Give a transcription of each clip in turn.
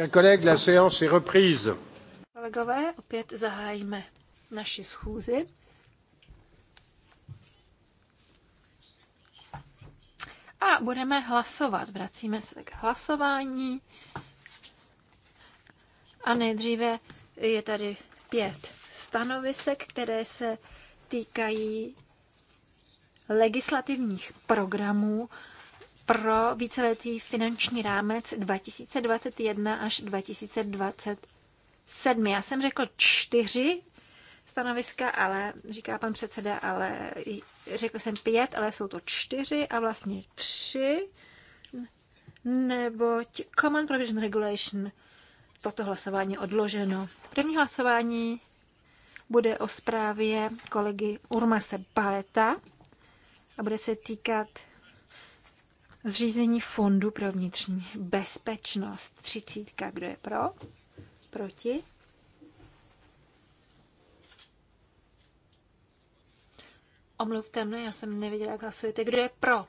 Kolegové, opět zahájíme naši schůzi. A budeme hlasovat. Vracíme se k hlasování. A nejdříve je tady pět stanovisek, které se týkají legislativních programů pro víceletý finanční rámec 2021 až 2027. Já jsem řekl čtyři stanoviska, ale říká pan předseda, ale řekl jsem pět, ale jsou to čtyři a vlastně tři, neboť Common Provision Regulation toto hlasování odloženo. První hlasování bude o zprávě kolegy Urmase Baeta a bude se týkat Zřízení fondu pro vnitřní bezpečnost. Třicítka, kdo je pro? Proti? Omluvte mne, já jsem neviděla, jak hlasujete. Kdo je pro?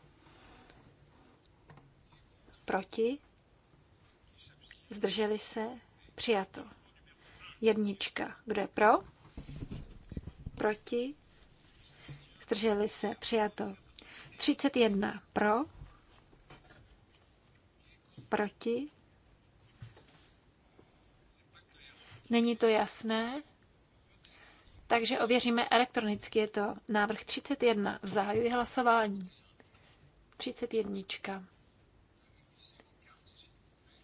Proti? Zdrželi se? Přijato. Jednička. Kdo je pro? Proti? Zdrželi se? Přijato. 31 pro Proti? Není to jasné? Takže ověříme elektronicky. Je to návrh 31. Zahajuji hlasování. 31.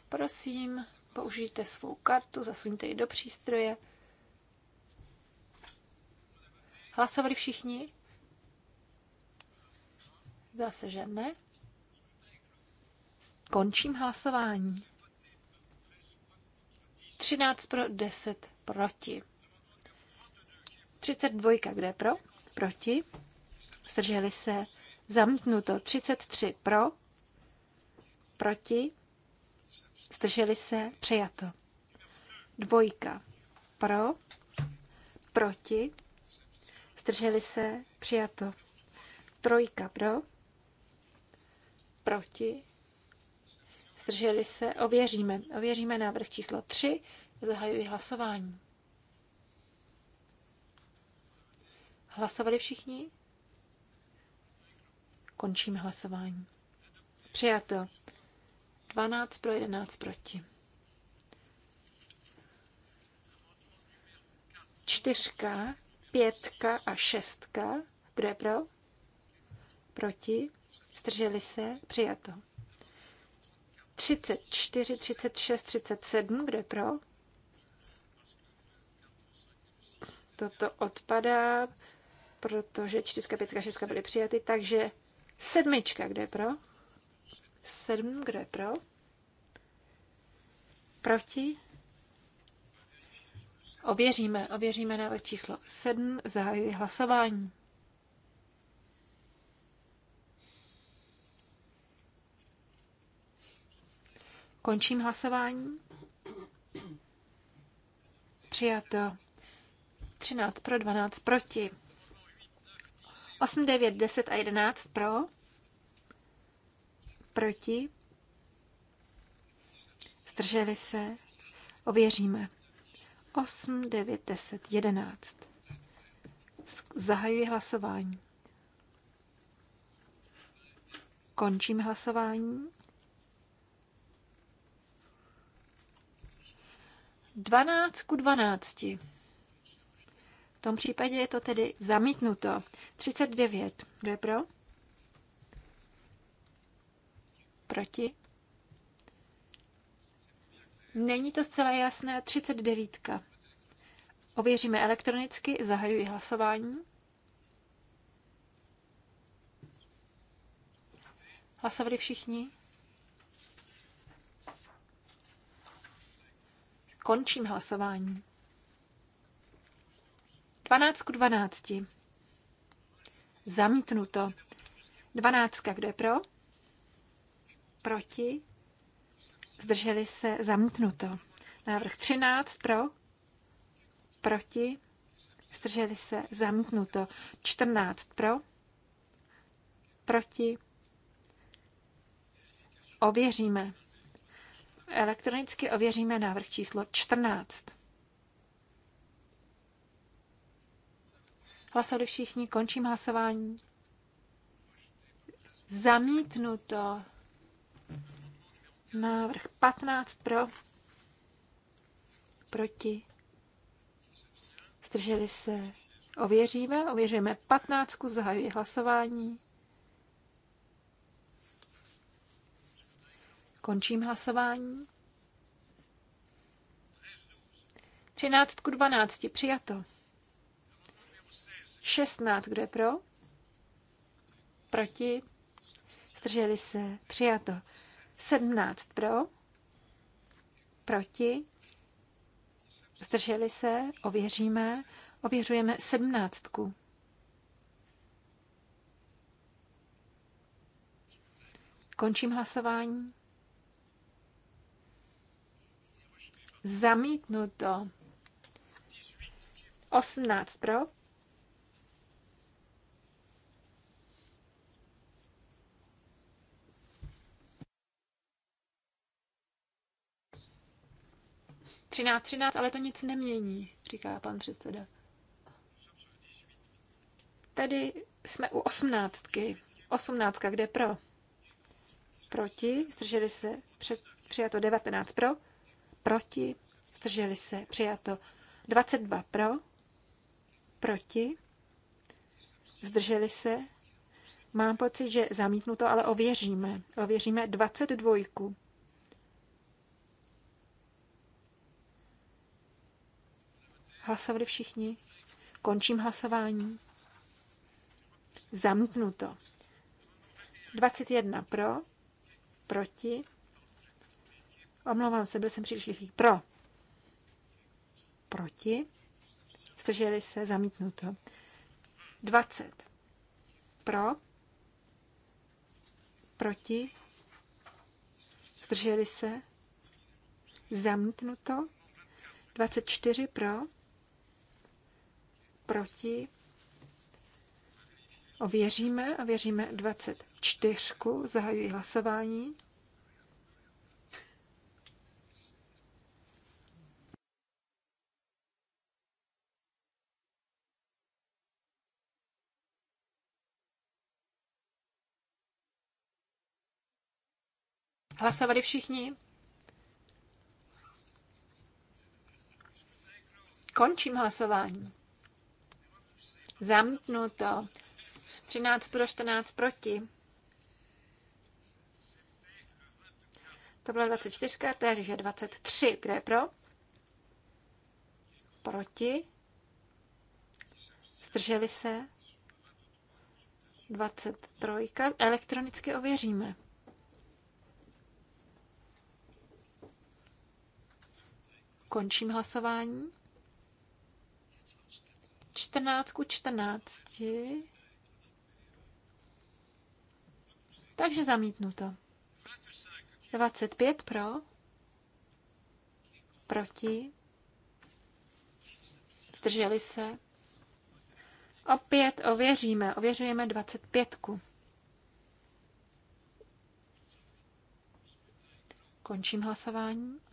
Prosím, použijte svou kartu, zasuňte ji do přístroje. Hlasovali všichni? Zdá se, že ne. Končím hlasování. 13 pro, 10 proti. 32, kde pro? Proti. Zdrželi se. Zamítnuto. 33 pro. Proti. Zdrželi se. Přijato. Dvojka. Pro. Proti. Zdrželi se. Přijato. Trojka pro. Proti zdrželi se, ověříme. Ověříme návrh číslo 3, zahajuji hlasování. Hlasovali všichni? Končím hlasování. Přijato. 12 pro 11 proti. Čtyřka, pětka a šestka. Kdo je pro? Proti. Zdrželi se. Přijato. 34, 36, 37, kdo je pro? Toto odpadá, protože 4, 5, 6 byly přijaty, takže sedmička, kde je pro? 7, kdo je pro? Proti? Ověříme, ověříme návrh číslo 7, zahajuji hlasování. Končím hlasování. Přijato. 13 pro, 12 proti. 8, 9, 10 a 11 pro. Proti. Zdrželi se. Ověříme. 8, 9, 10, 11. Zahajuji hlasování. Končím hlasování. 12 ku 12. V tom případě je to tedy zamítnuto. 39. Kdo je pro? Proti? Není to zcela jasné. 39. Ověříme elektronicky, zahajuji hlasování. Hlasovali všichni? Končím hlasování. 12 k 12. Zamítnuto. 12. Kdo je pro? Proti? Zdrželi se? Zamítnuto. Návrh 13 pro? Proti? Zdrželi se? Zamítnuto. 14 pro? Proti? Ověříme. Elektronicky ověříme návrh číslo 14. Hlasovali všichni, končím hlasování. Zamítnuto. Návrh 15 pro, proti, zdrželi se. Ověříme, ověříme 15, zahajuji hlasování. Končím hlasování. 13 k 12 přijato. 16, kdo je pro? Proti? Zdrželi se. Přijato. 17 pro? Proti? Zdrželi se. Ověříme. Ověřujeme 17. Končím hlasování. Zamítnuto. 18 pro. Třináct, třináct, ale to nic nemění, říká pan předseda. Tady jsme u osmnáctky. Osmnáctka, kde pro? Proti, zdrželi se před, přijato devatenáct pro proti, zdrželi se, přijato 22 pro, proti, zdrželi se, mám pocit, že zamítnu to, ale ověříme, ověříme 22. Hlasovali všichni? Končím hlasování. Zamítnuto. 21 pro, proti, Omlouvám se, byl jsem příliš lichý. Pro. Proti. Zdrželi se, zamítnuto. 20. Pro. Proti. Zdrželi se. Zamítnuto. 24 pro. Proti. Ověříme, ověříme 24. Zahajuji hlasování. Hlasovali všichni? Končím hlasování. to. 13 pro, 14 proti. To byla 24, takže 23. Kdo je pro? Proti. Zdrželi se. 23. Elektronicky ověříme. Končím hlasování. 14 ku 14. Takže zamítnuto. 25 pro, proti, zdrželi se. Opět ověříme, ověřujeme 25. ku Končím hlasování.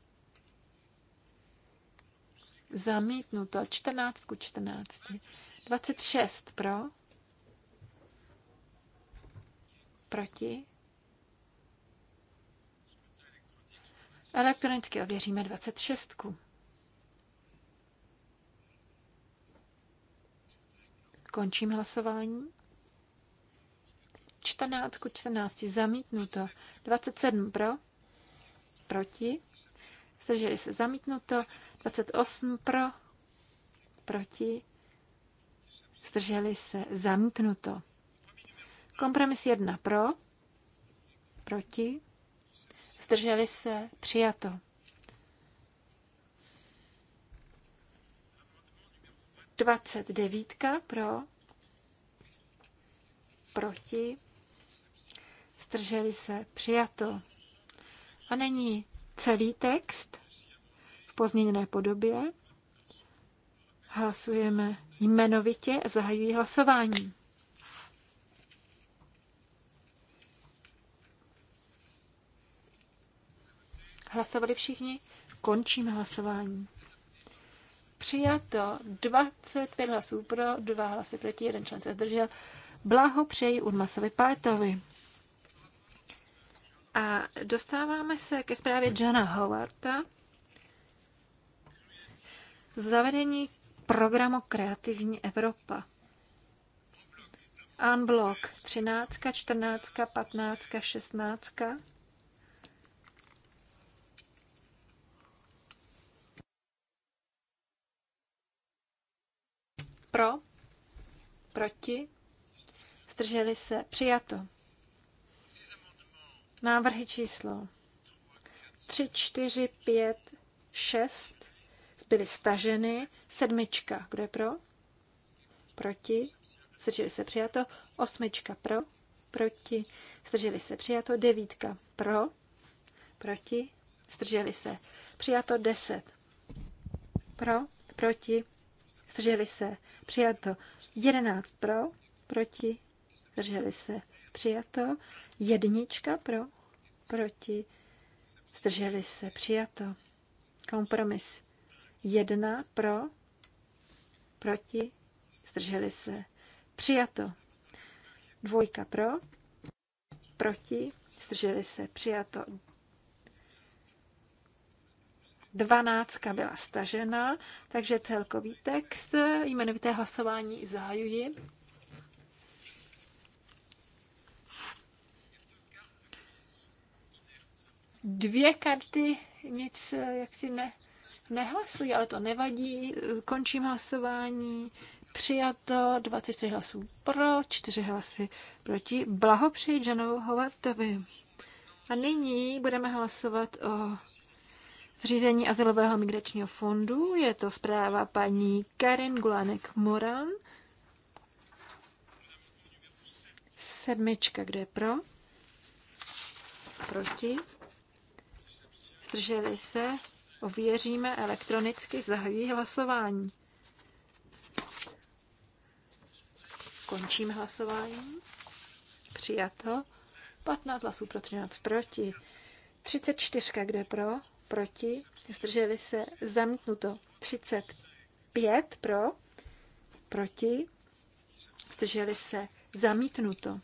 Zamítnuto. 14 ku 14. 26 pro. Proti. Elektronicky ověříme 26. ku Končím hlasování. 14 ku 14 zamítnuto. 27 pro. Proti zdrželi se zamítnuto, 28 pro, proti, zdrželi se zamítnuto. Kompromis 1 pro, proti, zdrželi se přijato. Dvacet devítka pro, proti, zdrželi se přijato. A není celý text v pozměněné podobě. Hlasujeme jmenovitě, a zahajují hlasování. Hlasovali všichni? Končím hlasování. Přijato 25 hlasů pro, 2 hlasy proti, jeden člen se zdržel. Blahopřeji Urmasovi Pátovi. A dostáváme se ke zprávě Johna Howarda. Zavedení programu Kreativní Evropa. Unblock 13, 14, 15, 16. Pro, proti, strželi se, přijato. Návrhy číslo 3, 4, 5, 6 byly staženy. Sedmička, kdo je pro? Proti. Zdrželi se přijato. Osmička pro. Proti. Zdrželi se přijato. Devítka pro. Proti. Zdrželi se. Přijato 10. Pro. Proti. Zdrželi se. Přijato 11 pro. Proti. Zdrželi se. Přijato Jednička pro, proti, zdrželi se, přijato. Kompromis. Jedna pro, proti, zdrželi se, přijato. Dvojka pro, proti, zdrželi se, přijato. Dvanáctka byla stažena, takže celkový text jmenovité hlasování zahajuji. dvě karty nic eh, jaksi ne, nehlasují, ale to nevadí. Končím hlasování. Přijato 24 hlasů pro, 4 hlasy proti. Blahopřeji Janovu Howardovi. A nyní budeme hlasovat o zřízení azylového migračního fondu. Je to zpráva paní Karin Gulánek-Moran. Sedmička, kde je pro? Proti? zdrželi se, ověříme elektronicky, zahají hlasování. Končím hlasování. Přijato. 15 hlasů pro 13 proti. 34, kde pro, proti, zdrželi se, zamítnuto. 35 pro, proti, zdrželi se, zamítnuto.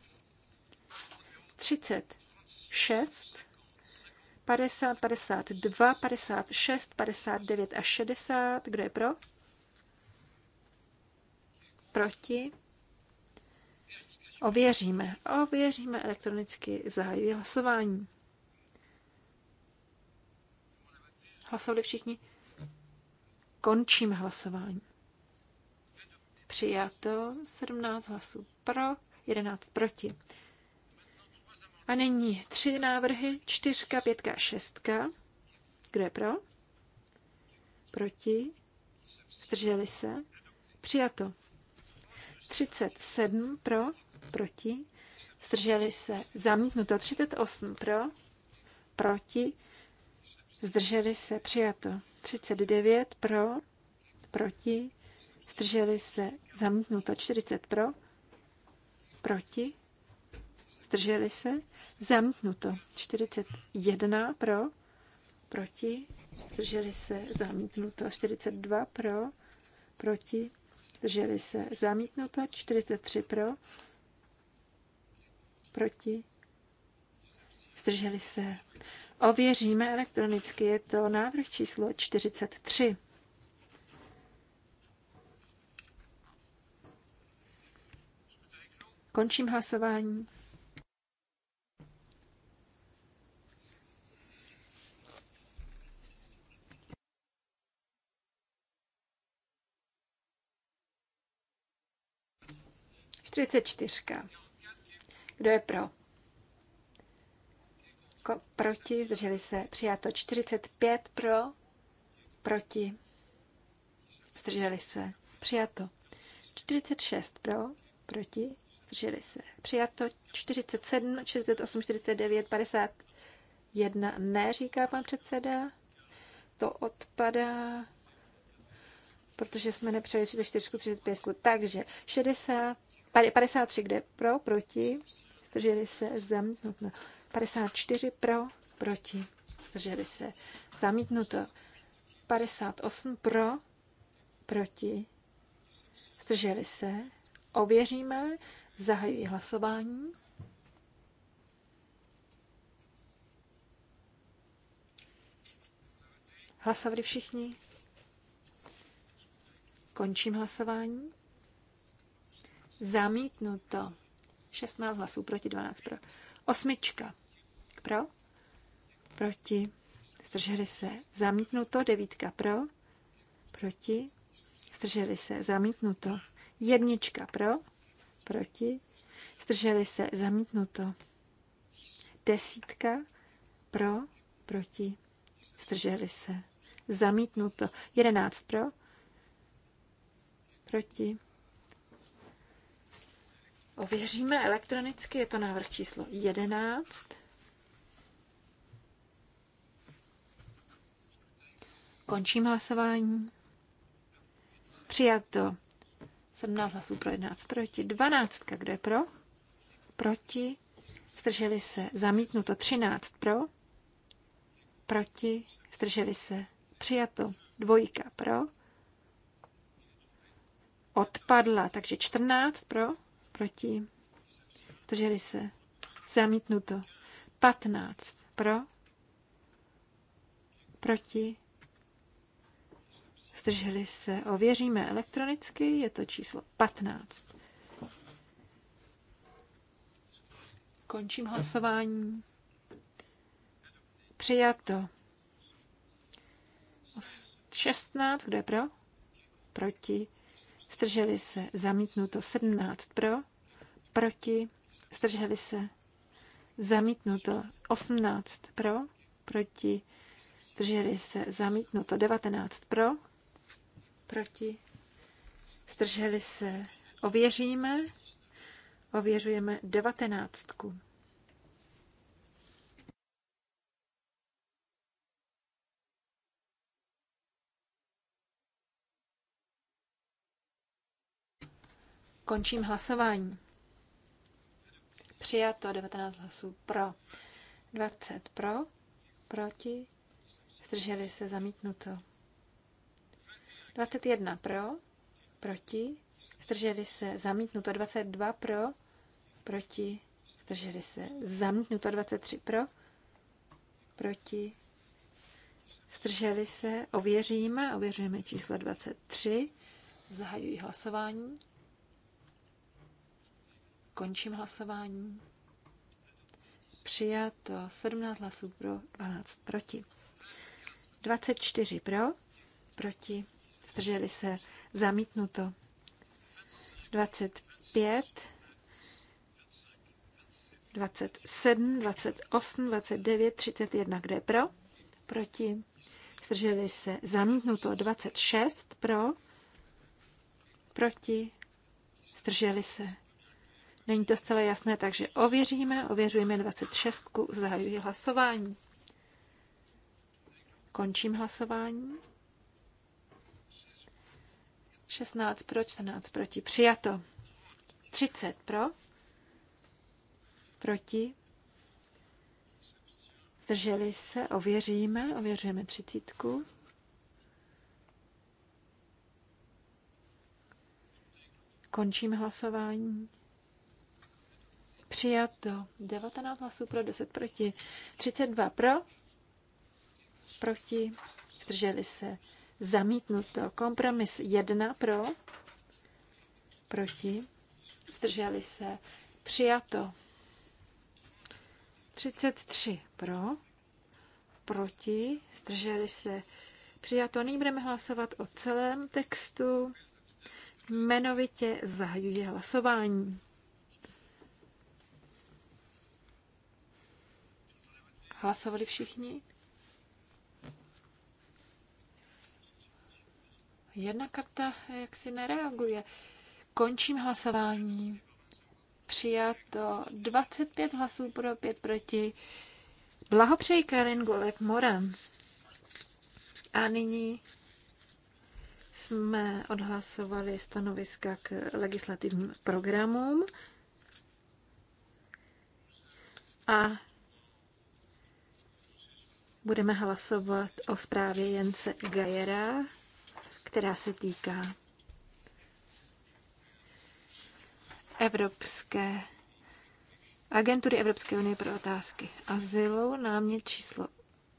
36 50, 52, 56, 59 a 60. Kdo je pro? Proti? Ověříme. Ověříme elektronicky. Zahajuji hlasování. Hlasovali všichni? Končím hlasování. Přijato 17 hlasů pro, 11 proti. A nyní tři návrhy, čtyřka, pětka, šestka. Kdo je pro? Proti? Zdrželi se? Přijato. 37 pro, proti, zdrželi se, zamítnuto 38 pro, proti, zdrželi se, přijato 39 pro, proti, zdrželi se, zamítnuto 40 pro, proti, zdrželi se, Zamítnuto. 41 pro, proti, zdrželi se, zamítnuto. 42 pro, proti, zdrželi se, zamítnuto. 43 pro, proti, zdrželi se. Ověříme elektronicky, je to návrh číslo 43. Končím hlasování. 34. Kdo je pro? Ko- proti, zdrželi se, přijato 45 pro, proti, zdrželi se, přijato 46 pro, proti, zdrželi se, přijato 47, 48, 49, 51 ne, říká pan předseda, to odpadá, protože jsme nepřijeli 34, 35, takže 60 53, kde pro, proti, zdrželi se, zamítnuto. 54 pro, proti, zdrželi se, zamítnuto. 58 pro, proti, zdrželi se, ověříme, zahajují hlasování. Hlasovali všichni? Končím hlasování. Zamítnuto. 16 hlasů proti 12 pro. Osmička. Pro. Proti. Zdrželi se. Zamítnuto. Devítka pro. Proti. Zdrželi se. Zamítnuto. Jednička pro. Proti. Zdrželi se. Zamítnuto. Desítka pro. Proti. Zdrželi se. Zamítnuto. Jedenáct pro. Proti Ověříme elektronicky, je to návrh číslo 11. Končím hlasování. Přijato 17 hlasů pro 11 proti. 12. Kdo je pro? Proti. Zdrželi se. Zamítnuto 13 pro. Proti. Zdrželi se. Přijato. Dvojka pro. Odpadla. Takže 14 pro Proti. Drželi se. Zamítnuto. 15. Pro. Proti. Zdrželi se. Ověříme elektronicky. Je to číslo 15. Končím hlasování. Přijato. 16. Kdo je pro? Proti zdrželi se, zamítnuto 17 pro, proti, zdrželi se, zamítnuto 18 pro, proti, zdrželi se, zamítnuto 19 pro, proti, zdrželi se, ověříme, ověřujeme 19. Končím hlasování. Přijato 19 hlasů pro. 20 pro, proti, zdrželi se zamítnuto. 21 pro, proti, zdrželi se zamítnuto. 22 pro, proti, zdrželi se zamítnuto. 23 pro, proti, zdrželi se. Ověříme, ověřujeme číslo 23. Zahajuji hlasování. Končím hlasování. Přijato 17 hlasů pro, 12 proti. 24 pro, proti, zdrželi se, zamítnuto. 25, 27, 28, 29, 31, kde je pro, proti, zdrželi se, zamítnuto. 26 pro, proti, zdrželi se, Není to zcela jasné, takže ověříme. Ověřujeme 26. Zahajuji hlasování. Končím hlasování. 16 pro, 14 proti. Přijato. 30 pro, proti. Zdrželi se, ověříme, ověřujeme 30. Končím hlasování. Přijato 19 hlasů pro, 10 proti, 32 pro, proti, zdrželi se. Zamítnuto. Kompromis 1 pro, proti, zdrželi se. Přijato 33 pro, proti, zdrželi se. Přijato. Nyní budeme hlasovat o celém textu. Jmenovitě zahajuje hlasování. Hlasovali všichni? Jedna karta jaksi nereaguje. Končím hlasování. Přijato 25 hlasů pro, 5 proti. Blahopřeji Karin Golek Moran. A nyní jsme odhlasovali stanoviska k legislativním programům. A budeme hlasovat o zprávě Jence Gajera, která se týká Evropské agentury Evropské unie pro otázky azylu, námět číslo,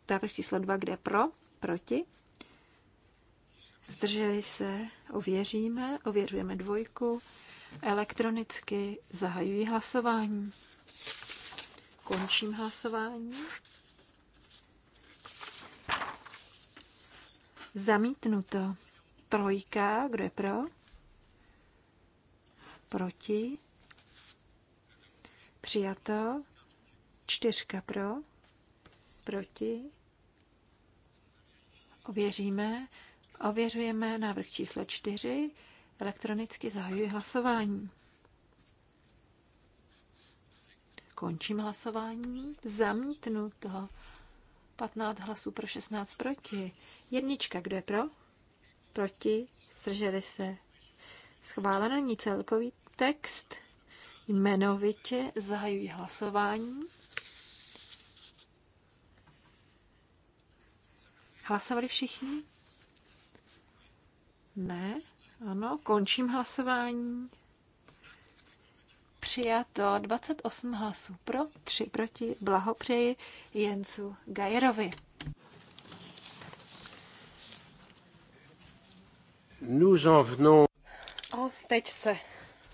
návrh číslo 2, kde pro, proti. Zdrželi se, ověříme, ověřujeme dvojku, elektronicky zahajují hlasování. Končím hlasování. Zamítnuto. Trojka, kdo je pro? Proti. Přijato. Čtyřka pro. Proti. Ověříme. Ověřujeme návrh číslo čtyři. Elektronicky zahajuji hlasování. Končím hlasování. Zamítnuto. 15 hlasů pro 16 proti. Jednička, kdo je pro? Proti? Zdrželi se. Schváleno ní celkový text. Jmenovitě zahajují hlasování. Hlasovali všichni? Ne? Ano, končím hlasování. Přijato 28 hlasů pro, 3 proti. Blahopřeji Jencu Gajerovi. A teď se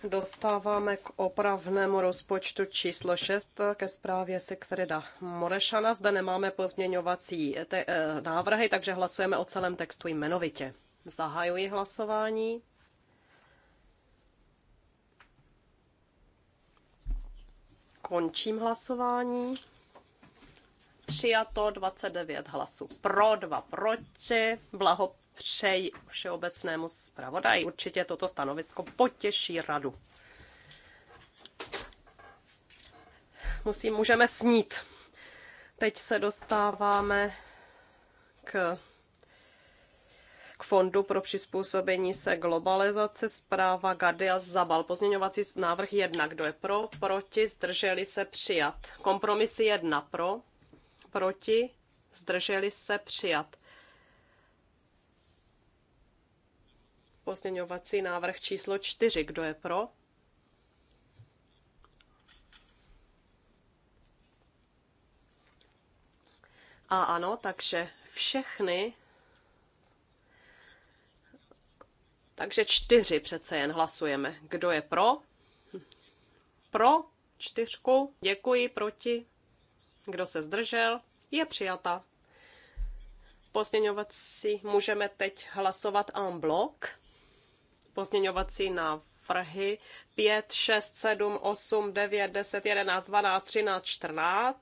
dostáváme k opravnému rozpočtu číslo 6 ke zprávě Sekverida Morešana. Zde nemáme pozměňovací te- eh, návrhy, takže hlasujeme o celém textu jmenovitě. Zahajuji hlasování. Končím hlasování. Přijato 29 hlasů pro, 2 proti. Blaho přeji všeobecnému zpravodaji. Určitě toto stanovisko potěší radu. Musím, můžeme snít. Teď se dostáváme k, k Fondu pro přizpůsobení se Globalizace zpráva Gadia Zabal. Pozměňovací návrh jedna, Kdo je pro? Proti? Zdrželi se přijat. Kompromis jedna Pro? Proti? Zdrželi se přijat. Pozměňovací návrh číslo 4. Kdo je pro? A ano, takže všechny. Takže čtyři přece jen hlasujeme. Kdo je pro? Pro čtyřku. Děkuji, proti. Kdo se zdržel? Je přijata. si můžeme teď hlasovat en bloc pozměňovací návrhy 5, 6, 7, 8, 9, 10, 11, 12, 13, 14.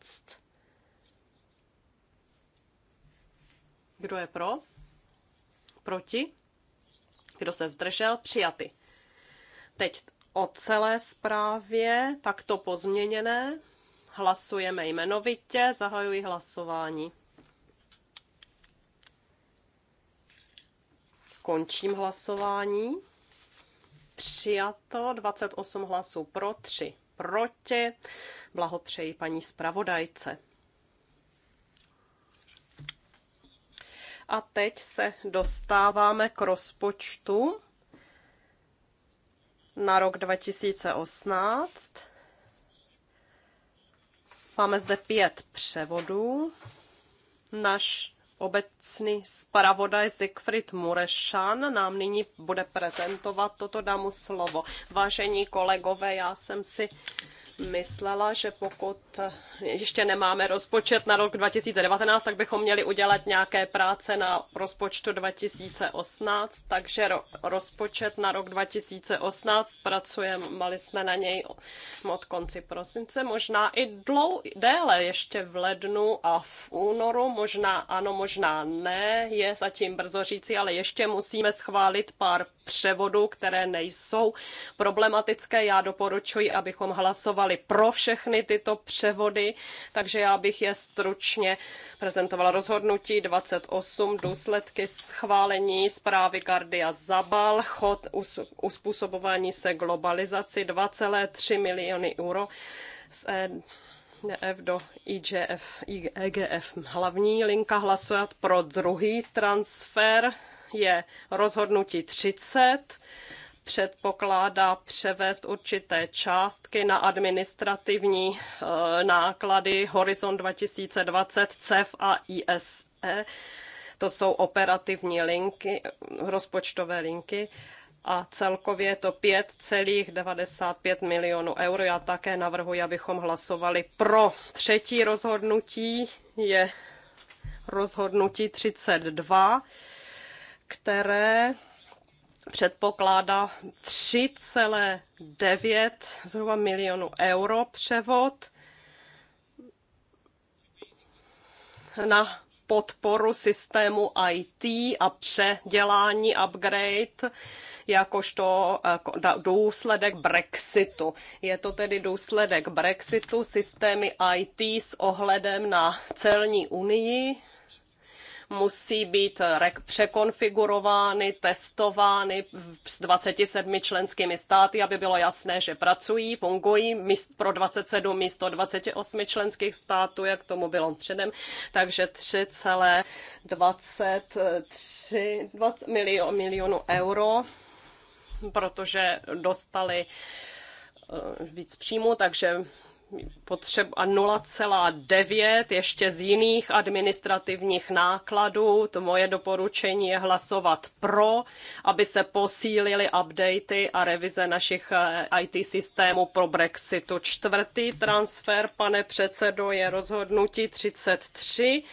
Kdo je pro? Proti? Kdo se zdržel? Přijaty. Teď o celé zprávě, takto pozměněné. Hlasujeme jmenovitě, zahajuji hlasování. Končím hlasování. Přijato 28 hlasů pro, 3 proti. Blahopřeji paní zpravodajce. A teď se dostáváme k rozpočtu na rok 2018. Máme zde pět převodů. Naš Obecný zpravodaj Siegfried Murešan nám nyní bude prezentovat toto damu slovo. Vážení kolegové, já jsem si myslela, že pokud ještě nemáme rozpočet na rok 2019, tak bychom měli udělat nějaké práce na rozpočtu 2018, takže rozpočet na rok 2018 pracujeme, mali jsme na něj od konci prosince, možná i dlou, déle ještě v lednu a v únoru, možná ano, možná ne, je zatím brzo říci, ale ještě musíme schválit pár převodů, které nejsou problematické. Já doporučuji, abychom hlasovali hlasovali pro všechny tyto převody, takže já bych je stručně prezentovala rozhodnutí 28 důsledky schválení zprávy Kardia Zabal, chod uspůsobování se globalizaci 2,3 miliony euro z EF do IGF, EGF. Hlavní linka hlasovat pro druhý transfer je rozhodnutí 30 předpokládá převést určité částky na administrativní eh, náklady Horizon 2020, CEF a ISE. To jsou operativní linky, rozpočtové linky a celkově je to 5,95 milionů eur. Já také navrhuji, abychom hlasovali pro. Třetí rozhodnutí je rozhodnutí 32, které předpokládá 3,9 zhruba milionů euro převod na podporu systému IT a předělání upgrade jakožto jako důsledek Brexitu. Je to tedy důsledek Brexitu, systémy IT s ohledem na celní unii musí být eh, překonfigurovány, testovány s 27 členskými státy, aby bylo jasné, že pracují, fungují pro 27 místo 28 členských států, jak tomu bylo předem, takže 3,23 milion, milionů euro, protože dostali eh, víc příjmu, takže potřeb a 0,9 ještě z jiných administrativních nákladů. To moje doporučení je hlasovat pro, aby se posílily updaty a revize našich eh, IT systémů pro Brexitu. Čtvrtý transfer, pane předsedo, je rozhodnutí 33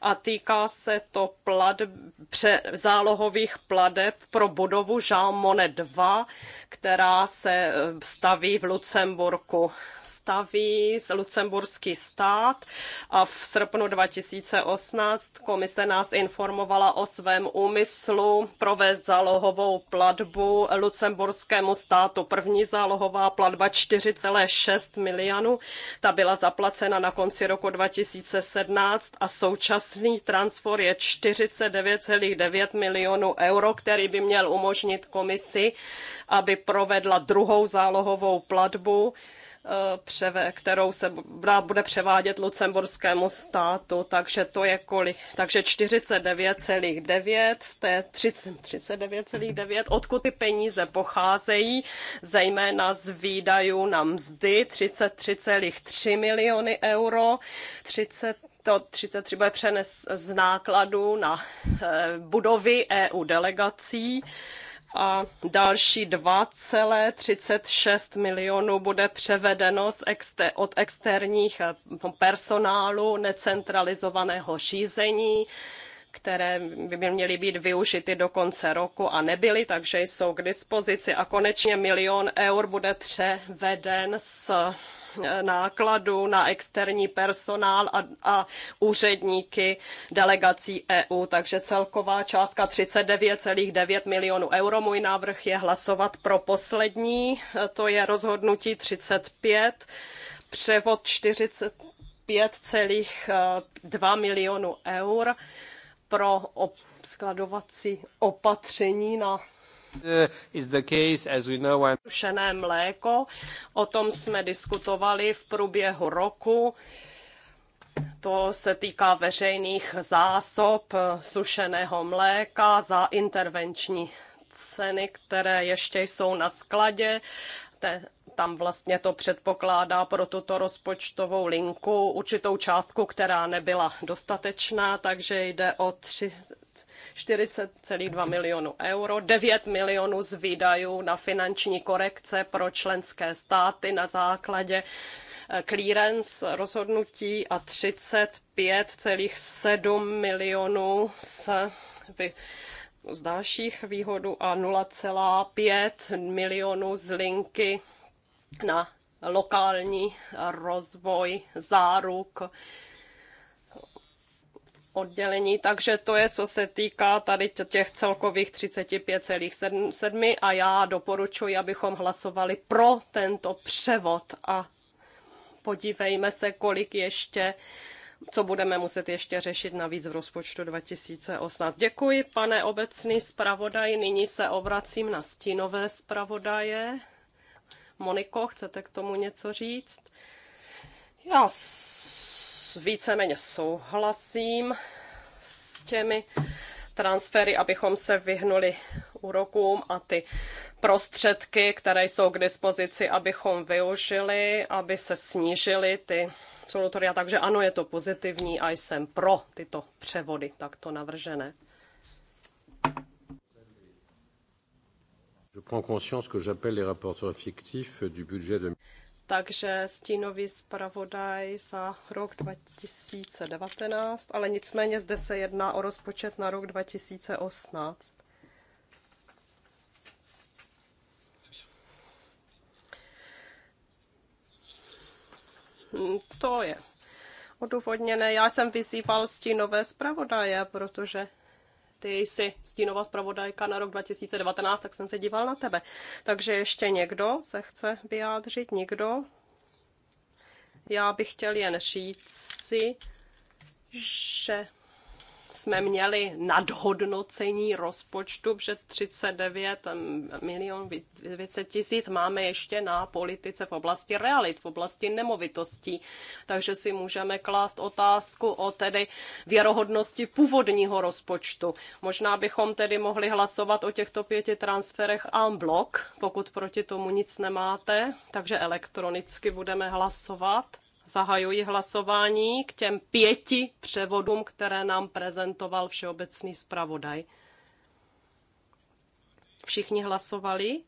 a týká se to plat, pře, zálohových pladeb pro budovu Jean Monnet 2, která se eh, staví v Lucemburku. Staví s lucemburský stát a v srpnu 2018 komise nás informovala o svém úmyslu provést zálohovou platbu lucemburskému státu. První zálohová platba 4,6 milionů, ta byla zaplacena na konci roku 2017 a současný transfer je 49,9 milionů euro, který by měl umožnit komisi, aby provedla druhou zálohovou platbu převe, kterou se bude převádět lucemburskému státu, takže to je kolik? Takže 49,9 v té 39,9, odkud ty peníze pocházejí, zejména z výdajů na mzdy 33,3 miliony euro, 30 to 33 bude přenes z nákladů na eh, budovy EU delegací a další 2,36 milionů bude převedeno z exter- od externích eh, no, personálu necentralizovaného řízení které by měly být využity do konce roku a nebyly, takže jsou k dispozici. A konečně milion eur bude převeden z No. Eh, nákladů na externí personál a, a úředníky delegací EU. Takže celková částka 39,9 milionů euro. Můj návrh je hlasovat pro poslední, eh, to je rozhodnutí 35, převod 45,2 eh, milionu eur pro skladovací opatření na Uh, Dušené mléko, o tom jsme diskutovali v průběhu roku. To se týká veřejných zásob sušeného mléka za intervenční ceny, které ještě jsou na skladě. Te, tam vlastně to předpokládá pro tuto rozpočtovou linku určitou částku, která nebyla dostatečná, takže jde o tři, 40,2 milionů euro, 9 milionů z výdajů na finanční korekce pro členské státy na základě eh, clearance rozhodnutí a 35,7 milionů z z dalších výhodu a 0,5 milionů z linky na lokální rozvoj záruk oddělení, takže to je, co se týká tady těch celkových 35,7 a já doporučuji, abychom hlasovali pro tento převod a podívejme se, kolik ještě co budeme muset ještě řešit navíc v rozpočtu 2018. Děkuji, pane obecný zpravodaj. Nyní se obracím na stínové zpravodaje. Moniko, chcete k tomu něco říct? Já víceméně souhlasím s těmi transfery, abychom se vyhnuli úrokům a ty prostředky, které jsou k dispozici, abychom využili, aby se snížily ty absolutoria. Takže ano, je to pozitivní a jsem pro tyto převody takto navržené. Je prends conscience que j'appelle les rapporteurs fictifs du budget de takže stínový zpravodaj za rok 2019, ale nicméně zde se jedná o rozpočet na rok 2018. To je odůvodněné. Já jsem vyzýval stínové zpravodaje, protože ty jsi stínová zpravodajka na rok 2019, tak jsem se díval na tebe. Takže ještě někdo se chce vyjádřit? Nikdo? Já bych chtěl jen říct si, že jsme měli nadhodnocení rozpočtu před 39 milion 900 tisíc. Máme ještě na politice v oblasti realit, v oblasti nemovitostí. Takže si můžeme klást otázku o tedy věrohodnosti původního rozpočtu. Možná bychom tedy mohli hlasovat o těchto pěti transferech en bloc, pokud proti tomu nic nemáte, takže elektronicky budeme hlasovat. Zahajuji hlasování k těm pěti převodům, které nám prezentoval všeobecný zpravodaj. Všichni hlasovali?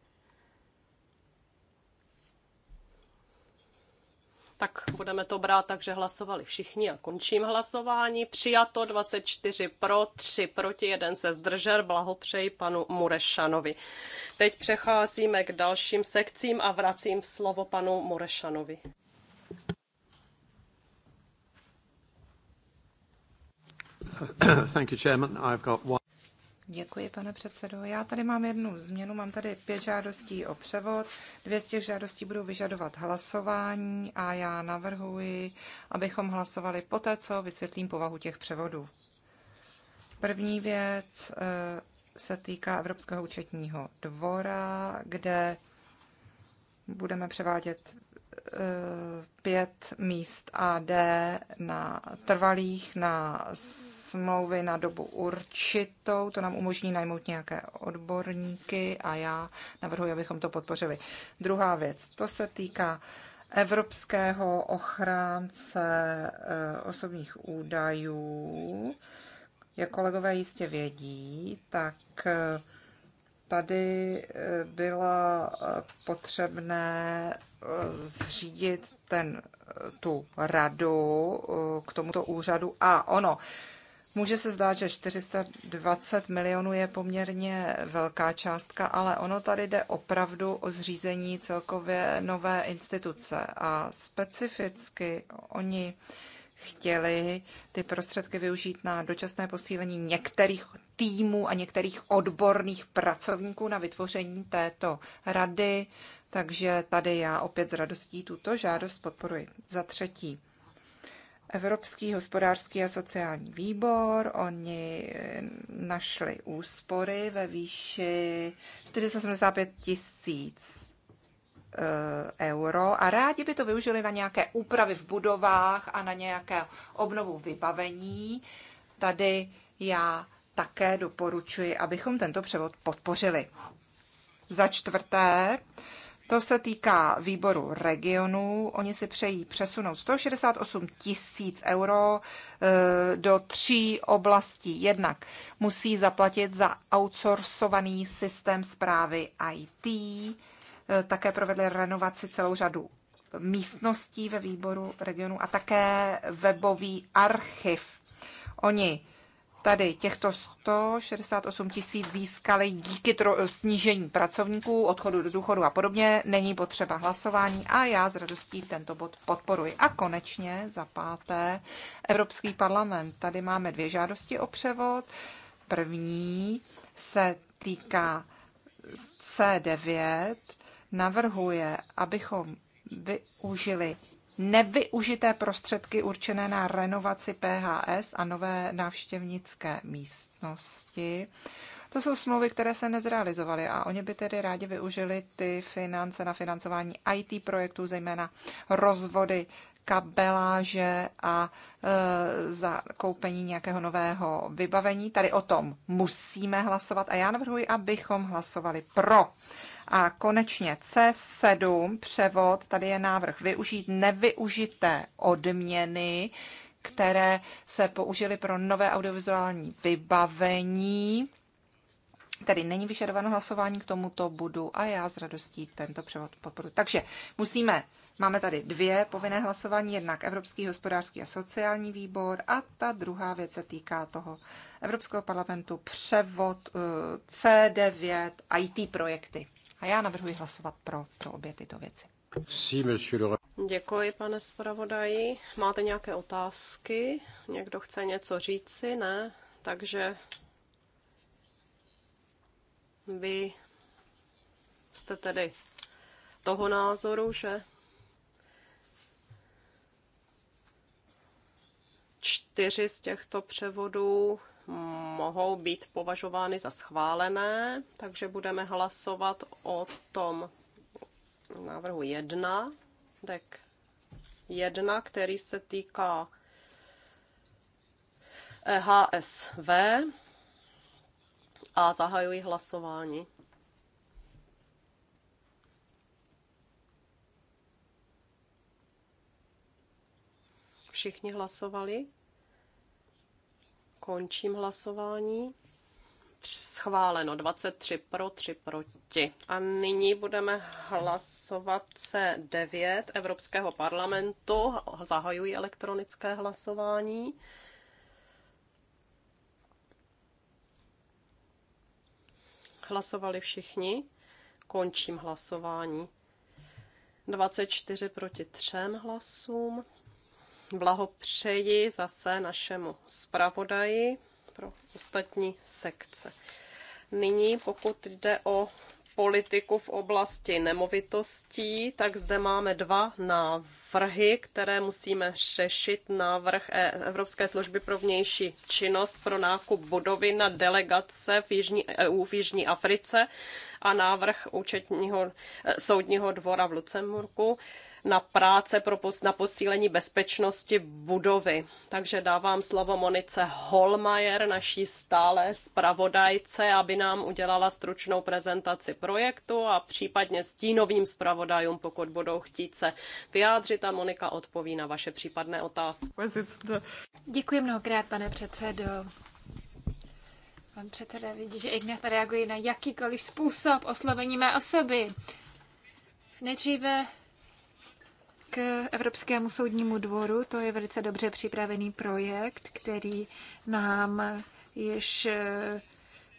tak budeme to brát tak, že hlasovali všichni a končím hlasování. Přijato 24 pro, 3 proti, 1 se zdržel. Blahopřeji panu Murešanovi. Teď přecházíme k dalším sekcím a vracím slovo panu Murešanovi. Děkuji, pane předsedo. Já tady mám jednu změnu. Mám tady pět žádostí o převod. Dvě z těch žádostí budou vyžadovat hlasování a já navrhuji, abychom hlasovali poté, co vysvětlím povahu těch převodů. První věc eh, se týká Evropského účetního dvora, kde budeme převádět eh, pět míst AD na trvalých na smlouvy na dobu určitou, to nám umožní najmout nějaké odborníky a já navrhuji, abychom to podpořili. Druhá věc, to se týká evropského ochránce eh, osobních údajů. Jak kolegové jistě vědí, tak eh, tady eh, bylo potřebné zřídit ten, tu radu k tomuto úřadu a ono Může se zdát, že 420 milionů je poměrně velká částka, ale ono tady jde opravdu o zřízení celkově nové instituce a specificky oni chtěli ty prostředky využít na dočasné posílení některých týmů a některých odborných pracovníků na vytvoření této rady, takže tady já opět s radostí tuto žádost podporuji. Za třetí, Evropský hospodářský a sociální výbor. Oni našli úspory ve výši 475 tisíc eh, euro a rádi by to využili na nějaké úpravy v budovách a na nějaké obnovu vybavení. Tady já také doporučuji, abychom tento převod podpořili. Za čtvrté, to se týká výboru regionů. Oni si přejí přesunout 168 tisíc euro eh, do tří oblastí. Jednak musí zaplatit za outsourcovaný systém zprávy IT. Eh, také provedli renovaci celou řadu místností ve výboru regionu a také webový archiv. Oni tady těchto 168 tisíc získali díky tro- eh, snížení pracovníků, odchodu do důchodu a podobně. Není potřeba hlasování a já s radostí tento bod podporuji. A konečně za páté Evropský parlament. Tady máme dvě žádosti o převod. První se týká C9. Navrhuje, abychom využili nevyužité prostředky určené na renovaci PHS a nové návštěvnické místnosti. To jsou smlouvy, které se nezrealizovaly a oni by tedy rádi využili ty finance na financování IT projektů, zejména rozvody kabeláže a e, za koupení nějakého nového vybavení. Tady o tom musíme hlasovat a já navrhuji, abychom hlasovali pro. A konečně C7 převod, tady je návrh využít nevyužité odměny, které se použily pro nové audiovizuální vybavení. Tedy není vyžadováno hlasování k tomuto budu a já s radostí tento převod podporu. Takže musíme, máme tady dvě povinné hlasování, jednak Evropský hospodářský a sociální výbor a ta druhá věc se týká toho Evropského parlamentu převod eh, C9 IT projekty. A já navrhuji hlasovat pro, pro obě tyto věci. Děkuji, pane zpravodají. Máte nějaké otázky? Někdo chce něco říci? Ne? Takže vy jste tedy toho názoru, že čtyři z těchto převodů mohou být považovány za schválené, takže budeme hlasovat o tom návrhu 1, tak 1, který se týká EHSV a zahajuji hlasování. Všichni hlasovali? Končím hlasování. Schváleno 23 pro, 3 proti. A nyní budeme hlasovat C9 Evropského parlamentu. Zahajuji elektronické hlasování. Hlasovali všichni. Končím hlasování. 24 proti 3 hlasům blahopřeji zase našemu zpravodaji pro ostatní sekce. Nyní, pokud jde o politiku v oblasti nemovitostí, tak zde máme dva návrhy návrhy, které musíme řešit, návrh e- Evropské služby pro vnější činnost pro nákup budovy na delegace v Jižní, EU v Jižní Africe a návrh účetního e, soudního dvora v Lucemburku na práce pro post, na posílení bezpečnosti budovy. Takže dávám slovo Monice Holmajer, naší stále zpravodajce, aby nám udělala stručnou prezentaci projektu a případně stínovým zpravodajům, pokud budou chtít se vyjádřit hovořit a Monika odpoví na vaše případné otázky. Děkuji mnohokrát, pane předsedo. Pan předseda vidí, že Ignata reaguje na jakýkoliv způsob oslovení mé osoby. Nejdříve k Evropskému soudnímu dvoru. To je velice dobře připravený projekt, který nám již eh,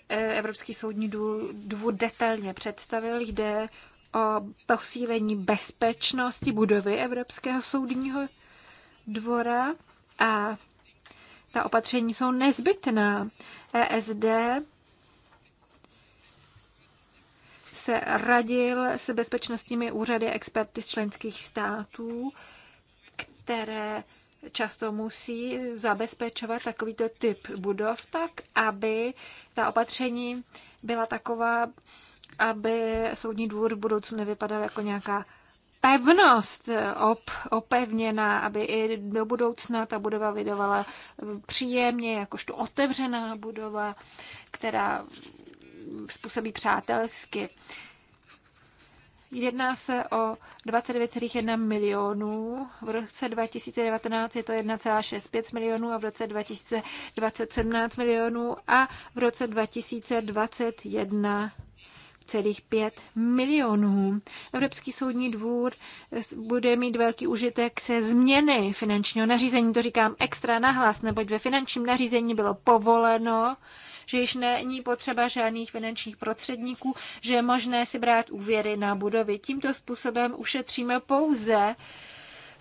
Evropský soudní dvůr detailně představil. Jde o posílení bezpečnosti budovy Evropského soudního dvora a ta opatření jsou nezbytná. ESD se radil s bezpečnostními úřady experty z členských států, které často musí zabezpečovat takovýto typ budov tak, aby ta opatření byla taková, aby soudní dvůr v budoucnu nevypadal jako nějaká pevnost op, opevněná, aby i do budoucna ta budova vydovala příjemně, jakožto otevřená budova, která způsobí přátelsky. Jedná se o 29,1 milionů, v roce 2019 je to 1,65 milionů a v roce 2020 17 milionů a v roce 2021 2,5 milionů. Evropský soudní dvůr bude mít velký užitek se změny finančního nařízení. To říkám extra nahlas, neboť ve finančním nařízení bylo povoleno, že již není potřeba žádných finančních prostředníků, že je možné si brát úvěry na budovy. Tímto způsobem ušetříme pouze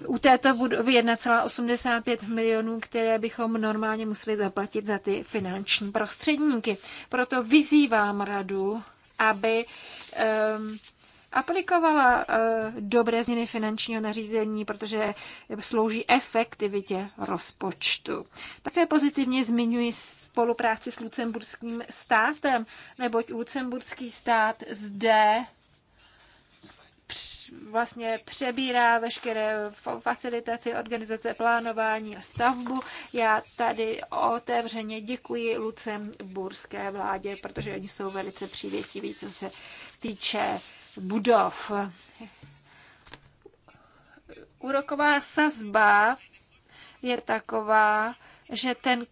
u této budovy 1,85 milionů, které bychom normálně museli zaplatit za ty finanční prostředníky. Proto vyzývám radu, aby um, aplikovala uh, dobré změny finančního nařízení, protože slouží efektivitě rozpočtu. Také pozitivně zmiňuji spolupráci s lucemburským státem, neboť lucemburský stát zde vlastně přebírá veškeré facilitaci, organizace, plánování a stavbu. Já tady otevřeně děkuji lucemburské vládě, protože oni jsou velice přívětiví, co se týče budov. Úroková sazba je taková, že ten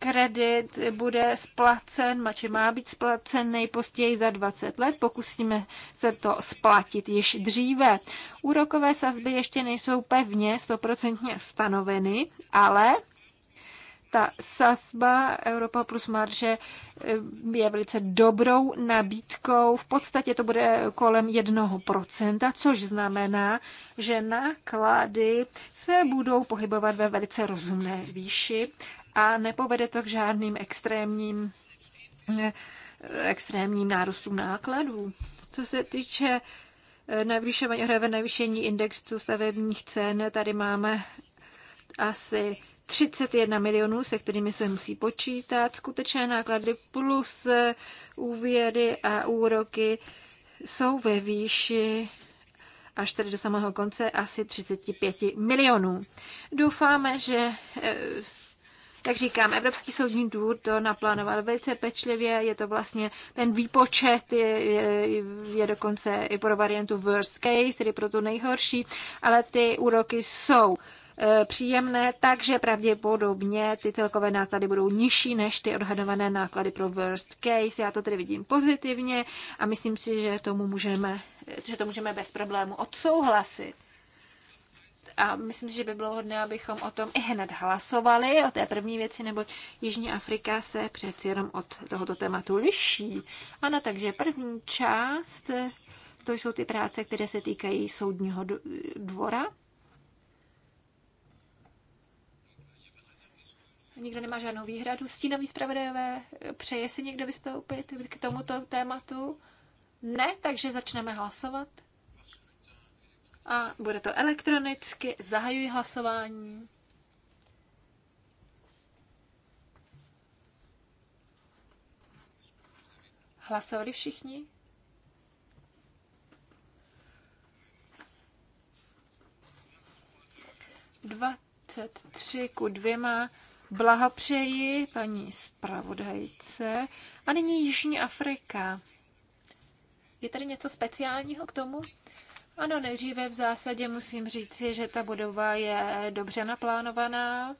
kredit bude splacen, či má být splacen nejpozději za 20 let. Pokusíme se to splatit již dříve. Úrokové sazby ještě nejsou pevně, stoprocentně stanoveny, ale ta sazba Europa plus marže eh, je velice dobrou nabídkou. V podstatě to bude kolem 1%, což znamená, že náklady se budou pohybovat ve velice rozumné výši a nepovede to k žádným extrémním, eh, extrémním nárůstům nákladů. Co se týče eh, navýšení, indexu stavebních cen, tady máme asi 31 milionů, se kterými se musí počítat, skutečné náklady plus eh, úvěry a úroky jsou ve výši až tedy do samého konce asi 35 milionů. Doufáme, že jak říkám, Evropský soudní důvod to naplánoval velice pečlivě, je to vlastně ten výpočet, je, je, je dokonce i pro variantu worst case, tedy pro tu nejhorší, ale ty úroky jsou e, příjemné, takže pravděpodobně ty celkové náklady budou nižší než ty odhadované náklady pro worst case. Já to tedy vidím pozitivně a myslím si, že tomu můžeme, že to můžeme bez problému odsouhlasit. A myslím, že by bylo hodné, abychom o tom i hned hlasovali, o té první věci, nebo Jižní Afrika se přeci jenom od tohoto tématu liší. Ano, takže první část, to jsou ty práce, které se týkají soudního dvora. Nikdo nemá žádnou výhradu. Stínový zpravodajové, přeje si někdo vystoupit k tomuto tématu? Ne, takže začneme hlasovat a bude to elektronicky. Zahajuji hlasování. Hlasovali všichni? Dvacet tři ku dvěma. Blahopřeji paní zpravodajce. A nyní Jižní Afrika. Je tady něco speciálního k tomu? Ano, nejdříve v zásadě musím říci, že ta budova je dobře naplánovaná.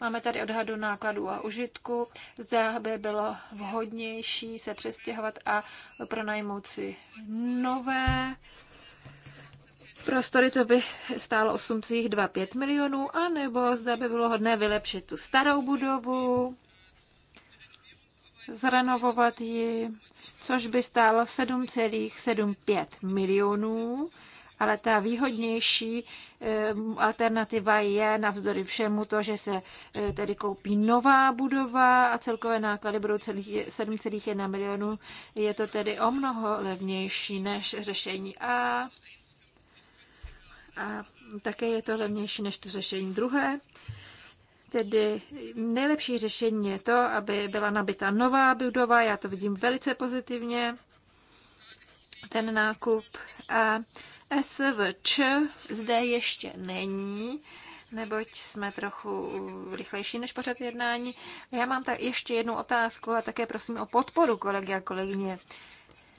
Máme tady odhadu nákladů a užitku. Zda by bylo vhodnější se přestěhovat a pronajmout si nové prostory, to by stálo 8,25 milionů, anebo zda by bylo hodné vylepšit tu starou budovu, zrenovovat ji, což by stálo 7,75 milionů, ale ta výhodnější eh, alternativa je navzdory všemu to, že se eh, tedy koupí nová budova a celkové náklady budou 7,1 milionů. Je to tedy o mnoho levnější než řešení A. A také je to levnější než to řešení druhé. Tedy nejlepší řešení je to, aby byla nabita nová budova, já to vidím velice pozitivně, ten nákup. A SVČ zde ještě není, neboť jsme trochu rychlejší než pořad jednání. Já mám tak ještě jednu otázku a také prosím o podporu kolegy a kolegyně.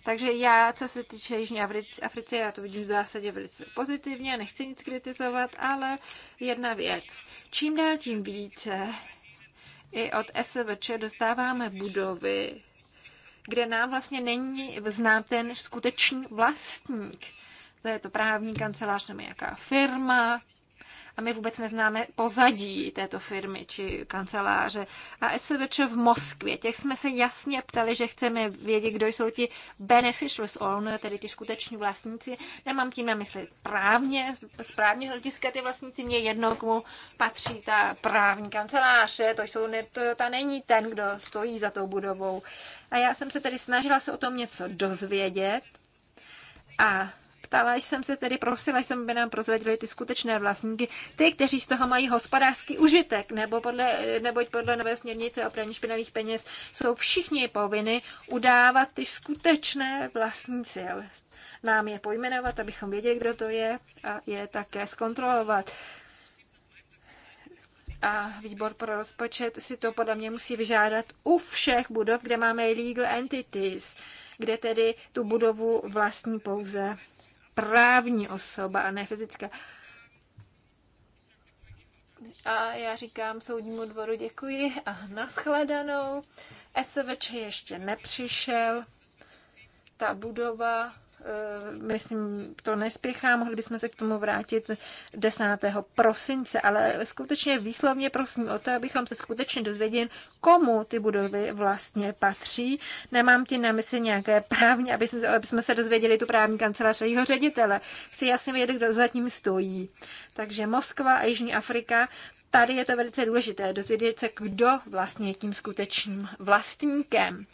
Takže já, co se týče Jižní Africe, já to vidím v zásadě velice pozitivně, nechci nic kritizovat, ale jedna věc. Čím dál tím více i od SVČ dostáváme budovy, kde nám vlastně není znám ten skutečný vlastník. To je to právní kancelář nebo nějaká firma, a my vůbec neznáme pozadí této firmy či kanceláře. A SVČ v Moskvě, těch jsme se jasně ptali, že chceme vědět, kdo jsou ti beneficials owner, tedy ti skuteční vlastníci. Nemám tím na mysli právně, správně hlediska ty vlastníci, mě jedno, komu patří ta právní kanceláře, to jsou, ne, to, ta není ten, kdo stojí za tou budovou. A já jsem se tedy snažila se o tom něco dozvědět a Ptala jsem se tedy, prosila jsem, aby nám prozradili ty skutečné vlastníky, ty, kteří z toho mají hospodářský užitek, nebo podle, neboť podle nové směrnice o praní špinavých peněz jsou všichni povinny udávat ty skutečné vlastníci. Nám je pojmenovat, abychom věděli, kdo to je a je také zkontrolovat a výbor pro rozpočet si to podle mě musí vyžádat u všech budov, kde máme legal entities, kde tedy tu budovu vlastní pouze právní osoba a ne fyzická. A já říkám soudnímu dvoru děkuji a nashledanou. SVČ ještě nepřišel. Ta budova Eh, myslím, to nespěchá, mohli bychom se k tomu vrátit 10. prosince, ale skutečně výslovně prosím o to, abychom se skutečně dozvěděli, komu ty budovy vlastně patří. Nemám ti na mysli nějaké právní, aby jsme, aby jsme se dozvěděli tu právní kancelář a jeho ředitele. Chci jasně vědět, kdo zatím stojí. Takže Moskva a Jižní Afrika, tady je to velice důležité dozvědět se, kdo vlastně je tím skutečným vlastníkem.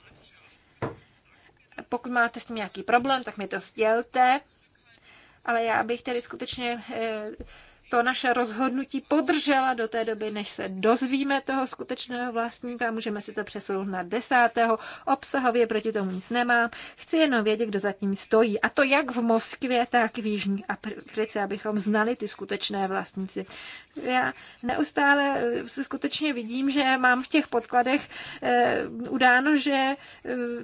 Pokud máte s tím nějaký problém, tak mi to sdělte. Ale já bych tedy skutečně eh, to naše rozhodnutí podržela do té doby, než se dozvíme toho skutečného vlastníka. Můžeme si to přesunout na desátého. Obsahově proti tomu nic nemám. Chci jenom vědět, kdo zatím stojí. A to jak v Moskvě, tak v Jižní Africe, abychom znali ty skutečné vlastníci. Já neustále eh, se skutečně vidím, že mám v těch podkladech e, udáno, že e,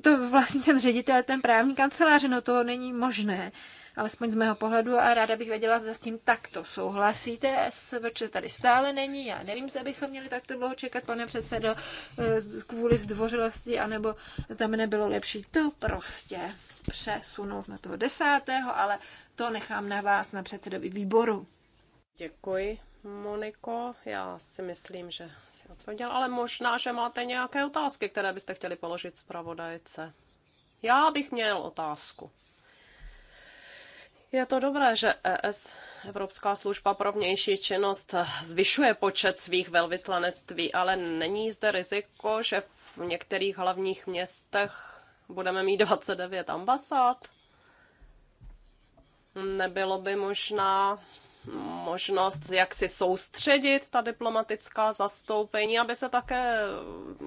to vlastně ten ředitel, ten právní kancelář, no to není možné alespoň z mého pohledu, a ráda bych věděla, zda s tím takto souhlasíte. SVČ tady stále není, já nevím, zda bychom měli takto dlouho čekat, pane předsedo, eh, kvůli zdvořilosti, anebo zda by nebylo lepší to prostě přesunout na toho desátého, ale to nechám na vás, na předsedovi výboru. Děkuji, Moniko. Já si myslím, že si odpověděl, ale možná, že máte nějaké otázky, které byste chtěli položit zpravodajce. Já bych měl otázku. Je to dobré, že ES, Evropská služba pro vnější činnost, zvyšuje počet svých velvyslanectví, ale není zde riziko, že v některých hlavních městech budeme mít 29 ambasád? Nebylo by možná možnost, jak si soustředit ta diplomatická zastoupení, aby se také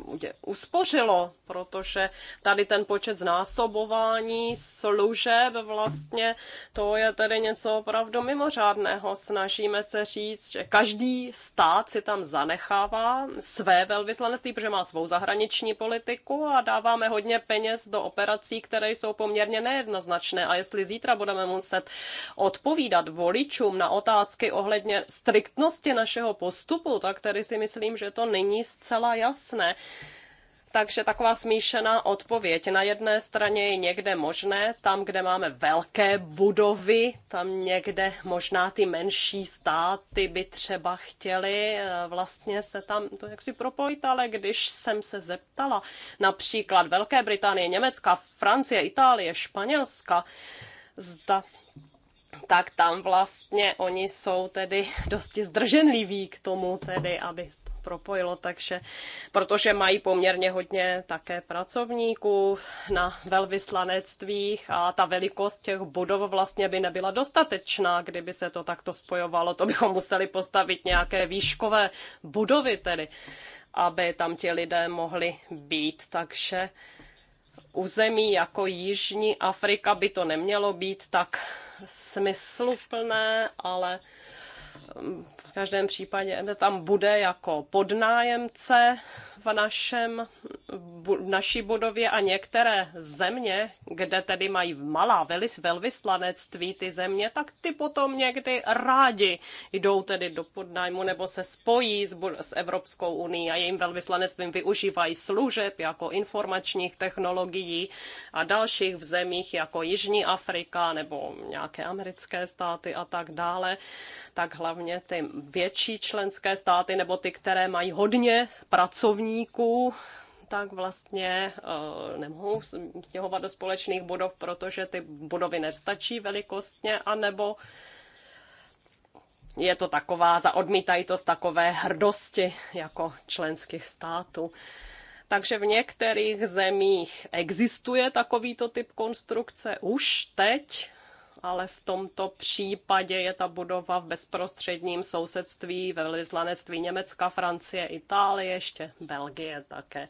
uh, uspořilo, protože tady ten počet znásobování služeb vlastně, to je tedy něco opravdu mimořádného. Snažíme se říct, že každý stát si tam zanechává své velvyslanectví, protože má svou zahraniční politiku a dáváme hodně peněz do operací, které jsou poměrně nejednoznačné. A jestli zítra budeme muset odpovídat voličům na otázky, otázky ohledně striktnosti našeho postupu, tak tady si myslím, že to není zcela jasné. Takže taková smíšená odpověď. Na jedné straně je někde možné, tam, kde máme velké budovy, tam někde možná ty menší státy by třeba chtěli eh, vlastně se tam to jaksi propojit, ale když jsem se zeptala například Velké Británie, Německa, Francie, Itálie, Španělska, zda tak tam vlastně oni jsou tedy dosti zdrženliví k tomu tedy, aby to propojilo, takže protože mají poměrně hodně také pracovníků na velvyslanectvích a ta velikost těch budov vlastně by nebyla dostatečná, kdyby se to takto spojovalo. To bychom museli postavit nějaké výškové budovy tedy, aby tam ti lidé mohli být, takže u zemí jako Jižní Afrika by to nemělo být tak smysluplné, ale mm, v každém případě tam bude jako podnájemce v, našem, v naší budově a některé země, kde tedy mají malá velis, velvyslanectví ty země, tak ty potom někdy rádi jdou tedy do podnájmu nebo se spojí s, s Evropskou unii a jejím velvyslanectvím využívají služeb jako informačních technologií a dalších v zemích jako Jižní Afrika nebo nějaké americké státy a tak dále, tak hlavně ty větší členské státy nebo ty, které mají hodně pracovníků, tak vlastně eh, nemohou stěhovat do společných budov, protože ty budovy nestačí velikostně, anebo je to taková, zaodmítají to z takové hrdosti jako členských států. Takže v některých zemích existuje takovýto typ konstrukce už teď, ale v tomto případě je ta budova v bezprostředním sousedství ve vyslanectví Německa, Francie, Itálie, ještě Belgie také.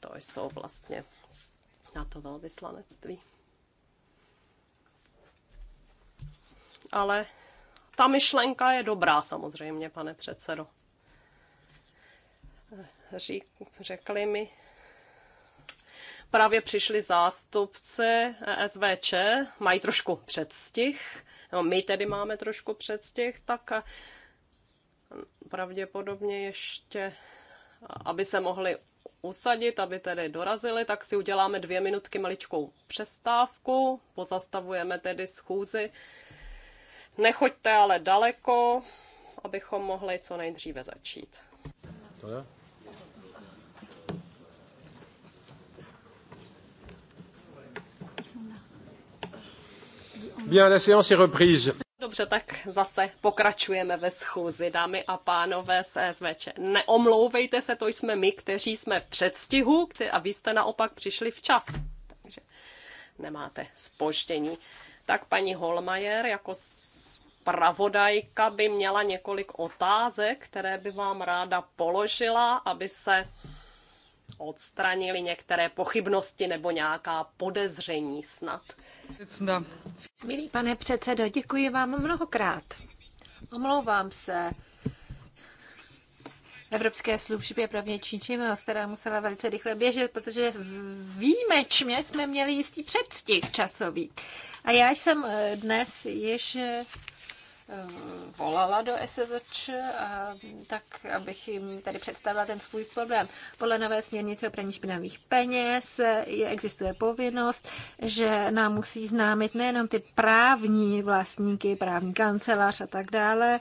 To jsou vlastně na to velvyslanectví. Ale ta myšlenka je dobrá samozřejmě, pane předsedo. Řík, řekli mi, právě přišli zástupci e SVČ, mají trošku předstih, no, my tedy máme trošku předstih, tak pravděpodobně ještě, aby se mohli usadit, aby tedy dorazili, tak si uděláme dvě minutky maličkou přestávku, pozastavujeme tedy schůzi. Nechoďte ale daleko, abychom mohli co nejdříve začít. To je? Bien, la séance est reprise. Dobře, tak zase pokračujeme ve schůzi, dámy a pánové z SVČ. Neomlouvejte se, to jsme my, kteří jsme v předstihu a vy jste naopak přišli včas. Takže nemáte spoždění. Tak paní Holmajer jako zpravodajka by měla několik otázek, které by vám ráda položila, aby se odstranili některé pochybnosti nebo nějaká podezření snad. Milý pane předsedo, děkuji vám mnohokrát. Omlouvám se. Evropské službě pro vnitřní činnost, která musela velice rychle běžet, protože výjimečně jsme měli jistý předstih časový. A já jsem eh, dnes již Eh, volala do SVČ, tak abych jim tady představila ten svůj problém. Podle nové směrnice o praní špinavých peněz je, existuje povinnost, že nám musí známit nejenom ty právní vlastníky, právní kancelář a tak dále,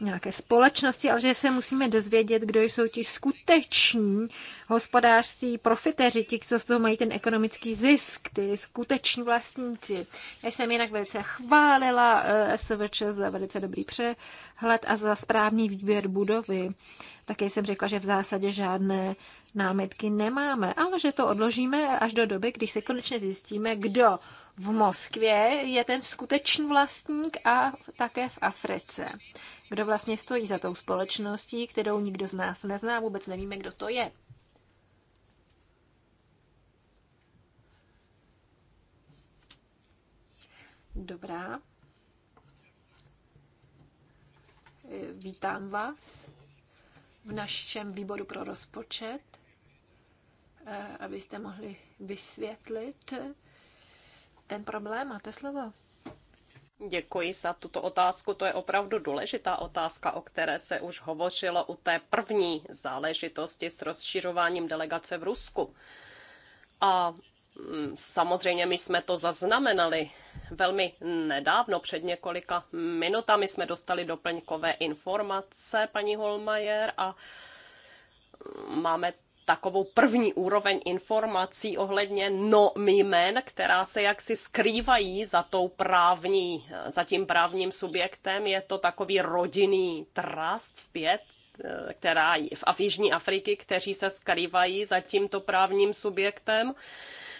nějaké společnosti, ale že se musíme dozvědět, kdo jsou ti skuteční hospodářství profiteři, ti, co z toho mají ten ekonomický zisk, ty skuteční vlastníci. Já jsem jinak velice chválila eh, SVČ za velice dobrý přehled a za správný výběr budovy. Také jsem řekla, že v zásadě žádné námitky nemáme, ale že to odložíme až do doby, když se konečně zjistíme, kdo v Moskvě je ten skutečný vlastník a také v Africe kdo vlastně stojí za tou společností, kterou nikdo z nás nezná, vůbec nevíme, kdo to je. Dobrá. Vítám vás v našem výboru pro rozpočet, eh, abyste mohli vysvětlit ten problém. Máte slovo. Děkuji za tuto otázku. To je opravdu důležitá otázka, o které se už hovořilo u té první záležitosti s rozšiřováním delegace v Rusku. A mm, samozřejmě my jsme to zaznamenali velmi nedávno, před několika minutami jsme dostali doplňkové informace, paní Holmajer, a mm, máme takovou první úroveň informací ohledně no jmén, která se jaksi skrývají za, tou právní, za tím právním subjektem. Je to takový rodinný trust v pět, eh, která v Jižní Afriky, kteří se skrývají za tímto právním subjektem.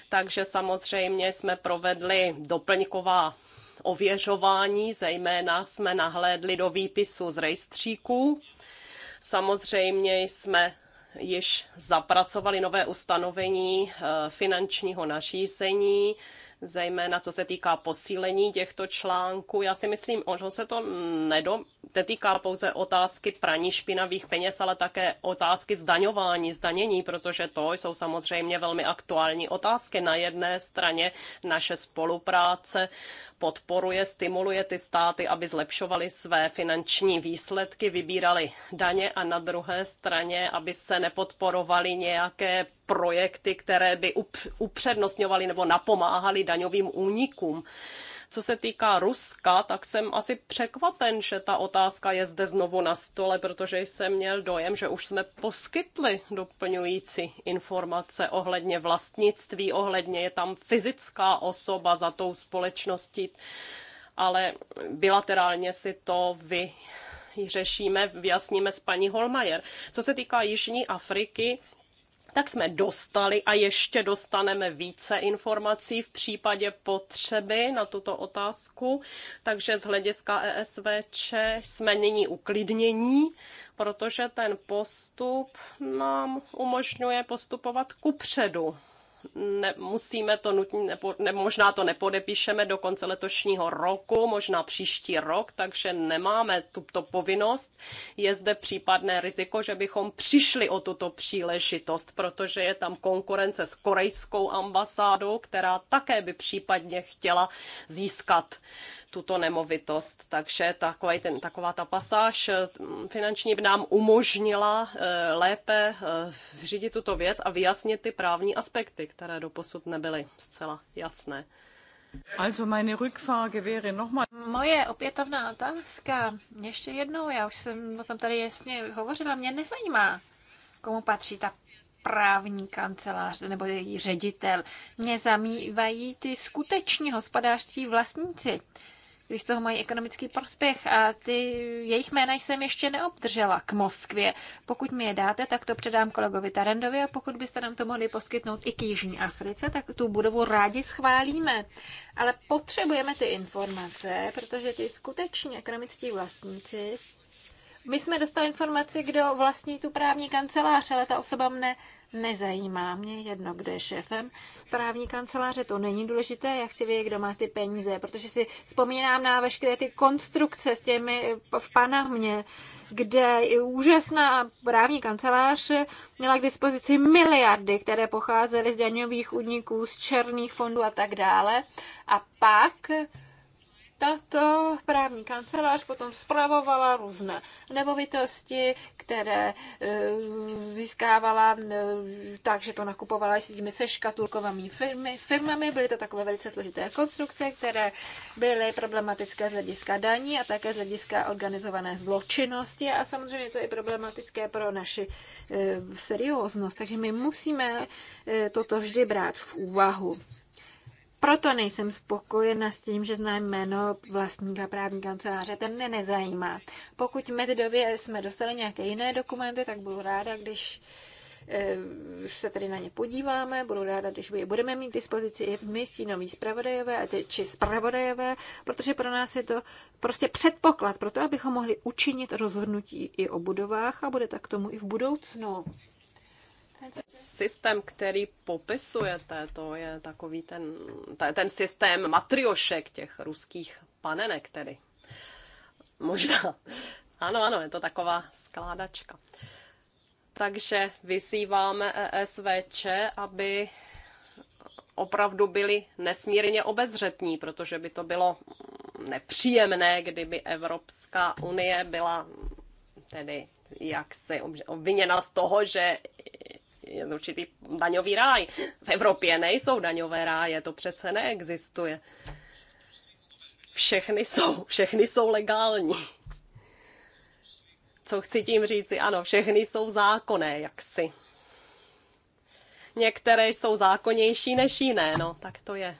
Takže samozřejmě jsme provedli doplňková ověřování, zejména jsme nahlédli do výpisu z rejstříků. Samozřejmě jsme již zapracovali nové ustanovení eh, finančního nařízení, zejména co se týká posílení těchto článků. Já si myslím, že se to nedom, netýká pouze otázky praní špinavých peněz, ale také otázky zdaňování, zdanění, protože to jsou samozřejmě velmi aktuální otázky. Na jedné straně naše spolupráce podporuje, stimuluje ty státy, aby zlepšovaly své finanční výsledky, vybírali daně a na druhé straně, aby se nepodporovaly nějaké projekty, které by upřednostňovaly nebo napomáhaly daňovým únikům. Co se týká Ruska, tak jsem asi překvapen, že ta otázka je zde znovu na stole, protože jsem měl dojem, že už jsme poskytli doplňující informace ohledně vlastnictví, ohledně je tam fyzická osoba za tou společností, ale bilaterálně si to vy řešíme, vyjasníme s paní Holmajer. Co se týká Jižní Afriky, tak jsme dostali a ještě dostaneme více informací v případě potřeby na tuto otázku. Takže z hlediska ESVČ jsme nyní uklidnění, protože ten postup nám umožňuje postupovat kupředu nemusíme to nutně, nebo ne, možná to nepodepíšeme do konce letošního roku, možná příští rok, takže nemáme tuto povinnost. Je zde případné riziko, že bychom přišli o tuto příležitost, protože je tam konkurence s korejskou ambasádou, která také by případně chtěla získat tuto nemovitost. Takže takový ten, taková ta pasáž eh, finanční by nám umožnila eh, lépe eh, řídit tuto věc a vyjasnit ty právní aspekty, které doposud nebyly zcela jasné. Also meine Rückfrage wäre nochmal... Moje opětovná otázka, ještě jednou, já už jsem o tom tady jasně hovořila, mě nezajímá, komu patří ta právní kancelář nebo její ředitel. Mě zamývají ty skuteční hospodářství vlastníci když z toho mají ekonomický prospěch a ty jejich jména jsem ještě neobdržela k Moskvě. Pokud mi je dáte, tak to předám kolegovi Tarendovi a pokud byste nám to mohli poskytnout i k Jižní Africe, tak tu budovu rádi schválíme. Ale potřebujeme ty informace, protože ty skuteční ekonomickí vlastníci my jsme dostali informaci, kdo vlastní tu právní kancelář, ale ta osoba mne nezajímá mě jedno, kde je šéfem právní kanceláře, to není důležité, já chci vědět, kdo má ty peníze, protože si vzpomínám na veškeré ty konstrukce s těmi v Panamě, kde úžasná právní kancelář měla k dispozici miliardy, které pocházely z daňových úniků, z černých fondů a tak dále. A pak tato právní kancelář potom zpravovala různé nemovitosti, které e, získávala e, tak, že to nakupovala s těmi se škatulkovými firmy, firmami. Byly to takové velice složité konstrukce, které byly problematické z hlediska daní a také z hlediska organizované zločinnosti a samozřejmě to je problematické pro naši e, serióznost. Takže my musíme toto vždy brát v úvahu. Proto nejsem spokojena s tím, že znám jméno vlastníka právní kanceláře, ten mě nezajímá. Pokud mezi době jsme dostali nějaké jiné dokumenty, tak budu ráda, když eh, se tedy na ně podíváme, budu ráda, když je budeme mít k dispozici i my stínoví zpravodajové či zpravodajové, protože pro nás je to prostě předpoklad pro to, abychom mohli učinit rozhodnutí i o budovách a bude tak tomu i v budoucnu. Systém, který popisujete, to je takový ten, ten systém matriošek těch ruských panenek tedy. Možná. Ano, ano, je to taková skládačka. Takže vyzýváme ESVČ, aby opravdu byli nesmírně obezřetní, protože by to bylo nepříjemné, kdyby Evropská unie byla tedy jaksi obviněna z toho, že je určitý daňový ráj. V Evropě nejsou daňové ráje, to přece neexistuje. Všechny jsou, všechny jsou legální. Co chci tím říci? Ano, všechny jsou zákonné, jaksi. Některé jsou zákonnější než jiné, no, tak to je.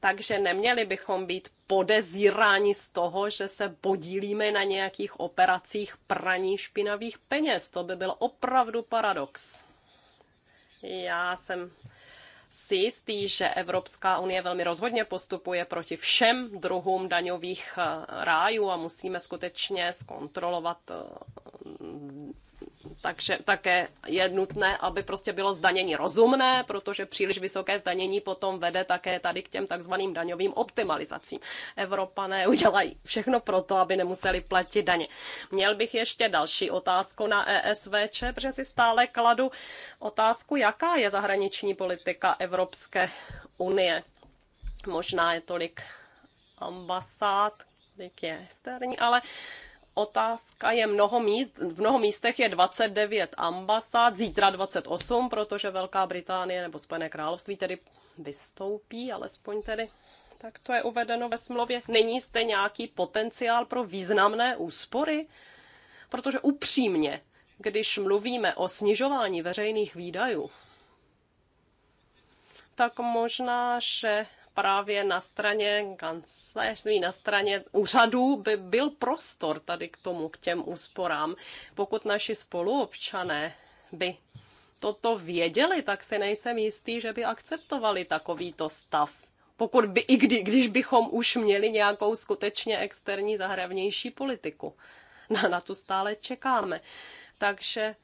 Takže neměli bychom být podezírání z toho, že se podílíme na nějakých operacích praní špinavých peněz. To by byl opravdu paradox. Já jsem si jistý, že Evropská unie velmi rozhodně postupuje proti všem druhům daňových eh, rájů a musíme skutečně zkontrolovat eh, takže také je nutné, aby prostě bylo zdanění rozumné, protože příliš vysoké zdanění potom vede také tady k těm takzvaným daňovým optimalizacím. Evropané udělají všechno pro to, aby nemuseli platit daně. Měl bych ještě další otázku na ESVČ, protože si stále kladu otázku, jaká je zahraniční politika Evropské unie. Možná je tolik ambasád, tolik je externí, ale otázka je mnoho míst, v mnoho místech je 29 ambasád, zítra 28, protože Velká Británie nebo Spojené království tedy vystoupí, alespoň tedy tak to je uvedeno ve smlouvě. Není zde nějaký potenciál pro významné úspory? Protože upřímně, když mluvíme o snižování veřejných výdajů, tak možná, že právě na straně kancelářství, na straně úřadů by byl prostor tady k tomu, k těm úsporám. Pokud naši spoluobčané by toto věděli, tak si nejsem jistý, že by akceptovali takovýto stav. Pokud by, i kdy, když bychom už měli nějakou skutečně externí zahravnější politiku. Na, na tu stále čekáme. Takže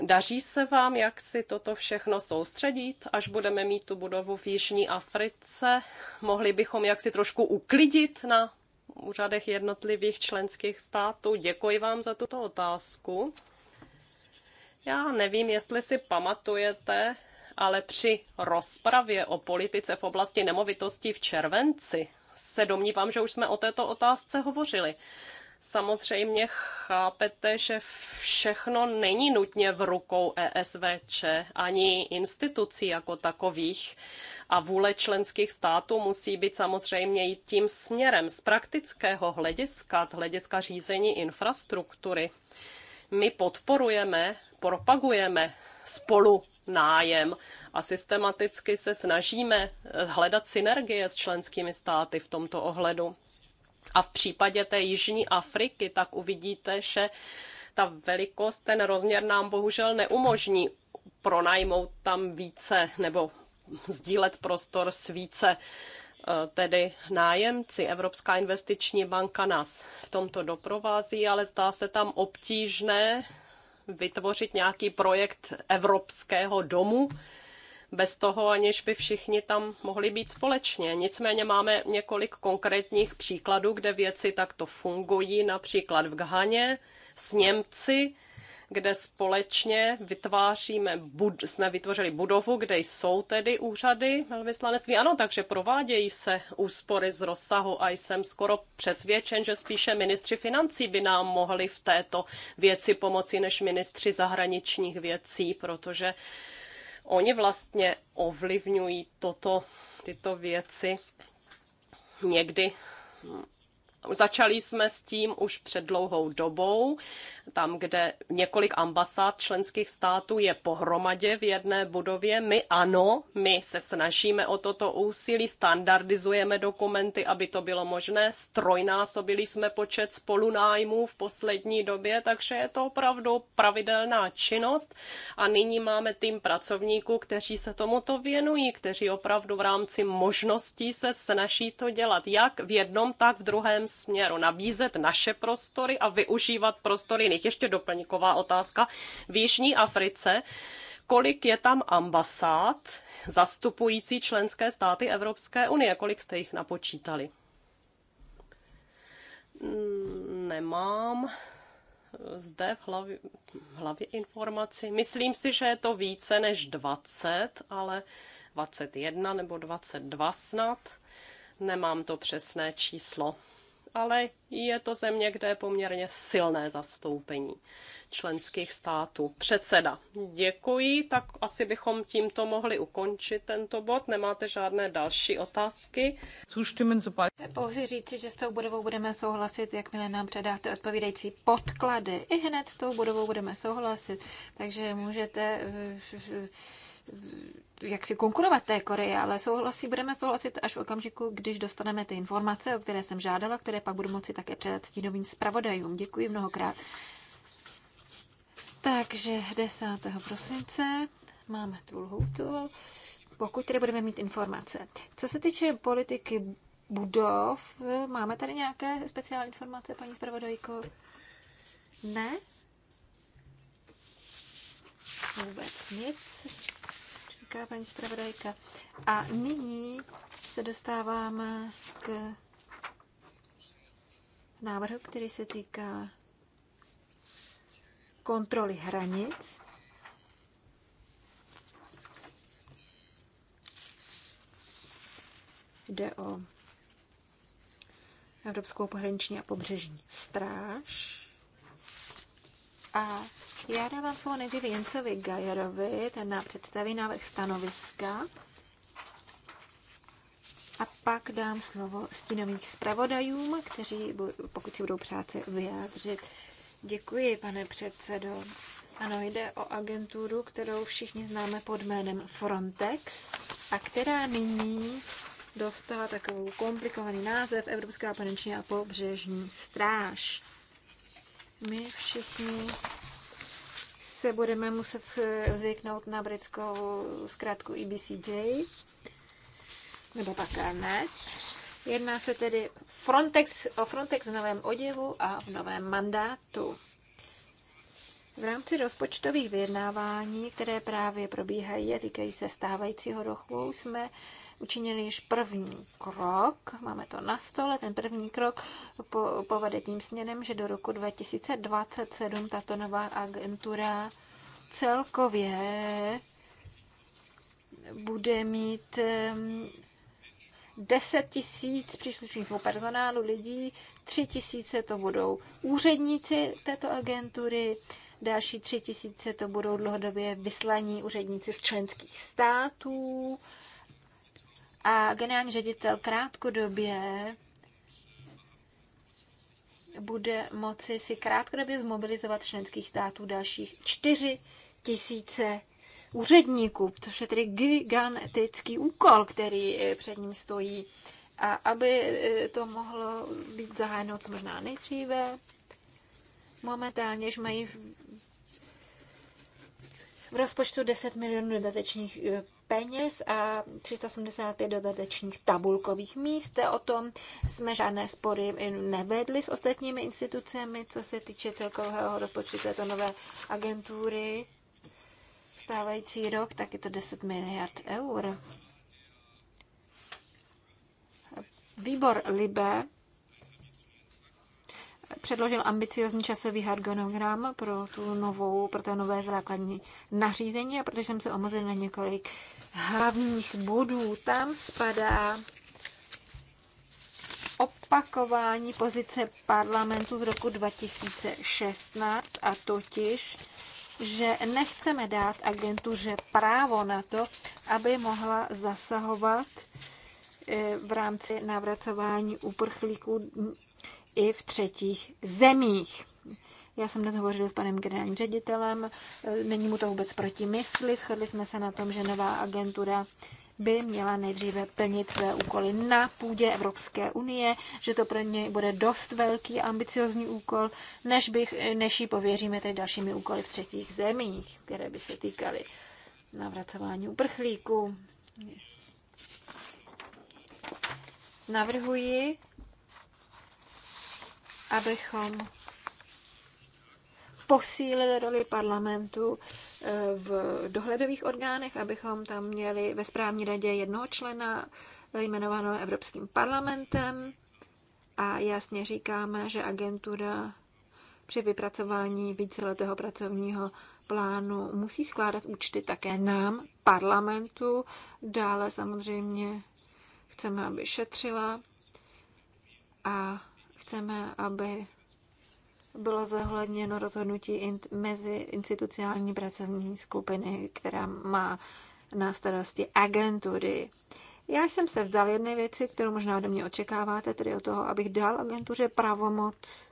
Daří se vám, jak si toto všechno soustředit, až budeme mít tu budovu v Jižní Africe? Mohli bychom jak si trošku uklidit na úřadech jednotlivých členských států? Děkuji vám za tuto otázku. Já nevím, jestli si pamatujete, ale při rozpravě o politice v oblasti nemovitostí v červenci se domnívám, že už jsme o této otázce hovořili. Samozřejmě chápete, že všechno není nutně v rukou ESVČ, ani institucí jako takových. A vůle členských států musí být samozřejmě i tím směrem z praktického hlediska, z hlediska řízení infrastruktury. My podporujeme, propagujeme spolu nájem a systematicky se snažíme hledat synergie s členskými státy v tomto ohledu a v případě té Jižní Afriky, tak uvidíte, že ta velikost, ten rozměr nám bohužel neumožní pronajmout tam více nebo sdílet prostor s více eh, tedy nájemci. Evropská investiční banka nás v tomto doprovází, ale zdá se tam obtížné vytvořit nějaký projekt evropského domu, bez toho, aniž by všichni tam mohli být společně. Nicméně máme několik konkrétních příkladů, kde věci takto fungují, například v Ghaně s Němci, kde společně vytváříme, bud, jsme vytvořili budovu, kde jsou tedy úřady velvyslanectví. Ano, takže provádějí se úspory z rozsahu a jsem skoro přesvědčen, že spíše ministři financí by nám mohli v této věci pomoci než ministři zahraničních věcí, protože Oni vlastně ovlivňují toto, tyto věci někdy Začali jsme s tím už před dlouhou dobou, tam, kde několik ambasád členských států je pohromadě v jedné budově. My ano, my se snažíme o toto úsilí, standardizujeme dokumenty, aby to bylo možné. Strojnásobili jsme počet spolunájmů v poslední době, takže je to opravdu pravidelná činnost. A nyní máme tým pracovníků, kteří se tomuto věnují, kteří opravdu v rámci možností se snaží to dělat jak v jednom, tak v druhém směru, nabízet naše prostory a využívat prostory jiných. Ještě doplňková otázka. V Jižní Africe kolik je tam ambasád zastupující členské státy Evropské unie? Kolik jste jich napočítali? Mm, nemám zde v hlavě, v hlavě informaci. Myslím si, že je to více než 20, ale 21 nebo 22 snad. Nemám to přesné číslo ale je to země, kde je poměrně silné zastoupení členských států. Předseda, děkuji, tak asi bychom tímto mohli ukončit tento bod. Nemáte žádné další otázky? Pouze říci, že s tou budovou budeme souhlasit, jakmile nám předáte odpovídající podklady. I hned s tou budovou budeme souhlasit, takže můžete eh, jak si konkurovat té Koreji, ale souhlasí, budeme souhlasit až v okamžiku, když dostaneme ty informace, o které jsem žádala, které pak budu moci také předat stínovým zpravodajům. Děkuji mnohokrát. Takže 10. prosince máme tu lhoutu, pokud tedy budeme mít informace. Co se týče politiky budov, máme tady nějaké speciální informace, paní zpravodajko? Ne? Vůbec nic říká paní zpravodajka. A nyní se dostáváme k návrhu, který se týká kontroly hranic. Jde o Evropskou pohraniční a pobřežní stráž. A já dávám slovo nejdřív Jencovi Gajerovi, ten nám představí návrh stanoviska. A pak dám slovo stínových zpravodajům, kteří, pokud si budou přát, se vyjádřit. Děkuji, pane předsedo. Ano, jde o agenturu, kterou všichni známe pod jménem Frontex a která nyní dostala takovou komplikovaný název Evropská paneční a pobřežní stráž. My všichni se budeme muset zvyknout na britskou zkrátku EBCJ, nebo také ne. Jedná se tedy Frontex, o Frontex v novém oděvu a v novém mandátu. V rámci rozpočtových vyjednávání, které právě probíhají a týkají se stávajícího roku, jsme učinili již první krok, máme to na stole, ten první krok po, povede tím směrem, že do roku 2027 tato nová agentura celkově bude mít 10 tisíc příslušníků personálu lidí, 3 tisíce to budou úředníci této agentury, další 3 tisíce to budou dlouhodobě vyslaní úředníci z členských států, a generální ředitel krátkodobě bude moci si krátkodobě zmobilizovat členských států dalších 4 tisíce úředníků, což je tedy gigantický úkol, který eh, před ním stojí. A aby eh, to mohlo být zahájeno co možná nejdříve, momentálně že mají v rozpočtu 10 milionů dodatečných eh, peněz a 375 dodatečných tabulkových míst. O tom jsme žádné spory nevedli s ostatními institucemi, co se týče celkového rozpočtu této nové agentury. Stávající rok, tak je to 10 miliard eur. Výbor Libe předložil ambiciozní časový harmonogram pro tu novou, pro to nové základní nařízení a protože jsem se omezil na několik hlavních bodů. Tam spadá opakování pozice parlamentu z roku 2016 a totiž, že nechceme dát agentuře právo na to, aby mohla zasahovat eh, v rámci navracování uprchlíků i v třetích zemích. Já jsem dnes hovořil s panem generálním ředitelem, e, není mu to vůbec proti mysli, shodli jsme se na tom, že nová agentura by měla nejdříve plnit své úkoly na půdě Evropské unie, že to pro něj bude dost velký a ambiciozní úkol, než, bych, než ji pověříme tedy dalšími úkoly v třetích zemích, které by se týkaly navracování uprchlíků. Navrhuji, abychom posílil roli parlamentu eh, v dohledových orgánech, abychom tam měli ve správní radě jednoho člena eh, jmenovaného Evropským parlamentem a jasně říkáme, že agentura při vypracování víceletého pracovního plánu musí skládat účty také nám, parlamentu. Dále samozřejmě chceme, aby šetřila a chceme, aby bylo zohledněno rozhodnutí in, mezi institucionální pracovní skupiny, která má na starosti agentury. Já jsem se vzal jedné věci, kterou možná ode mě očekáváte, tedy o toho, abych dal agentuře pravomoc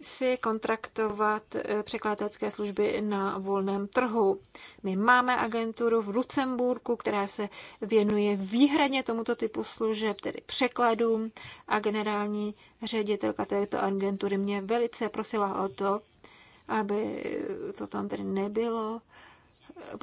si kontraktovat eh, překladatelské služby na volném trhu. My máme agenturu v Lucemburku, která se věnuje výhradně tomuto typu služeb, tedy překladům, a generální ředitelka této agentury mě velice prosila o to, aby to tam tedy nebylo,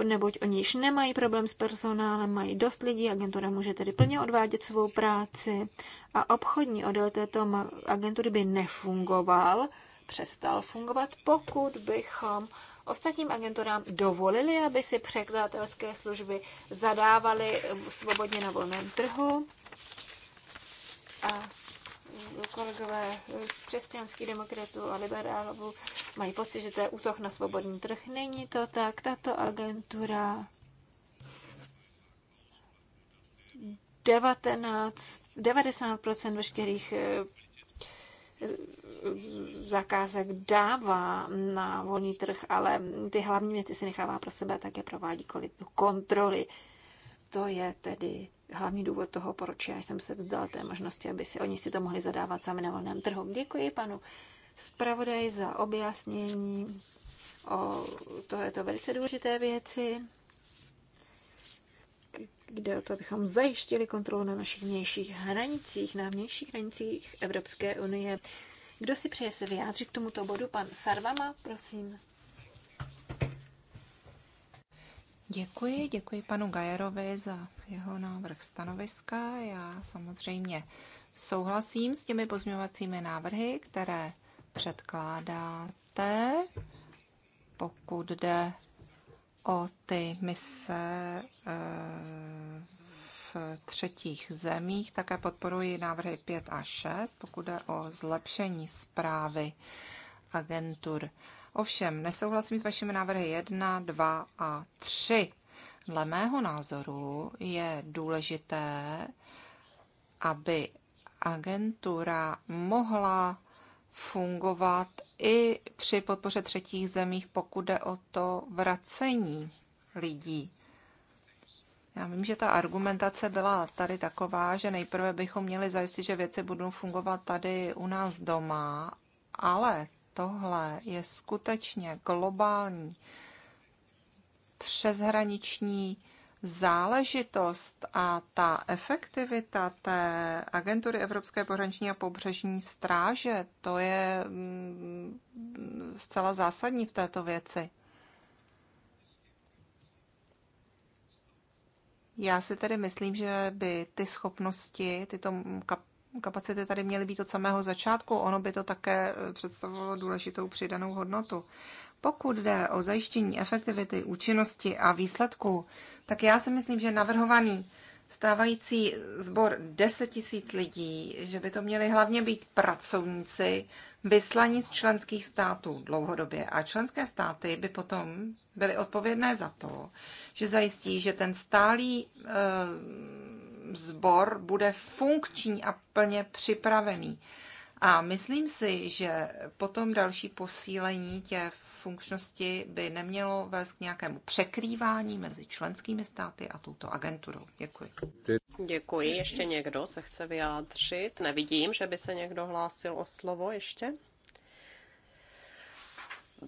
neboť oni již nemají problém s personálem, mají dost lidí, agentura může tedy plně odvádět svou práci a obchodní odel této agentury by nefungoval, přestal fungovat, pokud bychom ostatním agenturám dovolili, aby si překladatelské služby zadávaly eh, svobodně na volném trhu. A kolegové z křesťanských demokratů a liberálů mají pocit, že to je útok na svobodný trh. Není to tak. Tato agentura 19, 90% veškerých eh, zakázek dává na volný trh, ale ty hlavní věci si nechává pro sebe a také provádí kontroly. To je tedy hlavní důvod toho, proč já jsem se vzdal té možnosti, aby si oni si to mohli zadávat sami na volném trhu. Děkuji panu zpravodaji za objasnění o to to velice důležité věci, kde o to abychom zajištili kontrolu na našich vnějších hranicích, na vnějších hranicích Evropské unie. Kdo si přeje se vyjádřit k tomuto bodu? Pan Sarvama, prosím. Děkuji, děkuji panu Gajerovi za jeho návrh stanoviska. Já samozřejmě souhlasím s těmi pozměňovacími návrhy, které předkládáte, pokud jde o ty mise eh, v třetích zemích. Také podporuji návrhy 5 a 6, pokud jde o zlepšení zprávy agentur. Ovšem, nesouhlasím s vašimi návrhy 1, 2 a 3. Dle mého názoru je důležité, aby agentura mohla fungovat i při podpoře třetích zemích, pokud jde o to vracení lidí. Já vím, že ta argumentace byla tady taková, že nejprve bychom měli zajistit, že věci budou fungovat tady u nás doma, ale tohle je skutečně globální přeshraniční záležitost a ta efektivita té agentury Evropské pohraniční a pobřežní stráže, to je mm, zcela zásadní v této věci. Já si tedy myslím, že by ty schopnosti, tyto kapacity tady měly být od samého začátku. Ono by to také eh, představovalo důležitou přidanou hodnotu. Pokud jde o zajištění efektivity, účinnosti a výsledků, tak já si myslím, že navrhovaný stávající sbor 10 000 lidí, že by to měli hlavně být pracovníci vyslaní z členských států dlouhodobě. A členské státy by potom byly odpovědné za to, že zajistí, že ten stálý e, bude funkční a plně připravený. A myslím si, že potom další posílení těch funkčnosti by nemělo vést k nějakému překrývání mezi členskými státy a touto agenturou. Děkuji. Děkuji. Ještě někdo se chce vyjádřit? Nevidím, že by se někdo hlásil o slovo ještě.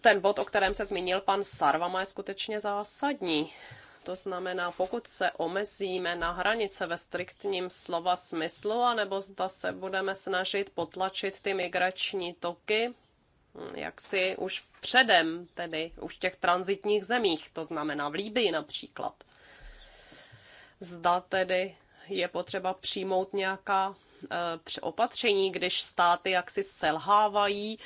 Ten bod, o kterém se zmínil pan Sarvama, je skutečně zásadní. To znamená, pokud se omezíme na hranice ve striktním slova smyslu, anebo zda se budeme snažit potlačit ty migrační toky, jak si už předem, tedy už v těch transitních zemích, to znamená v Líbii například. Zda tedy je potřeba přijmout nějaká eh, opatření, když státy jaksi selhávají,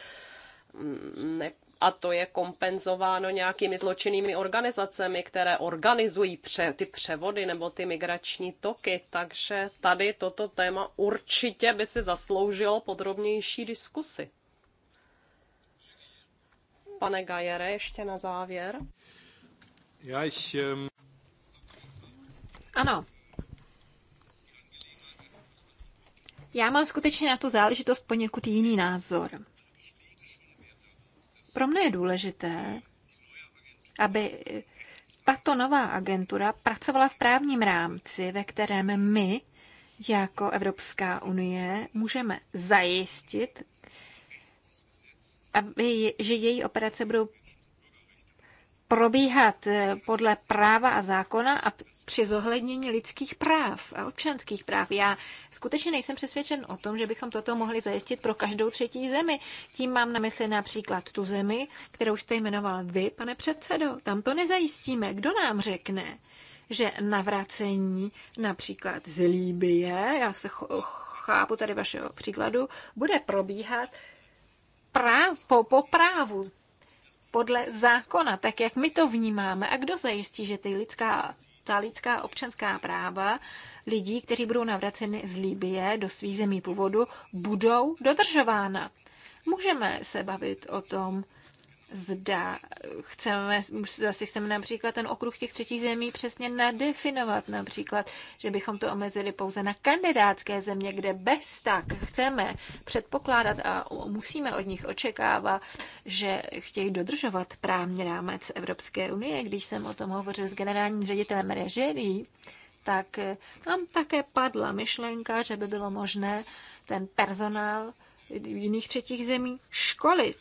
mm, ne, a to je kompenzováno nějakými zločinnými organizacemi, které organizují pře- ty převody nebo ty migrační toky. Takže tady toto téma určitě by si zasloužilo podrobnější diskusy. Pane Gajere, ještě na závěr. Já ještě... Ehm, ano. Já mám skutečně na tu záležitost poněkud jiný názor. Pro mě je důležité, aby tato nová agentura pracovala v právním rámci, ve kterém my jako Evropská unie můžeme zajistit aby, že její operace budou probíhat eh, podle práva a zákona a při zohlednění lidských práv a občanských práv. Já skutečně nejsem přesvědčen o tom, že bychom toto mohli zajistit pro každou třetí zemi. Tím mám na mysli například tu zemi, kterou jste jmenoval vy, pane předsedo. Tam to nezajistíme. Kdo nám řekne, že navracení například z Líbie, já se chápu tady vašeho příkladu, bude probíhat práv, po, po právu, podle zákona, tak jak my to vnímáme. A kdo zajistí, že ty lidská, ta lidská občanská práva lidí, kteří budou navraceni z Líbie do svých zemí původu, budou dodržována? Můžeme se bavit o tom, zda chceme, zase si chceme například ten okruh těch třetích zemí přesně nadefinovat, například, že bychom to omezili pouze na kandidátské země, kde bez tak chceme předpokládat a musíme od nich očekávat, že chtějí dodržovat právní rámec Evropské unie. Když jsem o tom hovořil s generálním ředitelem Režerí, tak tam také padla myšlenka, že by bylo možné ten personál jiných třetích zemí školit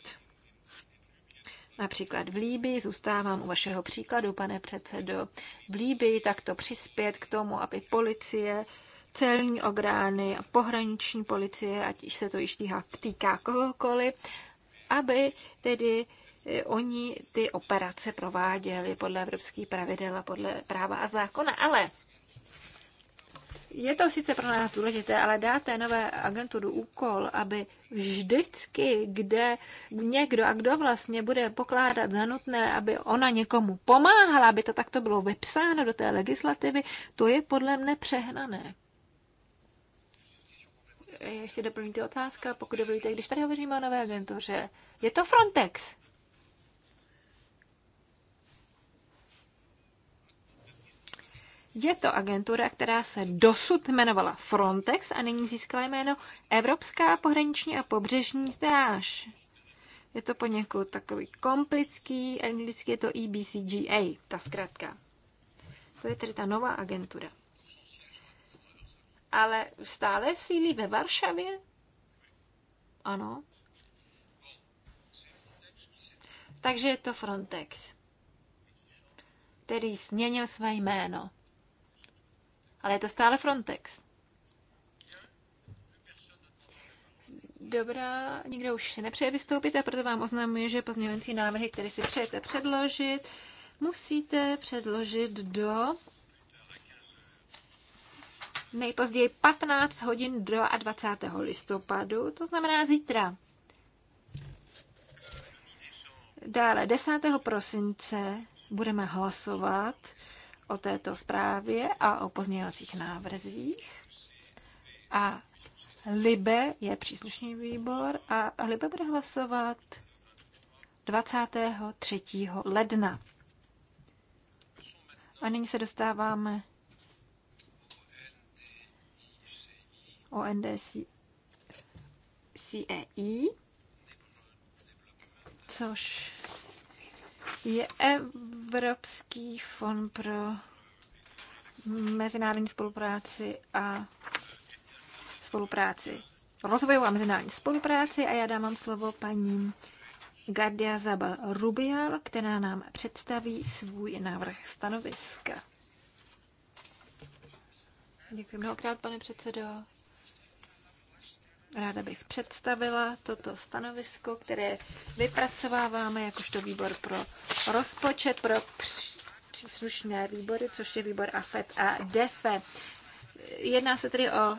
Například v Líbii, zůstávám u vašeho příkladu, pane předsedo, v Líbii takto přispět k tomu, aby policie, celní ográny, a pohraniční policie, ať se to již týká, týká kohokoliv, aby tedy eh, oni ty operace prováděli podle evropských pravidel a podle práva a zákona. Ale je to sice pro nás důležité, ale dáte nové agenturu úkol, aby vždycky, kde někdo a kdo vlastně bude pokládat za nutné, aby ona někomu pomáhala, aby to takto bylo vepsáno do té legislativy, to je podle mne přehnané. Ještě doplníte otázka, pokud dovolíte, když tady hovoříme o nové agentuře, je to Frontex. Je to agentura, která se dosud jmenovala Frontex a nyní získala jméno Evropská pohraniční a pobřežní stráž. Je to poněkud takový komplický, anglicky je to EBCGA, ta zkrátka. To je tedy ta nová agentura. Ale stále sílí ve Varšavě? Ano. Takže je to Frontex, který změnil své jméno ale je to stále Frontex. Dobrá, nikdo už si nepřeje vystoupit a proto vám oznamuji, že pozměňovací návrhy, které si přejete předložit, musíte předložit do nejpozději 15 hodin do 20. listopadu, to znamená zítra. Dále 10. prosince budeme hlasovat o této zprávě a o pozměňovacích návrzích. A Libe je příslušný výbor a Libe bude hlasovat 23. ledna. A nyní se dostáváme o NDCEI, což je Evropský fond pro mezinárodní spolupráci a spolupráci, rozvojovou a mezinárodní spolupráci a já dávám slovo paní Gardia Zabal Rubial, která nám představí svůj návrh stanoviska. Děkuji mnohokrát, pane předsedo. Ráda bych představila toto stanovisko, které vypracováváme jakožto výbor pro rozpočet, pro příslušné výbory, což je výbor AFET a DEFE. Jedná se tedy o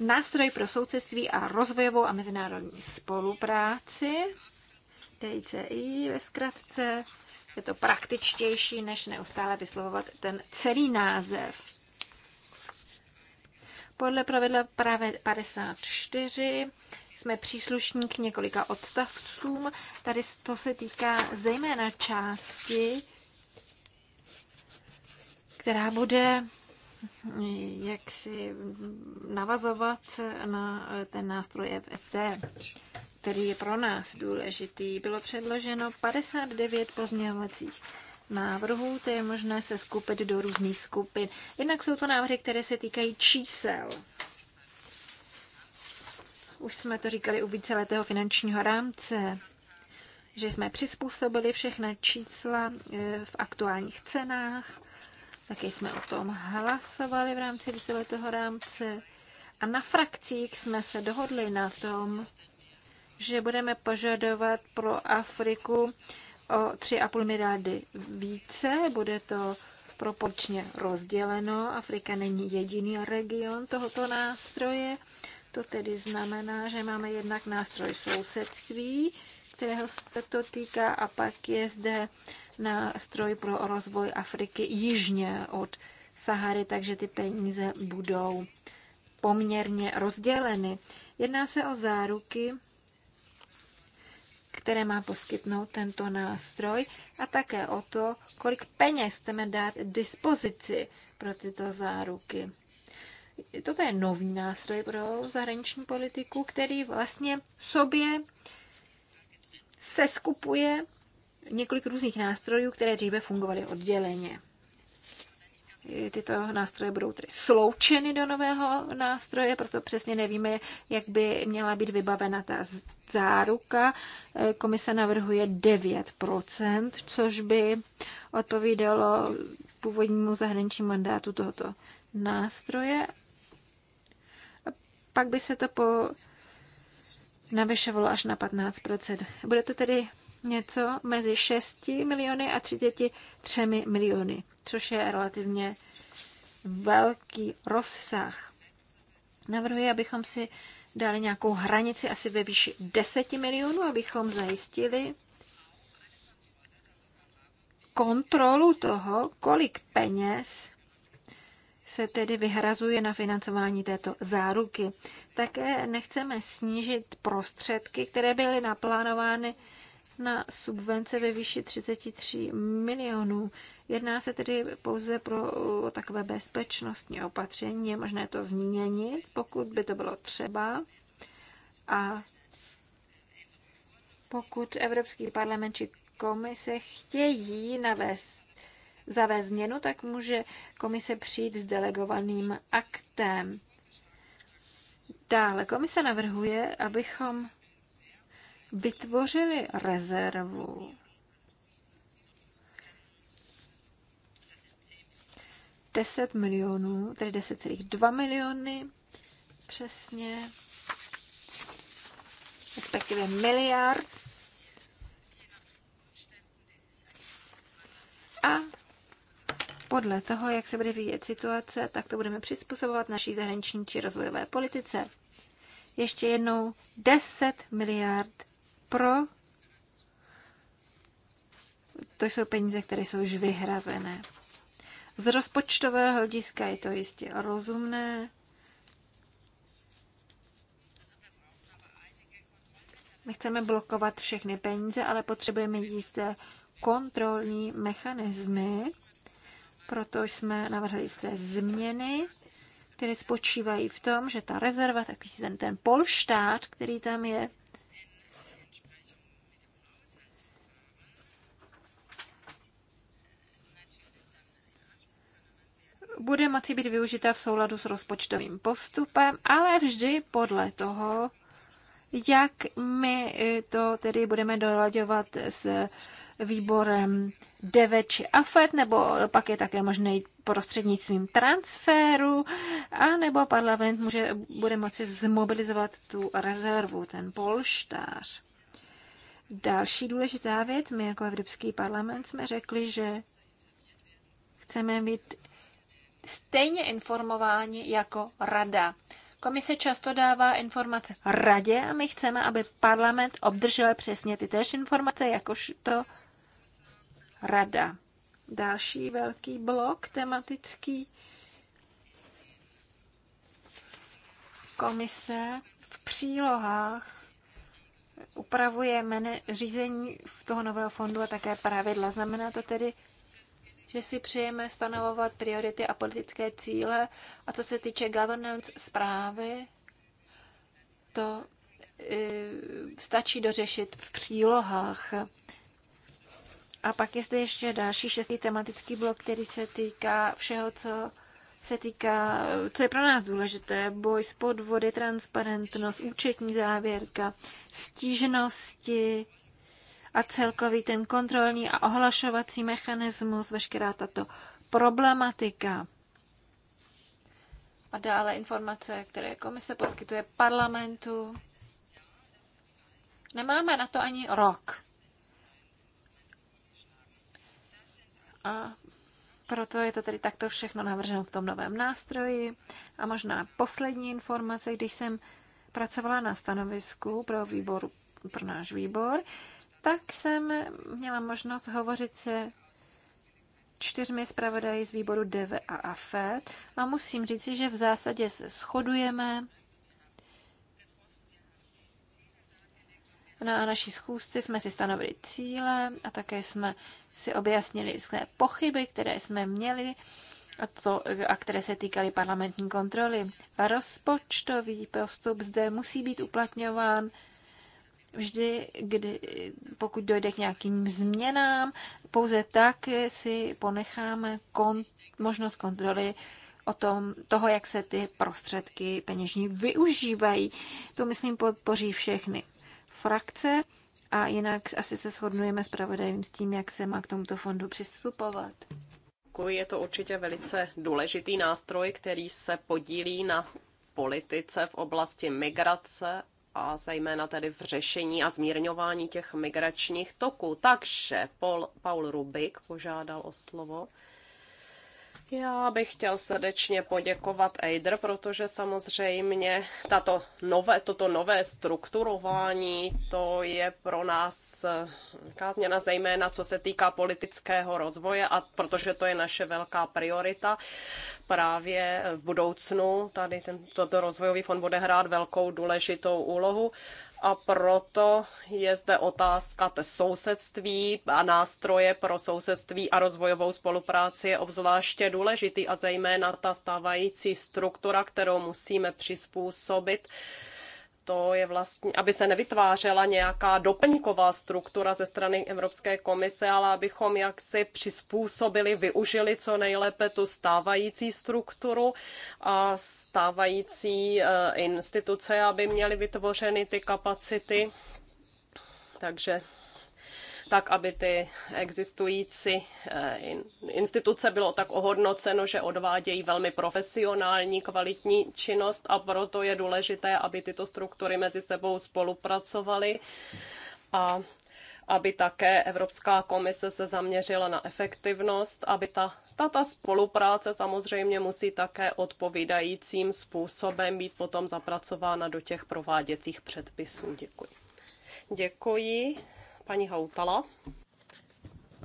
nástroj pro souceství a rozvojovou a mezinárodní spolupráci, DICI ve zkratce. Je to praktičtější, než neustále vyslovovat ten celý název. Podle pravidla právě 54 jsme příslušní k několika odstavcům. Tady to se týká zejména části, která bude mm, jak si mm, navazovat na eh, ten nástroj FST, který je pro nás důležitý. Bylo předloženo 59 pozměňovacích návrhů, ty je možné se skupit do různých skupin. Jednak jsou to návrhy, které se týkají čísel. Už jsme to říkali u víceletého finančního rámce, že jsme přizpůsobili všechna čísla eh, v aktuálních cenách, taky jsme o tom hlasovali v rámci víceletého rámce a na frakcích jsme se dohodli na tom, že budeme požadovat pro Afriku o 3,5 miliardy více, bude to proporčně rozděleno. Afrika není jediný region tohoto nástroje. To tedy znamená, že máme jednak nástroj sousedství, kterého se to týká, a pak je zde nástroj pro rozvoj Afriky jižně od Sahary, takže ty peníze budou poměrně rozděleny. Jedná se o záruky, které má poskytnout tento nástroj a také o to, kolik peněz chceme dát dispozici pro tyto záruky. Toto je nový nástroj pro zahraniční politiku, který vlastně sobě se skupuje několik různých nástrojů, které dříve fungovaly odděleně tyto nástroje budou tedy sloučeny do nového nástroje, proto přesně nevíme, jak by měla být vybavena ta záruka. E, komise navrhuje 9%, což by odpovídalo původnímu zahraničnímu mandátu tohoto nástroje. A pak by se to po navyšovalo až na 15%. Bude to tedy něco mezi 6 miliony a 33 miliony, což je relativně velký rozsah. Navrhuji, abychom si dali nějakou hranici asi ve výši 10 milionů, abychom zajistili kontrolu toho, kolik peněz se tedy vyhrazuje na financování této záruky. Také nechceme snížit prostředky, které byly naplánovány na subvence ve výši 33 milionů. Jedná se tedy pouze pro uh, takové bezpečnostní opatření. Je možné to změnit, pokud by to bylo třeba. A pokud Evropský parlament či komise chtějí navést, zavést změnu, tak může komise přijít s delegovaným aktem. Dále komise navrhuje, abychom vytvořili rezervu. Deset milionů, tedy 10,2 miliony přesně, respektive miliard. A podle toho, jak se bude vyvíjet situace, tak to budeme přizpůsobovat naší zahraniční či rozvojové politice. Ještě jednou 10 miliard pro. To jsou peníze, které jsou už vyhrazené. Z rozpočtového hlediska je to jistě rozumné. Chceme blokovat všechny peníze, ale potřebujeme jisté kontrolní mechanismy. Proto jsme navrhli jisté změny, které spočívají v tom, že ta rezerva, takový ten, ten polštář, který tam je, bude moci být využita v souladu s rozpočtovým postupem, ale vždy podle toho, jak my eh, to tedy budeme dolaďovat s výborem DV či AFET, nebo pak je také možné jít prostřednictvím transferu, a nebo parlament může, bude moci zmobilizovat tu rezervu, ten polštář. Další důležitá věc, my jako Evropský parlament jsme řekli, že chceme mít stejně informováni jako rada. Komise často dává informace radě a my chceme, aby parlament obdržel přesně ty též informace, jakožto rada. Další velký blok tematický komise v přílohách upravuje mene, řízení v toho nového fondu a také pravidla. Znamená to tedy, že si přejeme stanovovat priority a politické cíle. A co se týče governance zprávy, to e, stačí dořešit v přílohách. A pak je zde ještě další šestý tematický blok, který se týká všeho, co se týká, co je pro nás důležité, boj s podvody, transparentnost, účetní závěrka, stížnosti, a celkový ten kontrolní a ohlašovací mechanismus, veškerá tato problematika. A dále informace, které komise poskytuje parlamentu. Nemáme na to ani rok. A proto je to tedy takto všechno navrženo v tom novém nástroji. A možná poslední informace, když jsem pracovala na stanovisku pro, výbor, pro náš výbor, tak jsem měla možnost hovořit se čtyřmi zpravodaji z výboru DV a AFED a musím říci, že v zásadě se shodujeme Na naší schůzci jsme si stanovili cíle a také jsme si objasnili své pochyby, které jsme měli a, to, a které se týkaly parlamentní kontroly. Rozpočtový postup zde musí být uplatňován vždy, kdy, pokud dojde k nějakým změnám, pouze tak si ponecháme kon, možnost kontroly o tom, toho, jak se ty prostředky peněžní využívají. To, myslím, podpoří všechny frakce a jinak asi se shodnujeme s pravodajím s tím, jak se má k tomuto fondu přistupovat. Je to určitě velice důležitý nástroj, který se podílí na politice v oblasti migrace a zejména tedy v řešení a zmírňování těch migračních toků. Takže Paul, Paul Rubik požádal o slovo. Já bych chtěl srdečně poděkovat Eider, protože samozřejmě tato nové, toto nové strukturování, to je pro nás eh, kázněna zejména co se týká politického rozvoje a protože to je naše velká priorita právě v budoucnu, tady tento rozvojový fond bude hrát velkou důležitou úlohu a proto je zde otázka to sousedství a nástroje pro sousedství a rozvojovou spolupráci je obzvláště důležitý a zejména ta stávající struktura, kterou musíme přizpůsobit to je vlastně, aby se nevytvářela nějaká doplňková struktura ze strany Evropské komise, ale abychom jaksi přizpůsobili, využili co nejlépe tu stávající strukturu a stávající eh, instituce, aby měly vytvořeny ty kapacity. Takže tak aby ty existující eh, instituce bylo tak ohodnoceno, že odvádějí velmi profesionální, kvalitní činnost a proto je důležité, aby tyto struktury mezi sebou spolupracovaly a aby také Evropská komise se zaměřila na efektivnost, aby ta, ta, spolupráce samozřejmě musí také odpovídajícím způsobem být potom zapracována do těch prováděcích předpisů. Děkuji. Děkuji. Paní Houtala.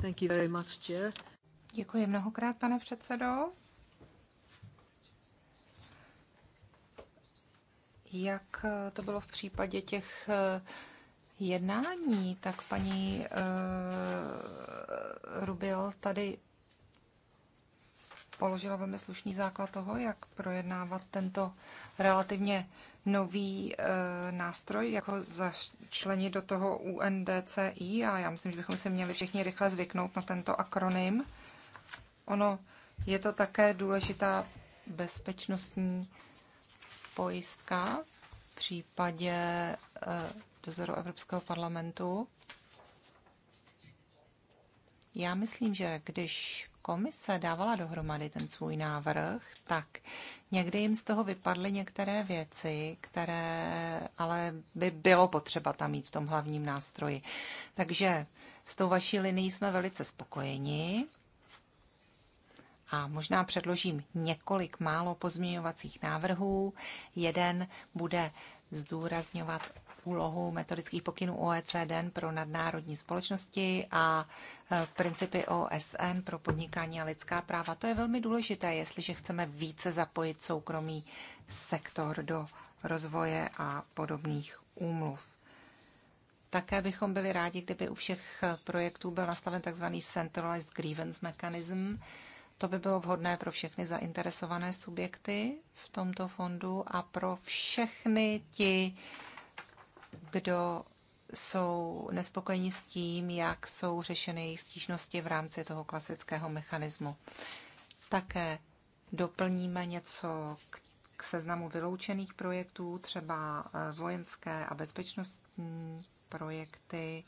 Thank you very much, Chair. Děkuji mnohokrát, pane předsedo. Jak to bylo v případě těch eh, jednání, tak paní uh, eh, Rubil tady položila velmi slušný základ toho, jak projednávat tento relativně nový uh, nástroj, jako ho začlenit do toho UNDCI a já myslím, že bychom se měli všichni rychle zvyknout na tento akronym. Ono je to také důležitá bezpečnostní pojistka v případě uh, dozoru Evropského parlamentu. Já myslím, že když komise dávala dohromady ten svůj návrh, tak někdy jim z toho vypadly některé věci, které ale by bylo potřeba tam mít v tom hlavním nástroji. Takže s tou vaší linií jsme velice spokojeni a možná předložím několik málo pozměňovacích návrhů. Jeden bude zdůrazňovat úlohu metodických pokynů OECD pro nadnárodní společnosti a e, principy OSN pro podnikání a lidská práva. To je velmi důležité, jestliže chceme více zapojit soukromý sektor do rozvoje a podobných úmluv. Také bychom byli rádi, kdyby u všech projektů byl nastaven tzv. Centralized Grievance Mechanism. To by bylo vhodné pro všechny zainteresované subjekty v tomto fondu a pro všechny ti kdo jsou nespokojeni s tím, jak jsou řešeny jejich stížnosti v rámci toho klasického mechanismu. Také doplníme něco k seznamu vyloučených projektů, třeba eh, vojenské a bezpečnostní projekty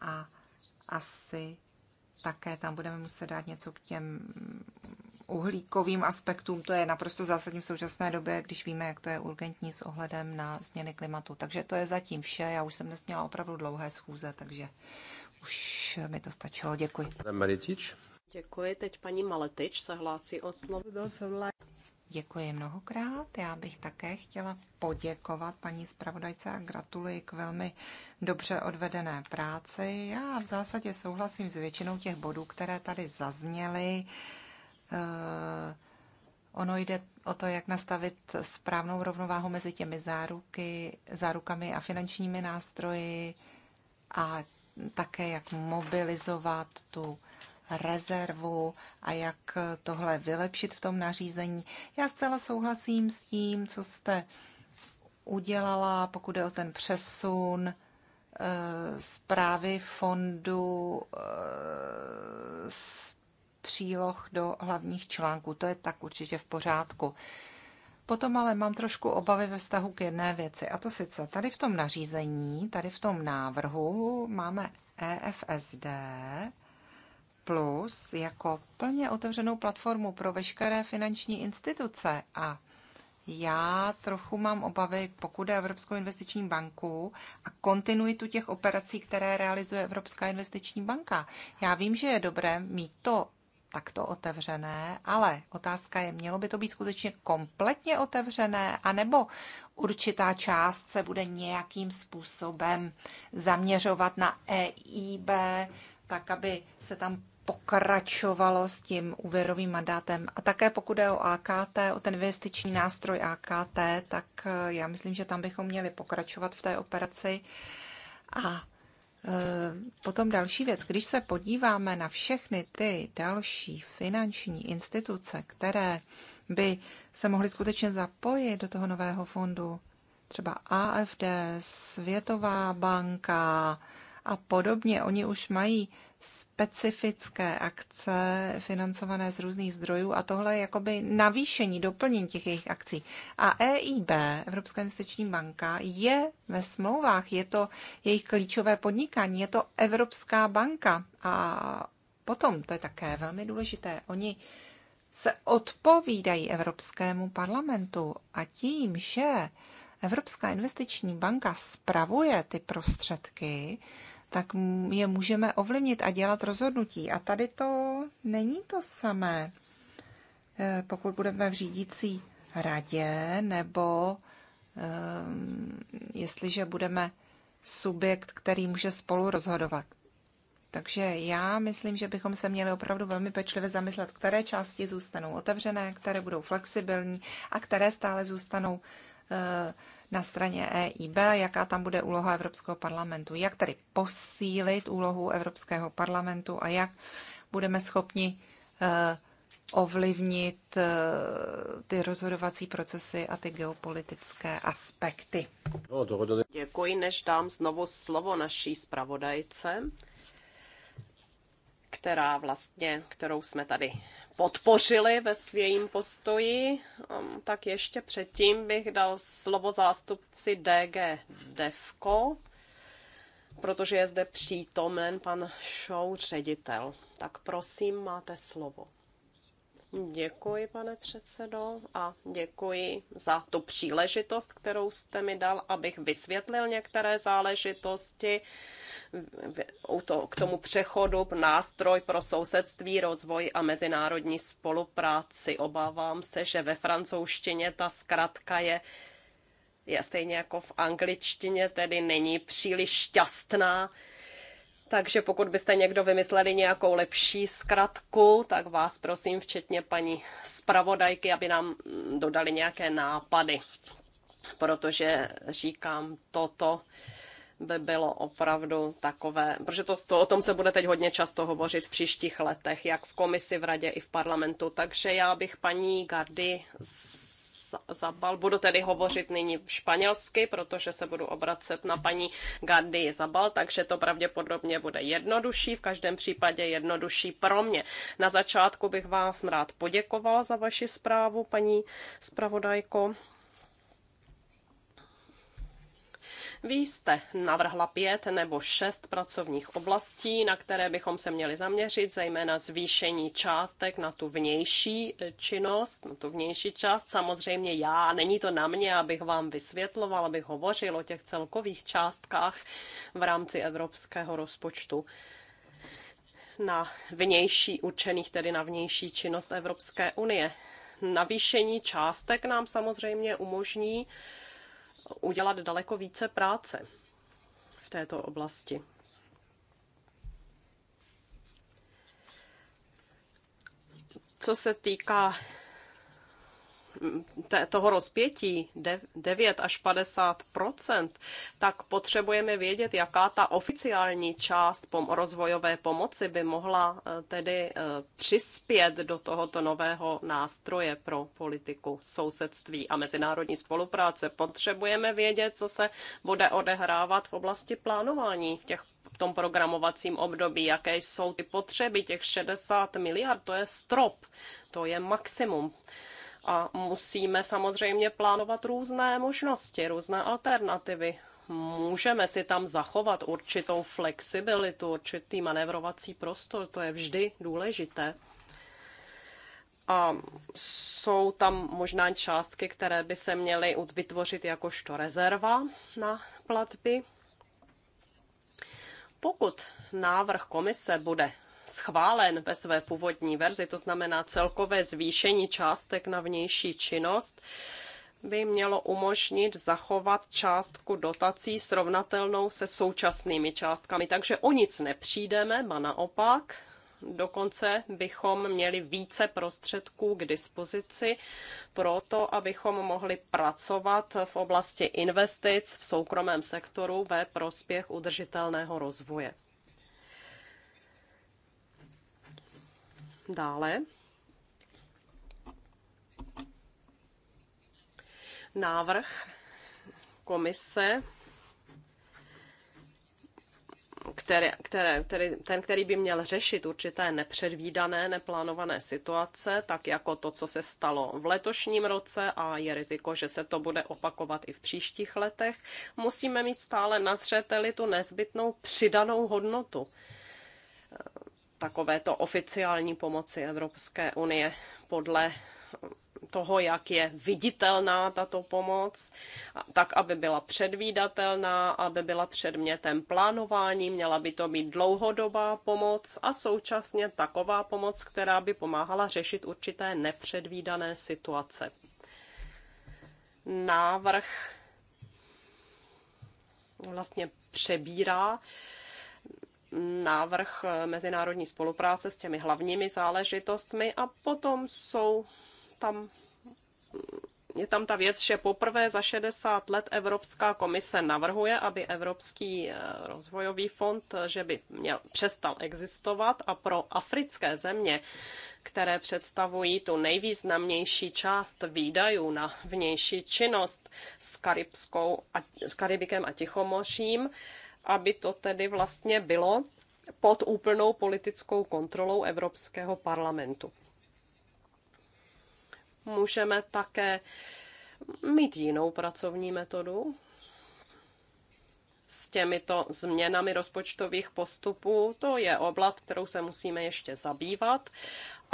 a asi také tam budeme muset dát něco k těm uhlíkovým aspektům. To je naprosto zásadní v současné době, když víme, jak to je urgentní s ohledem na změny klimatu. Takže to je zatím vše. Já už jsem dnes měla opravdu dlouhé schůze, takže už mi to stačilo. Děkuji. Maletič. Děkuji. Teď paní Maletič se hlásí o slovo. Děkuji mnohokrát. Já bych také chtěla poděkovat paní zpravodajce a gratuluji k velmi dobře odvedené práci. Já v zásadě souhlasím s většinou těch bodů, které tady zazněly. Eh, ono jde o to, jak nastavit správnou rovnováhu mezi těmi záruky, zárukami a finančními nástroji a také jak mobilizovat tu rezervu a jak tohle vylepšit v tom nařízení. Já zcela souhlasím s tím, co jste udělala, pokud je o ten přesun eh, zprávy fondu z eh, příloh do hlavních článků. To je tak určitě v pořádku. Potom ale mám trošku obavy ve vztahu k jedné věci, a to sice tady v tom nařízení, tady v tom návrhu máme EFSD plus jako plně otevřenou platformu pro veškeré finanční instituce a já trochu mám obavy, pokud je Evropskou investiční banku a kontinuitu těch operací, které realizuje Evropská investiční banka. Já vím, že je dobré mít to takto otevřené, ale otázka je, mělo by to být skutečně kompletně otevřené, anebo určitá část se bude nějakým způsobem zaměřovat na EIB, tak aby se tam pokračovalo s tím úvěrovým mandátem. A také pokud je o AKT, o ten investiční nástroj AKT, tak eh, já myslím, že tam bychom měli pokračovat v té operaci a Eh, potom další věc, když se podíváme na všechny ty další finanční instituce, které by se mohly skutečně zapojit do toho nového fondu, třeba AFD, Světová banka, a podobně. Oni už mají specifické akce financované z různých zdrojů a tohle je jakoby navýšení, doplnění těch jejich akcí. A EIB, Evropská investiční banka, je ve smlouvách, je to jejich klíčové podnikání, je to Evropská banka a potom, to je také velmi důležité, oni se odpovídají Evropskému parlamentu a tím, že Evropská investiční banka spravuje ty prostředky, tak je můžeme ovlivnit a dělat rozhodnutí. A tady to není to samé. E, pokud budeme v řídící radě nebo um, jestliže budeme subjekt, který může spolu rozhodovat. Takže já myslím, že bychom se měli opravdu velmi pečlivě zamyslet, které části zůstanou otevřené, které budou flexibilní a které stále zůstanou uh, na straně EIB, jaká tam bude úloha Evropského parlamentu, jak tedy posílit úlohu Evropského parlamentu a jak budeme schopni eh, ovlivnit eh, ty rozhodovací procesy a ty geopolitické aspekty. Děkuji, než dám znovu slovo naší zpravodajce, která vlastně, kterou jsme tady podpořili ve svém postoji. Um, tak ještě předtím bych dal slovo zástupci DG Devko, protože je zde přítomen pan show ředitel. Tak prosím, máte slovo. Děkuji, pane předsedo, a děkuji za tu příležitost, kterou jste mi dal, abych vysvětlil některé záležitosti k tomu přechodu nástroj pro sousedství, rozvoj a mezinárodní spolupráci. Obávám se, že ve francouzštině ta zkratka je je stejně jako v angličtině, tedy není příliš šťastná. Takže pokud byste někdo vymysleli nějakou lepší zkratku, tak vás prosím, včetně paní zpravodajky, aby nám mm, dodali nějaké nápady. Protože říkám, toto by bylo opravdu takové, protože to, to, o tom se bude teď hodně často hovořit v příštích letech, jak v komisi, v radě i v parlamentu. Takže já bych paní Gardy Zabal. Budu tedy hovořit nyní španělsky, protože se budu obracet na paní Gandhi Zabal, takže to pravděpodobně bude jednodušší, v každém případě jednodušší pro mě. Na začátku bych vám rád poděkoval za vaši zprávu, paní zpravodajko. Vy jste navrhla pět nebo šest pracovních oblastí, na které bychom se měli zaměřit, zejména zvýšení částek na tu vnější e, činnost, na tu vnější část. Samozřejmě já, není to na mě, abych vám vysvětloval, abych hovořil o těch celkových částkách v rámci evropského rozpočtu na vnější, určených tedy na vnější činnost Evropské unie. Navýšení částek nám samozřejmě umožní uh, udělat daleko více práce v této oblasti. Co se týká toho rozpětí 9 až 50 tak potřebujeme vědět, jaká ta oficiální část pom- rozvojové pomoci by mohla eh, tedy eh, přispět do tohoto nového nástroje pro politiku sousedství a mezinárodní spolupráce. Potřebujeme vědět, co se bude odehrávat v oblasti plánování těch v tom programovacím období, jaké jsou ty potřeby, těch 60 miliard, to je strop, to je maximum. A musíme samozřejmě plánovat různé možnosti, různé alternativy. Můžeme si tam zachovat určitou flexibilitu, určitý manevrovací prostor, to je vždy důležité. A jsou tam možná částky, které by se měly vytvořit jakožto rezerva na platby. Pokud návrh komise bude schválen ve své původní verzi, to znamená celkové zvýšení částek na vnější činnost, by mělo umožnit zachovat částku dotací srovnatelnou se současnými částkami. Takže o nic nepřijdeme, ba naopak, dokonce bychom měli více prostředků k dispozici pro to, abychom mohli pracovat v oblasti investic v soukromém sektoru ve prospěch udržitelného rozvoje. Dále návrh komise, který, který, který, ten, který by měl řešit určité nepředvídané, neplánované situace, tak jako to, co se stalo v letošním roce a je riziko, že se to bude opakovat i v příštích letech, musíme mít stále na zřeteli tu nezbytnou přidanou hodnotu takovéto oficiální pomoci Evropské unie podle toho, jak je viditelná tato pomoc, tak aby byla předvídatelná, aby byla předmětem plánování, měla by to být dlouhodobá pomoc a současně taková pomoc, která by pomáhala řešit určité nepředvídané situace. Návrh vlastně přebírá návrh eh, mezinárodní spolupráce s těmi hlavními záležitostmi a potom jsou tam je tam ta věc, že poprvé za 60 let Evropská komise navrhuje, aby Evropský eh, rozvojový fond, eh, že by měl, přestal existovat a pro africké země, které představují tu nejvýznamnější část výdajů na vnější činnost s, Karibskou, a, s Karibikem a Tichomořím, aby to tedy vlastně bylo pod úplnou politickou kontrolou Evropského parlamentu. Můžeme také mít jinou pracovní metodu, s těmito změnami rozpočtových postupů. To je oblast, kterou se musíme ještě zabývat,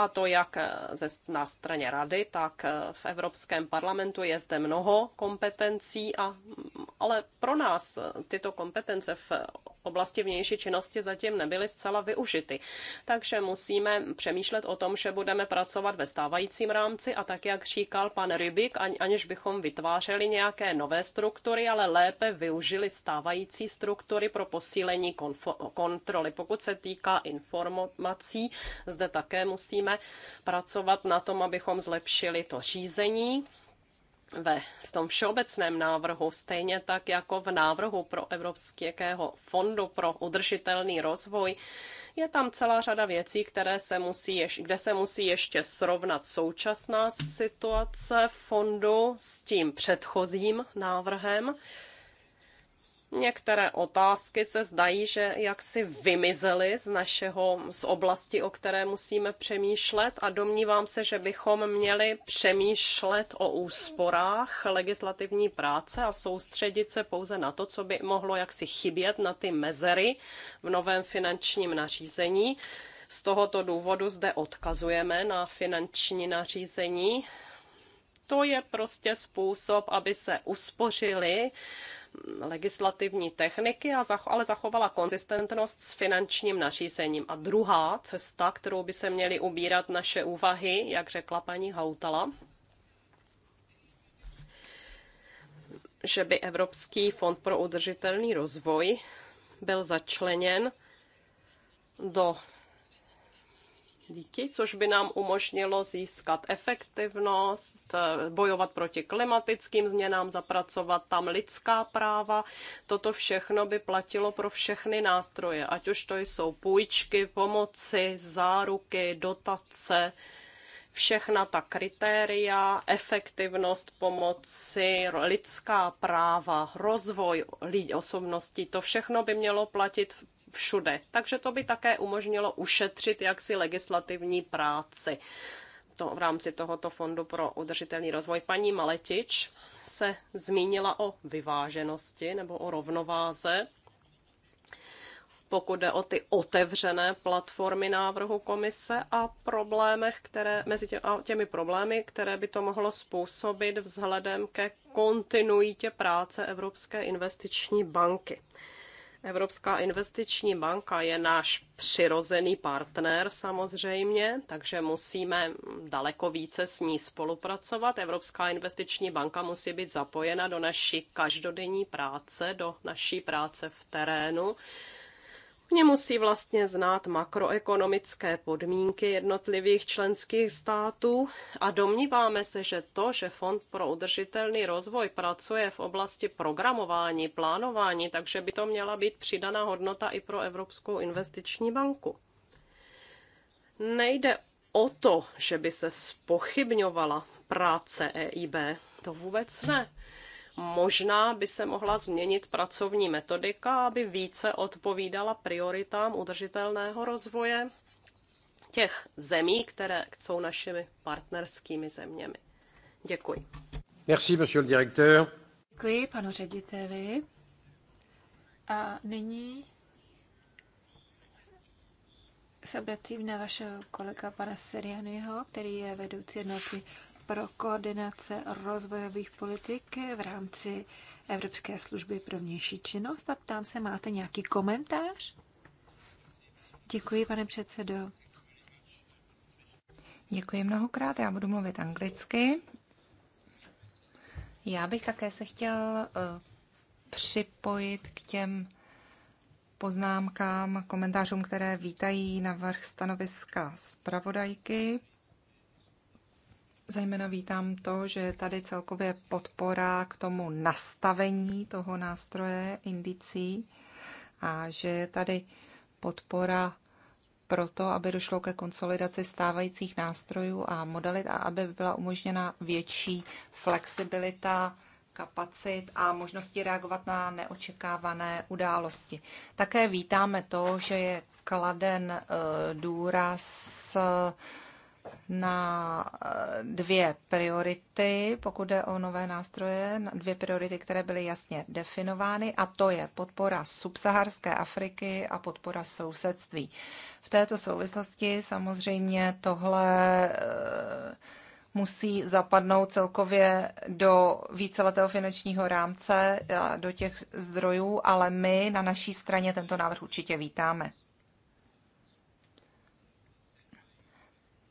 a to jak eh, ze, na straně rady, tak eh, v Evropském parlamentu je zde mnoho kompetencí, a, mm, ale pro nás eh, tyto kompetence v oblasti vnější činnosti zatím nebyly zcela využity. Takže musíme přemýšlet o tom, že budeme pracovat ve stávajícím rámci a tak, jak říkal pan Rybik, aniž bychom vytvářeli nějaké nové struktury, ale lépe využili stávající struktury pro posílení kontroly. Pokud se týká informací, zde také musíme budeme pracovat na tom, abychom zlepšili to řízení ve, v tom všeobecném návrhu, stejně tak jako v návrhu pro Evropského fondu pro udržitelný rozvoj, je tam celá řada věcí, které se musí ješ, kde se musí ještě srovnat současná situace fondu s tím předchozím návrhem. Některé otázky se zdají, že jaksi vymizely z našeho, z oblasti, o které musíme přemýšlet a domnívám se, že bychom měli přemýšlet o úsporách legislativní práce a soustředit se pouze na to, co by mohlo jaksi chybět na ty mezery v novém finančním nařízení. Z tohoto důvodu zde odkazujeme na finanční nařízení. To je prostě způsob, aby se uspořili legislativní techniky, a ale zachovala konzistentnost s finančním nařízením. A druhá cesta, kterou by se měly ubírat naše úvahy, jak řekla paní Hautala, že by Evropský fond pro udržitelný rozvoj byl začleněn do dítí, což by nám umožnilo získat efektivnost, bojovat proti klimatickým změnám, zapracovat tam lidská práva. Toto všechno by platilo pro všechny nástroje, ať už to jsou půjčky, pomoci, záruky, dotace, všechna ta kritéria, efektivnost pomoci, lidská práva, rozvoj osobností, to všechno by mělo platit všude. Takže to by také umožnilo ušetřit jaksi legislativní práci to, v rámci tohoto fondu pro udržitelný rozvoj. Paní Maletič se zmínila o vyváženosti nebo o rovnováze pokud jde o ty otevřené platformy návrhu komise a problémech, které, mezi tě, a těmi problémy, které by to mohlo způsobit vzhledem ke kontinuitě práce Evropské investiční banky. Evropská investiční banka je náš přirozený partner samozřejmě, takže musíme daleko více s ní spolupracovat. Evropská investiční banka musí být zapojena do naší každodenní práce, do naší práce v terénu mě musí vlastně znát makroekonomické podmínky jednotlivých členských států a domníváme se, že to, že Fond pro udržitelný rozvoj pracuje v oblasti programování, plánování, takže by to měla být přidaná hodnota i pro Evropskou investiční banku. Nejde o to, že by se spochybňovala práce EIB, to vůbec ne. Možná by se mohla změnit pracovní metodika, aby více odpovídala prioritám udržitelného rozvoje těch zemí, které jsou našimi partnerskými zeměmi. Děkuji. Merci, monsieur le directeur. Děkuji panu řediteli. A nyní se obracím na vašeho kolega pana Serianyho, který je vedoucí jednotky pro koordinace rozvojových politik v rámci Evropské služby pro vnější činnost a ptám se, máte nějaký komentář? Děkuji, pane předsedo. Děkuji mnohokrát, já budu mluvit anglicky. Já bych také se chtěl eh, připojit k těm poznámkám, komentářům, které vítají na vrch stanoviska zpravodajky zejména vítám to, že tady celkově podpora k tomu nastavení toho nástroje indicí a že je tady podpora pro to, aby došlo ke konsolidaci stávajících nástrojů a modalit a aby byla umožněna větší flexibilita kapacit a možnosti reagovat na neočekávané události. Také vítáme to, že je kladen eh, důraz eh, na eh, dvě priority, pokud jde o nové nástroje, na dvě priority, které byly jasně definovány, a to je podpora subsaharské Afriky a podpora sousedství. V této souvislosti samozřejmě tohle eh, musí zapadnout celkově do víceletého finančního rámce, do těch zdrojů, ale my na naší straně tento návrh určitě vítáme.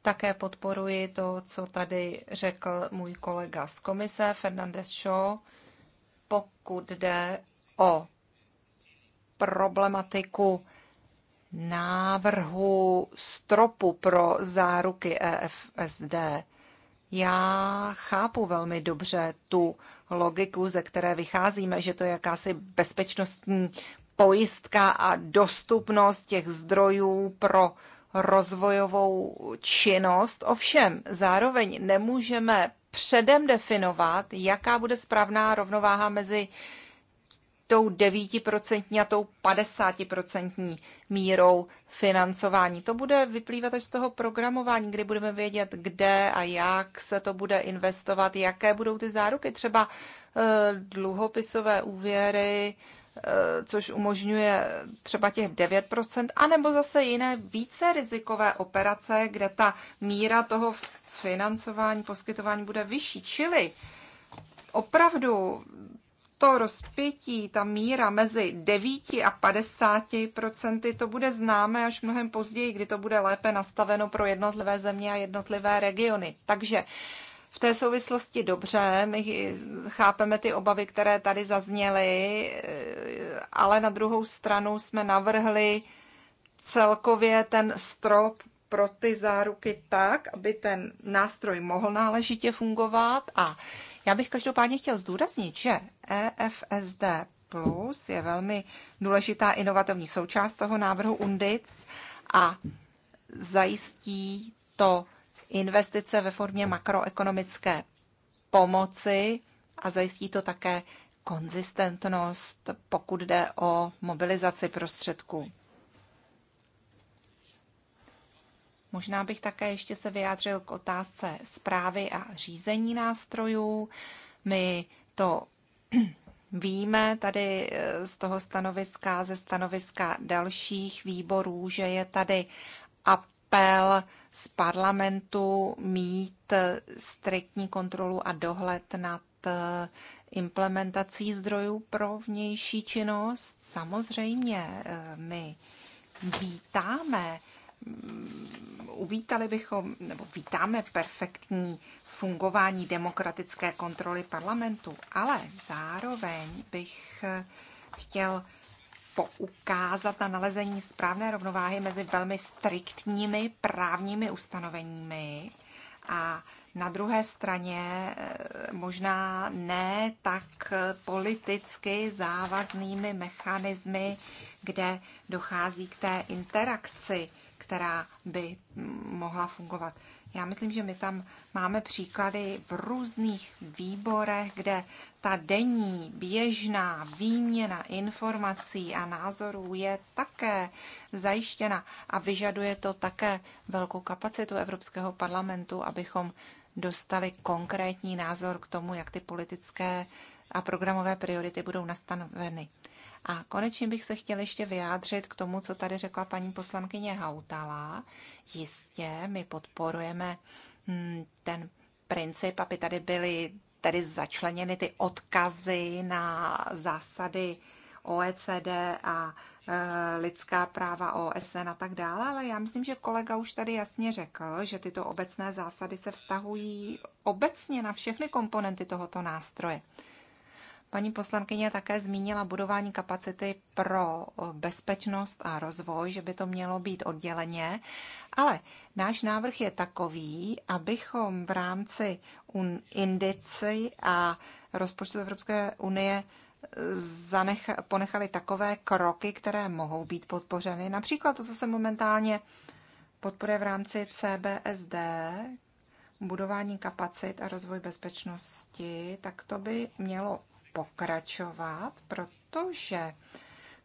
Také podporuji to, co tady řekl můj kolega z komise Fernandez Shaw, pokud jde o problematiku návrhu stropu pro záruky EFSD. Já chápu velmi dobře tu logiku, ze které vycházíme, že to je jakási bezpečnostní pojistka a dostupnost těch zdrojů pro rozvojovou činnost, ovšem zároveň nemůžeme předem definovat, jaká bude správná rovnováha mezi tou 9% a tou 50% mírou financování. To bude vyplývat až z toho programování, kdy budeme vědět, kde a jak se to bude investovat, jaké budou ty záruky, třeba eh, dluhopisové úvěry, Eh, což umožňuje třeba těch 9%, anebo zase jiné více rizikové operace, kde ta míra toho financování, poskytování bude vyšší. Čili opravdu to rozpětí, ta míra mezi 9 a 50 procenty, to bude známé až mnohem později, kdy to bude lépe nastaveno pro jednotlivé země a jednotlivé regiony. Takže v té souvislosti dobře, my chápeme ty obavy, které tady zazněly, ale na druhou stranu jsme navrhli celkově ten strop pro ty záruky tak, aby ten nástroj mohl náležitě fungovat. A já bych každopádně chtěl zdůraznit, že EFSD Plus je velmi důležitá inovativní součást toho návrhu UNDIC a zajistí to investice ve formě makroekonomické pomoci a zajistí to také konzistentnost, pokud jde o mobilizaci prostředků. Možná bych také ještě se vyjádřil k otázce zprávy a řízení nástrojů. My to víme tady eh, z toho stanoviska, ze stanoviska dalších výborů, že je tady apel z parlamentu mít striktní kontrolu a dohled nad eh, implementací zdrojů pro vnější činnost. Samozřejmě eh, my vítáme, mm, uvítali bychom, nebo vítáme perfektní fungování demokratické kontroly parlamentu, ale zároveň bych eh, chtěl poukázat na nalezení správné rovnováhy mezi velmi striktními právními ustanoveními a na druhé straně eh, možná ne tak politicky závaznými mechanismy, kde dochází k té interakci, která by mohla fungovat. Já myslím, že my tam máme příklady v různých výborech, kde ta denní běžná výměna informací a názorů je také zajištěna a vyžaduje to také velkou kapacitu Evropského parlamentu, abychom dostali konkrétní názor k tomu, jak ty politické a programové priority budou nastaveny. A konečně bych se chtěla ještě vyjádřit k tomu, co tady řekla paní poslankyně Hautala. Jistě, my podporujeme hm, ten princip, aby tady byly tady začleněny ty odkazy na zásady OECD a e, lidská práva OSN a tak dále, ale já myslím, že kolega už tady jasně řekl, že tyto obecné zásady se vztahují obecně na všechny komponenty tohoto nástroje. Paní poslankyně také zmínila budování kapacity pro bezpečnost a rozvoj, že by to mělo být odděleně, ale náš návrh je takový, abychom v rámci indici a rozpočtu Evropské unie e, zanech, ponechali takové kroky, které mohou být podpořeny. Například to, co se momentálně podporuje v rámci CBSD, budování kapacit a rozvoj bezpečnosti, tak to by mělo pokračovat, protože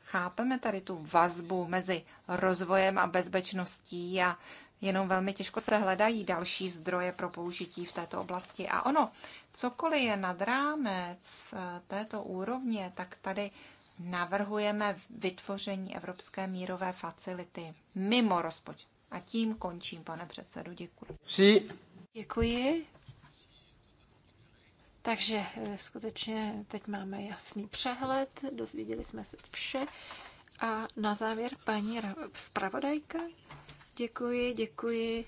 chápeme tady tu vazbu mezi rozvojem a bezpečností a jenom velmi těžko se hledají další zdroje pro použití v této oblasti. A ono, cokoliv je nad rámec eh, této úrovně, tak tady navrhujeme vytvoření Evropské mírové facility mimo rozpočet. A tím končím, pane předsedu, děkuji. Si. Děkuji. Takže eh, skutečně teď máme jasný přehled, dozvěděli jsme se vše. A na závěr paní zpravodajka. Děkuji, děkuji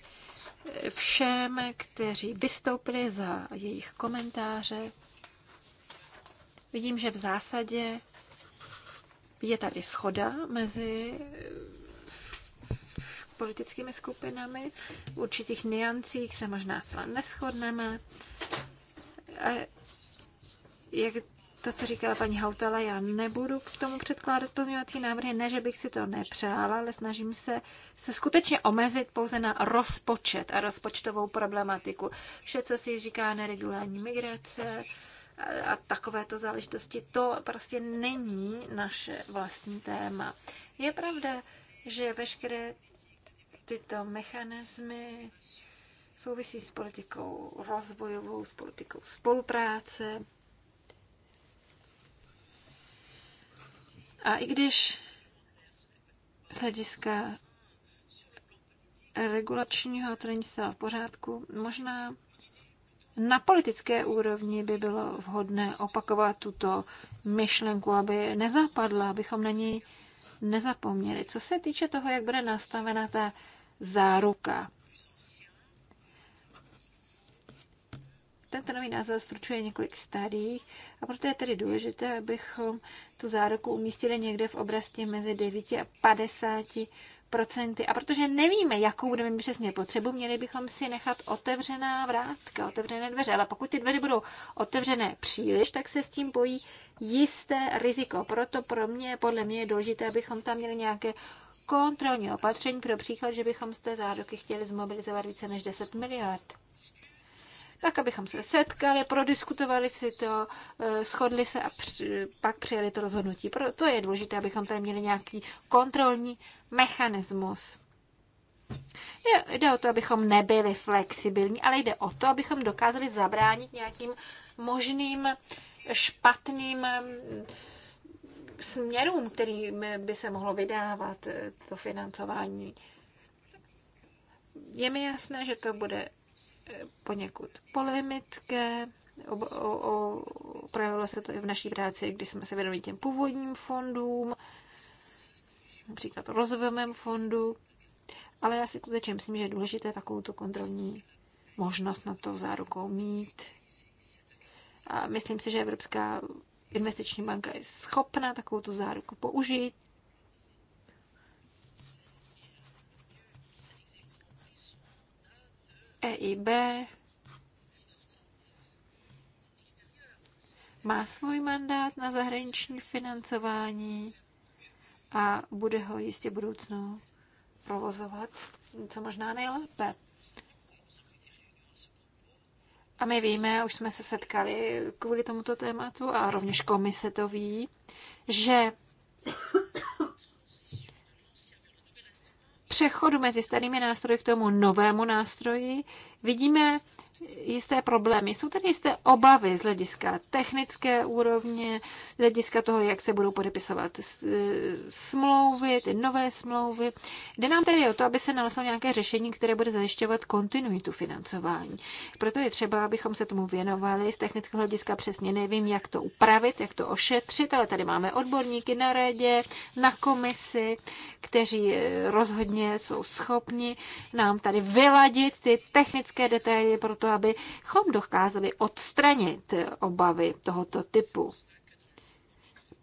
eh, všem, kteří vystoupili za jejich komentáře. Vidím, že v zásadě je tady schoda mezi eh, politickými skupinami. V určitých niancích se možná zcela neschodneme, jak to, co říkala paní Hautala, já nebudu k tomu předkládat pozměňovací návrhy, ne, že bych si to nepřála, ale snažím se se skutečně omezit pouze na rozpočet a rozpočtovou problematiku. Vše, co si říká neregulární migrace a, a takovéto záležitosti, to prostě není naše vlastní téma. Je pravda, že veškeré tyto mechanismy souvisí s politikou rozvojovou, s politikou spolupráce. A i když z hlediska regulačního to není v pořádku, možná na politické úrovni by bylo vhodné opakovat tuto myšlenku, aby nezapadla, abychom na ní nezapomněli. Co se týče toho, jak bude nastavena ta záruka, Tento nový názor stručuje několik starých a proto je tedy důležité, abychom tu zároku umístili někde v oblasti mezi 9 a 50 procenty. A protože nevíme, jakou budeme mít přesně potřebu, měli bychom si nechat otevřená vrátka, otevřené dveře. Ale pokud ty dveře budou otevřené příliš, tak se s tím pojí jisté riziko. Proto pro mě, podle mě je důležité, abychom tam měli nějaké kontrolní opatření, pro příklad, že bychom z té záruky chtěli zmobilizovat více než 10 miliard tak abychom se setkali, prodiskutovali si to, eh, shodli se a při, pak přijali to rozhodnutí. Proto je důležité, abychom tady měli nějaký kontrolní mechanismus. Je, jde o to, abychom nebyli flexibilní, ale jde o to, abychom dokázali zabránit nějakým možným špatným mm, směrům, kterým by se mohlo vydávat eh, to financování. Je mi jasné, že to bude poněkud polemické. Projevilo se to i v naší práci, kdy jsme se věnovali těm původním fondům, například rozvojovému fondu, ale já si skutečně myslím, že je důležité takovou tu kontrolní možnost na to zárukou mít. A myslím si, že Evropská investiční banka je schopna takovou tu záruku použít EIB má svůj mandát na zahraniční financování a bude ho jistě budoucnu provozovat co možná nejlépe. A my víme, už jsme se setkali kvůli tomuto tématu a rovněž komise to ví, že přechodu mezi starými nástroji k tomu novému nástroji vidíme jisté problémy. Jsou tady jisté obavy z hlediska technické úrovně, z hlediska toho, jak se budou podepisovat e, smlouvy, ty nové smlouvy. Jde nám tedy o to, aby se nalezlo nějaké řešení, které bude zajišťovat kontinuitu financování. Proto je třeba, abychom se tomu věnovali. Z technického hlediska přesně nevím, jak to upravit, jak to ošetřit, ale tady máme odborníky na radě, na komisi, kteří e, rozhodně jsou schopni nám tady vyladit ty technické detaily pro to, to, abychom dokázali odstranit obavy tohoto typu.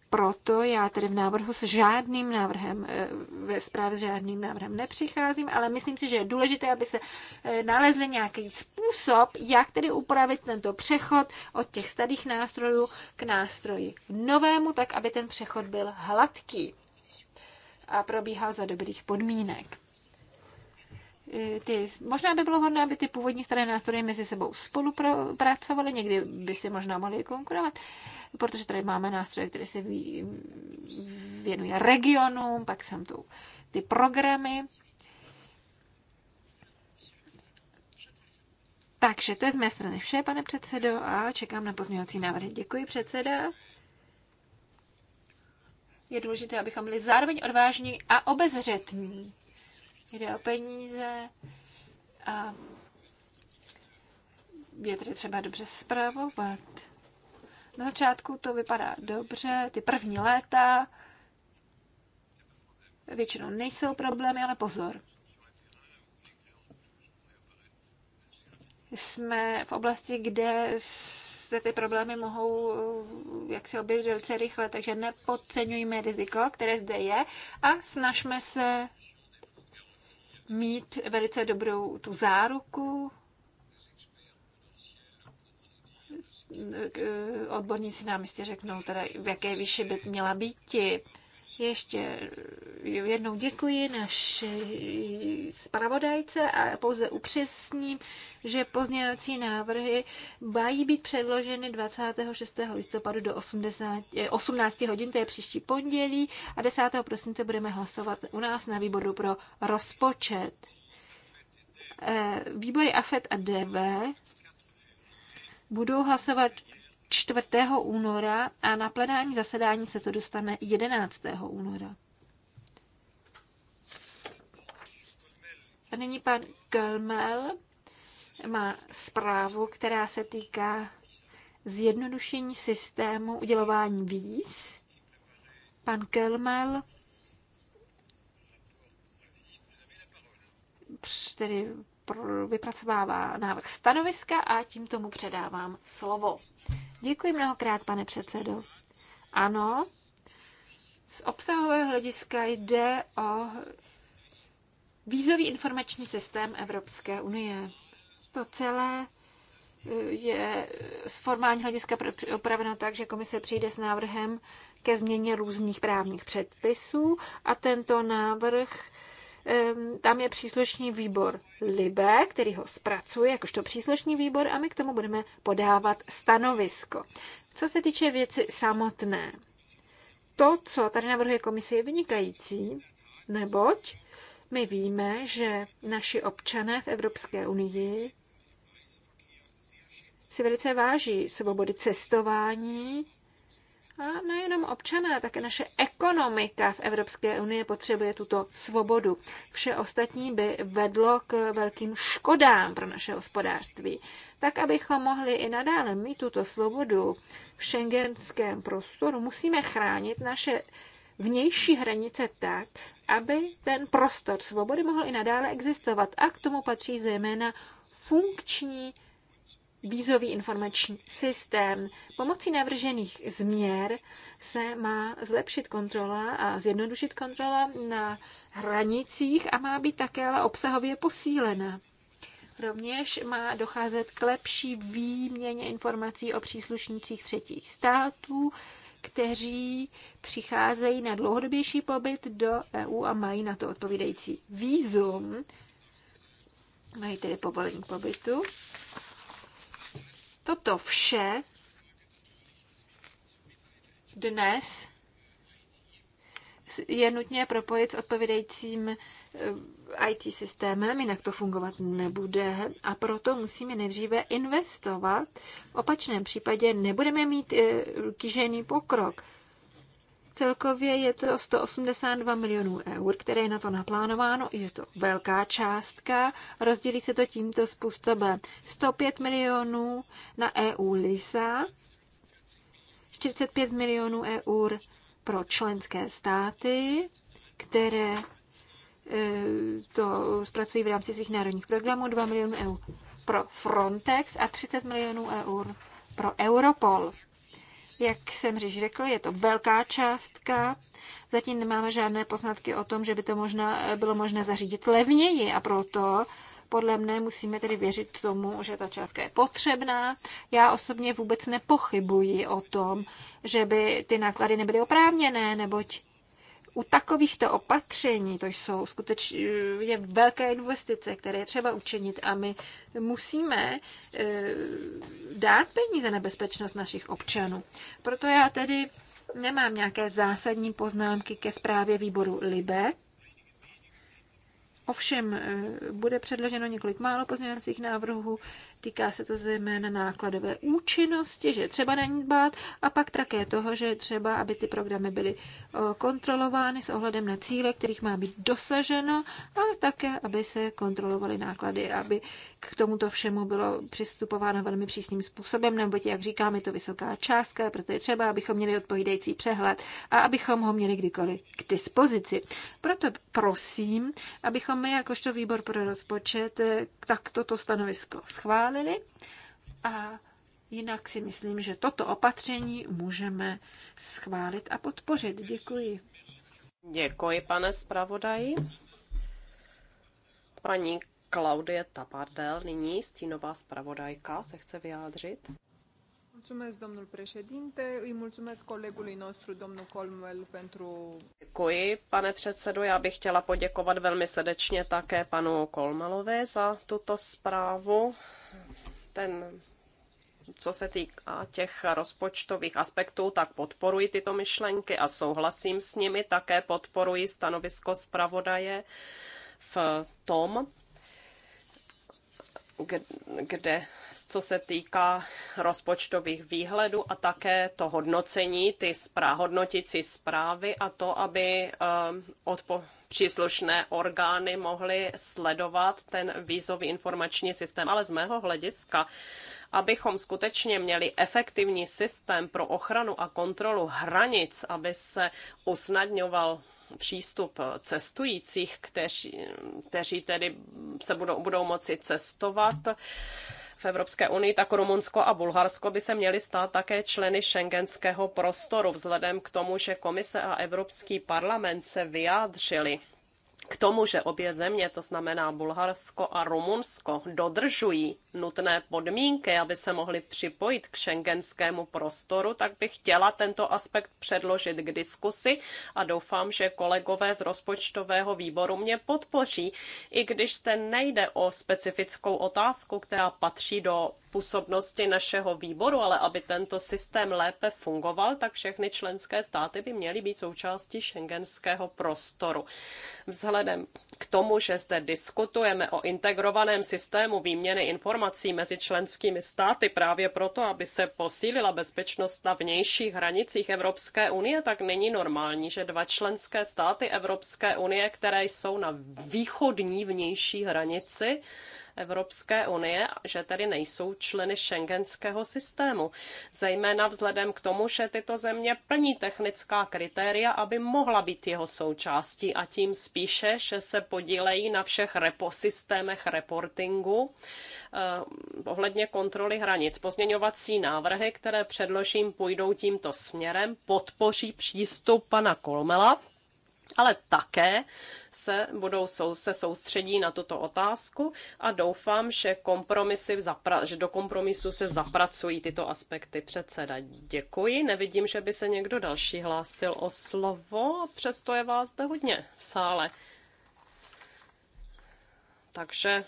Proto já tedy v návrhu s žádným návrhem, eh, ve zprávě s žádným návrhem nepřicházím, ale myslím si, že je důležité, aby se eh, nalezl nějaký způsob, jak tedy upravit tento přechod od těch starých nástrojů k nástroji novému, tak aby ten přechod byl hladký a probíhal za dobrých podmínek. E, ty, možná by bylo hodné, aby ty původní staré nástroje mezi sebou spolupracovaly, někdy by si možná mohly konkurovat, protože tady máme nástroje, které se věnují regionům, pak jsem tu ty programy. Takže to je z mé strany vše, pane předsedo, a čekám na pozměňovací návrhy. Děkuji, předseda. Je důležité, abychom byli zároveň odvážní a obezřetní jde o peníze a je tedy třeba dobře zpravovat. Na začátku to vypadá dobře, ty první léta většinou nejsou problémy, ale pozor. Jsme v oblasti, kde se ty problémy mohou jak se objevit velice rychle, takže nepodceňujme riziko, které zde je a snažme se mít velice dobrou tu záruku. Odborníci nám jistě řeknou, teda, v jaké výši by měla být. Ještě jednou děkuji naší zpravodajce a pouze upřesním, že pozměňovací návrhy mají být předloženy 26. listopadu do 80, 18 eh, hodin, to je příští pondělí, a 10. prosince budeme hlasovat u nás na výboru pro rozpočet. Eh, výbory AFET a e DV budou hlasovat 4. února a na plenární zasedání se to dostane 11. února. A nyní pan Kelmel má zprávu, která se týká zjednodušení systému udělování víz. Pan Kelmel tedy vypracovává návrh stanoviska a tím tomu předávám slovo. Děkuji mnohokrát, pane předsedo. Ano, z obsahového hlediska jde o vízový informační systém Evropské unie. To celé eh, je z formální hlediska opraveno tak, že komise přijde s návrhem ke změně různých právních předpisů a tento návrh tam je příslušný výbor LIBE, který ho zpracuje jakožto příslušný výbor a my k tomu budeme podávat stanovisko. Co se týče věci samotné, to, co tady navrhuje komise, je vynikající, neboť my víme, že naši občané v Evropské unii si velice váží svobody cestování a nejenom občané, také naše ekonomika v Evropské unii potřebuje tuto svobodu. Vše ostatní by vedlo k velkým škodám pro naše hospodářství. Tak, abychom mohli i nadále mít tuto svobodu v šengenském prostoru, musíme chránit naše vnější hranice tak, aby ten prostor svobody mohl i nadále existovat. A k tomu patří zejména funkční vízový informační systém. Pomocí navržených změr se má zlepšit kontrola a zjednodušit kontrola na hranicích a má být také ale obsahově posílena. Rovněž má docházet k lepší výměně informací o příslušnících třetích států, kteří přicházejí na dlouhodobější pobyt do EU a mají na to odpovídající výzum, mají tedy povolení pobytu. Toto vše dnes je nutně propojit s odpovědajícím eh, IT systémem, jinak to fungovat nebude a proto musíme nejdříve investovat. V opačném případě nebudeme mít eh, kýžený pokrok. Celkově je to 182 milionů eur, které je na to naplánováno. Je to velká částka. Rozdělí se to tímto způsobem. 105 milionů na EU LISA, 45 milionů eur pro členské státy, které e, to zpracují v rámci svých národních programů, 2 milionů eur pro Frontex a 30 milionů eur pro Europol. Jak jsem říž řekl, je to velká částka. Zatím nemáme žádné poznatky o tom, že by to možná, bylo možné zařídit levněji a proto podle mne musíme tedy věřit tomu, že ta částka je potřebná. Já osobně vůbec nepochybuji o tom, že by ty náklady nebyly oprávněné, neboť u takovýchto opatření, to jsou skutečně je velké investice, které je třeba učinit a my musíme eh, dát peníze na bezpečnost našich občanů. Proto já tedy nemám nějaké zásadní poznámky ke zprávě výboru LIBE. Ovšem, eh, bude předloženo několik málo pozměňovacích návrhů, Týká se to zejména nákladové účinnosti, že je třeba na ní dbát a pak také toho, že je třeba, aby ty programy byly eh, kontrolovány s ohledem na cíle, kterých má být dosaženo a také, aby se kontrolovaly náklady, aby k tomuto všemu bylo přistupováno velmi přísným způsobem, neboť, jak říkám, je to vysoká částka, proto je třeba, abychom měli odpovídající přehled a abychom ho měli kdykoliv k dispozici. Proto prosím, abychom my, jakožto výbor pro rozpočet, eh, tak toto stanovisko schválili schválili. A jinak si myslím, že toto opatření můžeme schválit a podpořit. Děkuji. Děkuji, pane zpravodaji. Paní Klaudie Tapardel, nyní stínová zpravodajka, se chce vyjádřit. Mulțumesc, domnul președinte. Îi mulțumesc colegului nostru, domnul Colmel, pentru... Děkuji, pane předsedo. Já bych chtěla poděkovat velmi srdečně také panu Kolmalovi za tuto zprávu ten, co se týká těch rozpočtových aspektů, tak podporuji tyto myšlenky a souhlasím s nimi. Také podporuji stanovisko zpravodaje v tom, kde co se týká rozpočtových výhledů a také to hodnocení, ty zprá, hodnotící zprávy a to, aby ehm, odpo, příslušné orgány mohly sledovat ten vízový informační systém. Ale z mého hlediska, abychom skutečně měli efektivní systém pro ochranu a kontrolu hranic, aby se usnadňoval přístup cestujících, kteří, kteří tedy se budou, budou moci cestovat, v Evropské unii, tak Rumunsko a Bulharsko by se měly stát také členy šengenského prostoru, vzhledem k tomu, že komise a Evropský parlament se vyjádřili k tomu, že obě země, to znamená Bulharsko a Rumunsko, dodržují nutné podmínky, aby se mohly připojit k šengenskému prostoru, tak bych chtěla tento aspekt předložit k diskusi a doufám, že kolegové z rozpočtového výboru mě podpoří, i když se nejde o specifickou otázku, která patří do působnosti našeho výboru, ale aby tento systém lépe fungoval, tak všechny členské státy by měly být součástí šengenského prostoru. Vzhledem vzhledem k tomu, že zde diskutujeme o integrovaném systému výměny informací mezi členskými státy právě proto, aby se posílila bezpečnost na vnějších hranicích Evropské unie, tak není normální, že dva členské státy Evropské unie, které jsou na východní vnější hranici, Evropské unie, že tedy nejsou členy šengenského systému. Zejména vzhledem k tomu, že tyto země plní technická kritéria, aby mohla být jeho součástí a tím spíše, že se podílejí na všech reposystémech systémech reportingu eh, ohledně kontroly hranic. Pozměňovací návrhy, které předložím, půjdou tímto směrem, podpoří přístup pana Kolmela ale také se budou sou, se soustředí na tuto otázku a doufám, že, kompromisy zapra, že do kompromisu se zapracují tyto aspekty předseda. Děkuji, nevidím, že by se někdo další hlásil o slovo, přesto je vás zde hodně v sále. Takže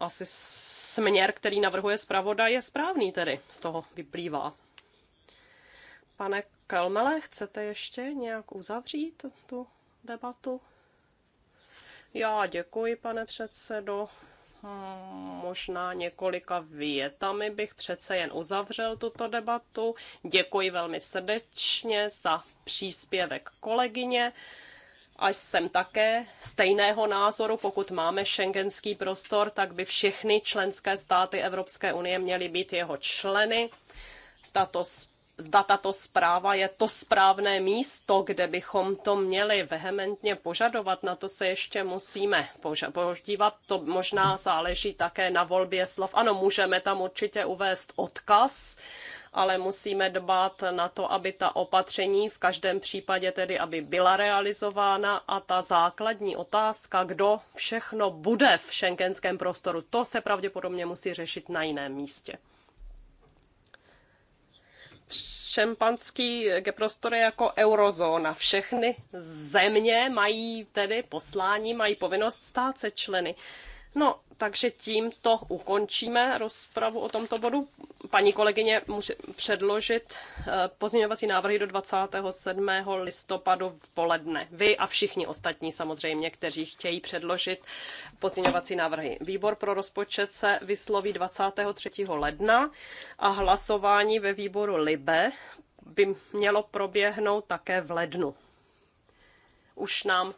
asi směr, který navrhuje zpravodaj, je správný tedy, z toho vyplývá. Pane Kalmele, chcete ještě nějak uzavřít tu debatu. Já děkuji, pane předsedo. Možná několika větami bych přece jen uzavřel tuto debatu. Děkuji velmi srdečně za příspěvek kolegyně a jsem také stejného názoru, pokud máme šengenský prostor, tak by všechny členské státy Evropské unie měly být jeho členy. Tato zda tato zpráva je to správné místo, kde bychom to měli vehementně požadovat. Na to se ještě musíme podívat. To možná záleží také na volbě slov. Ano, můžeme tam určitě uvést odkaz, ale musíme dbát na to, aby ta opatření v každém případě tedy, aby byla realizována a ta základní otázka, kdo všechno bude v šengenském prostoru, to se pravděpodobně musí řešit na jiném místě šampanský eh, prostor je jako eurozóna. Všechny země mají tedy poslání, mají povinnost stát se členy. No, takže tímto ukončíme rozpravu o tomto bodu. Paní kolegyně může předložit eh, pozměňovací návrhy do 27. listopadu v poledne. Vy a všichni ostatní samozřejmě, kteří chtějí předložit pozměňovací návrhy. Výbor pro rozpočet se vysloví 23. ledna a hlasování ve výboru LIBE by mělo proběhnout také v lednu. Už nám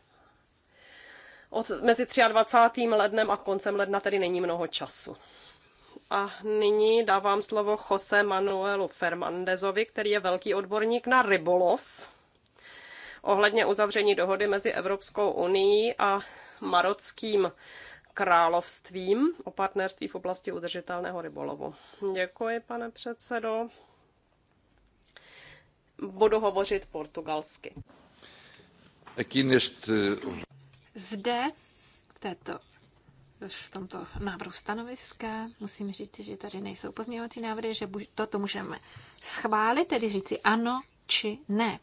od, mezi 23. lednem a koncem ledna tedy není mnoho času. A nyní dávám slovo Jose Manuelu Fernandezovi, který je velký odborník na rybolov ohledně uzavření dohody mezi Evropskou unii a Marockým královstvím o partnerství v oblasti udržitelného rybolovu. Děkuji, pane předsedo. Budu hovořit portugalsky. Aqui neste zde v této v tomto návrhu stanoviska. Musím říct, že tady nejsou pozměňovací návrhy, že toto můžeme schválit, tedy říci ano či ne.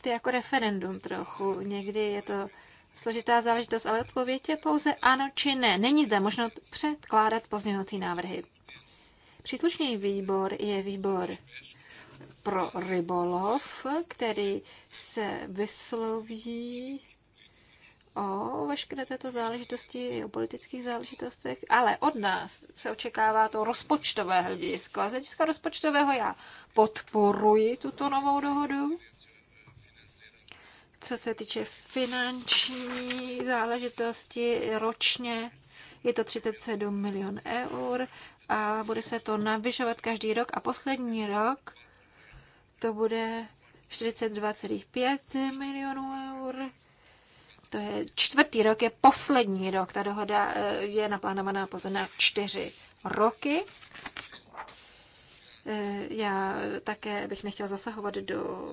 To je jako referendum trochu. Někdy je to složitá záležitost, ale odpověď je pouze ano či ne. Není zde možno předkládat pozměňovací návrhy. Příslušný výbor je výbor pro rybolov, který se vysloví o veškeré této záležitosti, o politických záležitostech, ale od nás se očekává to rozpočtové hledisko. A z hlediska rozpočtového já podporuji tuto novou dohodu. Co se týče finanční záležitosti ročně, je to 37 milion eur a bude se to navyšovat každý rok. A poslední rok to bude 42,5 milionů eur. To je čtvrtý rok, je poslední rok. Ta dohoda eh, je naplánovaná pouze na čtyři roky. Eh, já také bych nechtěla zasahovat do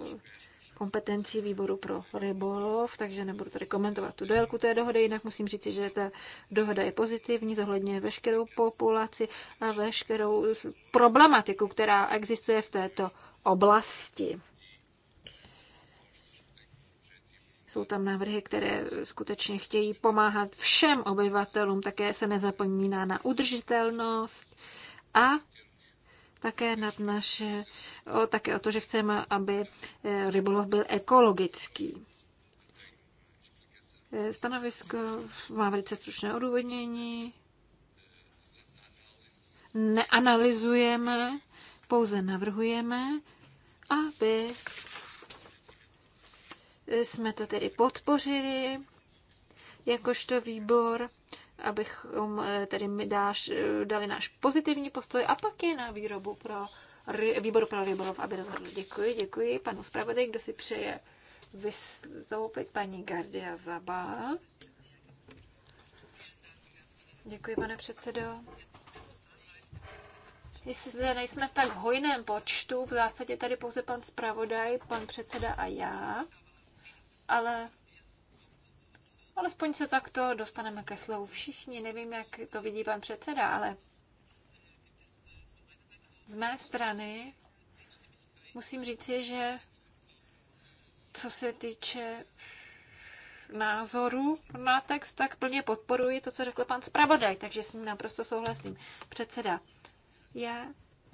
kompetencí výboru pro rybolov, takže nebudu tady komentovat tu délku té dohody, jinak musím říct, že ta dohoda je pozitivní, zohledňuje veškerou populaci a veškerou problematiku, která existuje v této oblasti. Jsou tam návrhy, které skutečně chtějí pomáhat všem obyvatelům, také se nezapomíná na udržitelnost a také, nad naše, o, také o to, že chceme, aby e, rybolov byl ekologický. E, stanovisko má velice stručné odůvodnění. Neanalyzujeme pouze navrhujeme, aby jsme to tedy podpořili jakožto výbor, abychom eh, tedy mi dáš, eh, dali náš pozitivní postoj a pak je na výrobu pro výboru pro rybolov, aby rozhodl. Děkuji, děkuji panu zpravodaj, kdo si přeje vystoupit, paní Gardia Zaba. Děkuji, pane předsedo. Jestli zde nejsme v tak hojném počtu, v zásadě tady pouze pan zpravodaj, pan předseda a já, ale alespoň se takto dostaneme ke slovu všichni. Nevím, jak to vidí pan předseda, ale z mé strany musím říci, že co se týče názoru na text, tak plně podporuji to, co řekl pan zpravodaj, takže s ním naprosto souhlasím. Předseda, já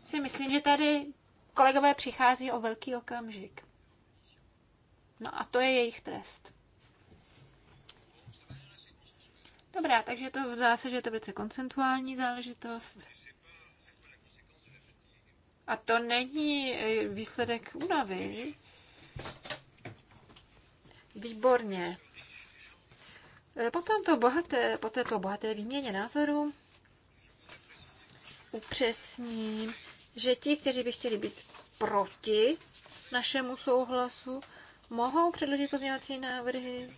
si myslím, že tady kolegové přichází o velký okamžik. No a to je jejich trest. Dobrá, takže to zdá se, že je to velice koncentuální záležitost. A to není eh, výsledek únavy. Výborně. Eh, potom to bohaté, po této bohaté výměně názorů upřesním, že ti, kteří by chtěli být proti našemu souhlasu, mohou předložit pozměňovací návrhy.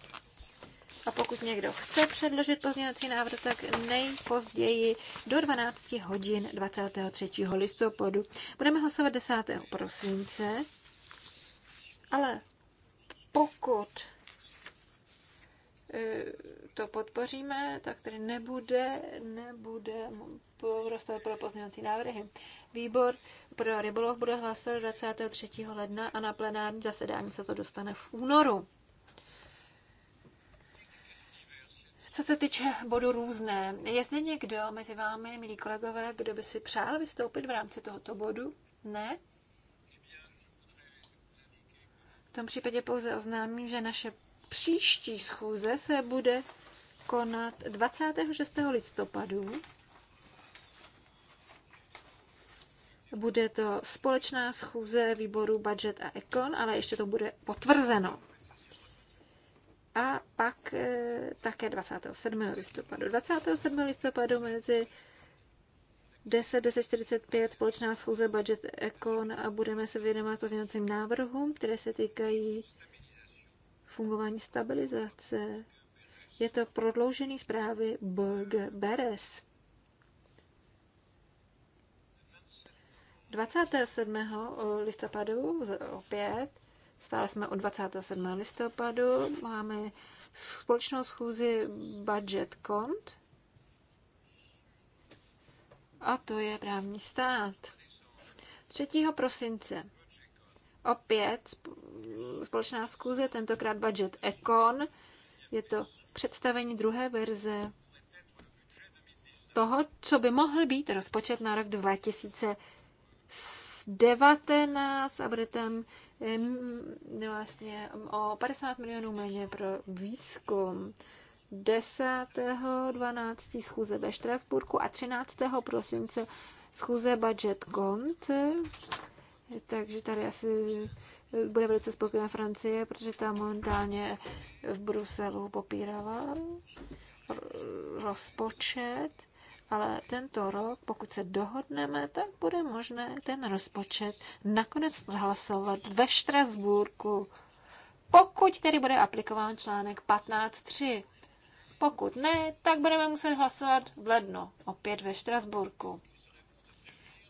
A pokud někdo chce předložit pozměňovací návrh, tak nejpozději do 12 hodin 23. listopadu. Budeme hlasovat 10. prosince, ale pokud eh, to podpoříme, tak tedy nebude, nebude prostor pro pozměňovací návrhy. Výbor pro rybolov bude hlasovat 23. ledna a na plenární zasedání se to dostane v únoru. Co se týče bodu různé, jestli někdo mezi vámi, milí kolegové, kdo by si přál vystoupit v rámci tohoto bodu? Ne? V tom případě pouze oznámím, že naše příští schůze se bude konat 26. listopadu. Bude to společná schůze výboru budget a ekon, ale ještě to bude potvrzeno. A pak eh, také 27. listopadu. 27. listopadu mezi 10, společná schůze budget Econ a budeme se věnovat pozměňovacím návrhům, které se týkají fungování stabilizace je to prodloužený zprávy BG Beres. 27. listopadu opět, stále jsme od 27. listopadu, máme společnou schůzi Budget Cont a to je právní stát. 3. prosince opět společná schůze, tentokrát Budget Econ, je to představení druhé verze toho, co by mohl být rozpočet na rok 2019 a bude tam vlastně o 50 milionů méně pro výzkum. 10. 12. schůze ve Štrasburku a 13. prosince schůze Budget Cont. Takže tady asi bude velice spokojená Francie, protože tam momentálně v Bruselu popírala rozpočet, ale tento rok, pokud se dohodneme, tak bude možné ten rozpočet nakonec hlasovat ve Štrasburku, pokud tedy bude aplikován článek 15.3. Pokud ne, tak budeme muset hlasovat v lednu, opět ve Štrasburku.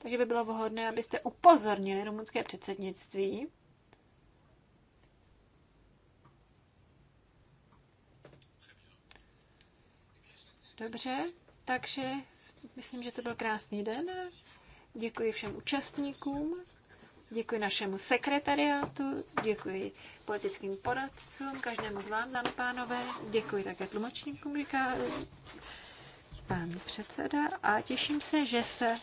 Takže by bylo vhodné, abyste upozornili rumunské předsednictví, Dobře, takže myslím, že to byl krásný den. Děkuji všem účastníkům, děkuji našemu sekretariátu, děkuji politickým poradcům, každému z vás, dámy pánové, děkuji také tlumočníkům, říká pan předseda a těším se, že se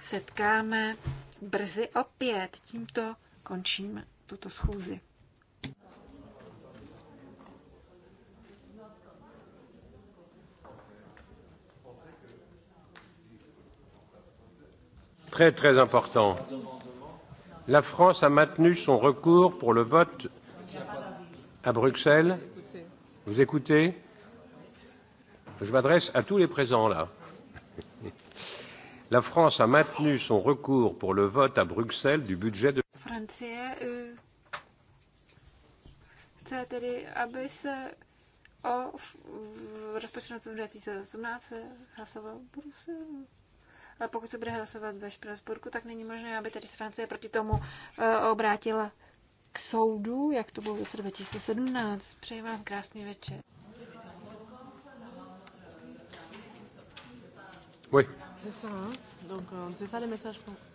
setkáme brzy opět. Tímto končím tuto schůzi. très très important. La France a maintenu son recours pour le vote à Bruxelles. Vous écoutez Je m'adresse à tous les présents là. La France a maintenu son recours pour le vote à Bruxelles du budget de. Francie eh, chce tedy, aby se o rozpočtu 2018 hlasovalo v ale pokud se bude hlasovat ve Štrasburku, tak není možné, aby tady se Francie proti tomu e, obrátila k soudu, jak to bylo v roce 2017. Přeji vám krásný večer. Oui. C'est ça, hein? donc euh, c'est ça les messages.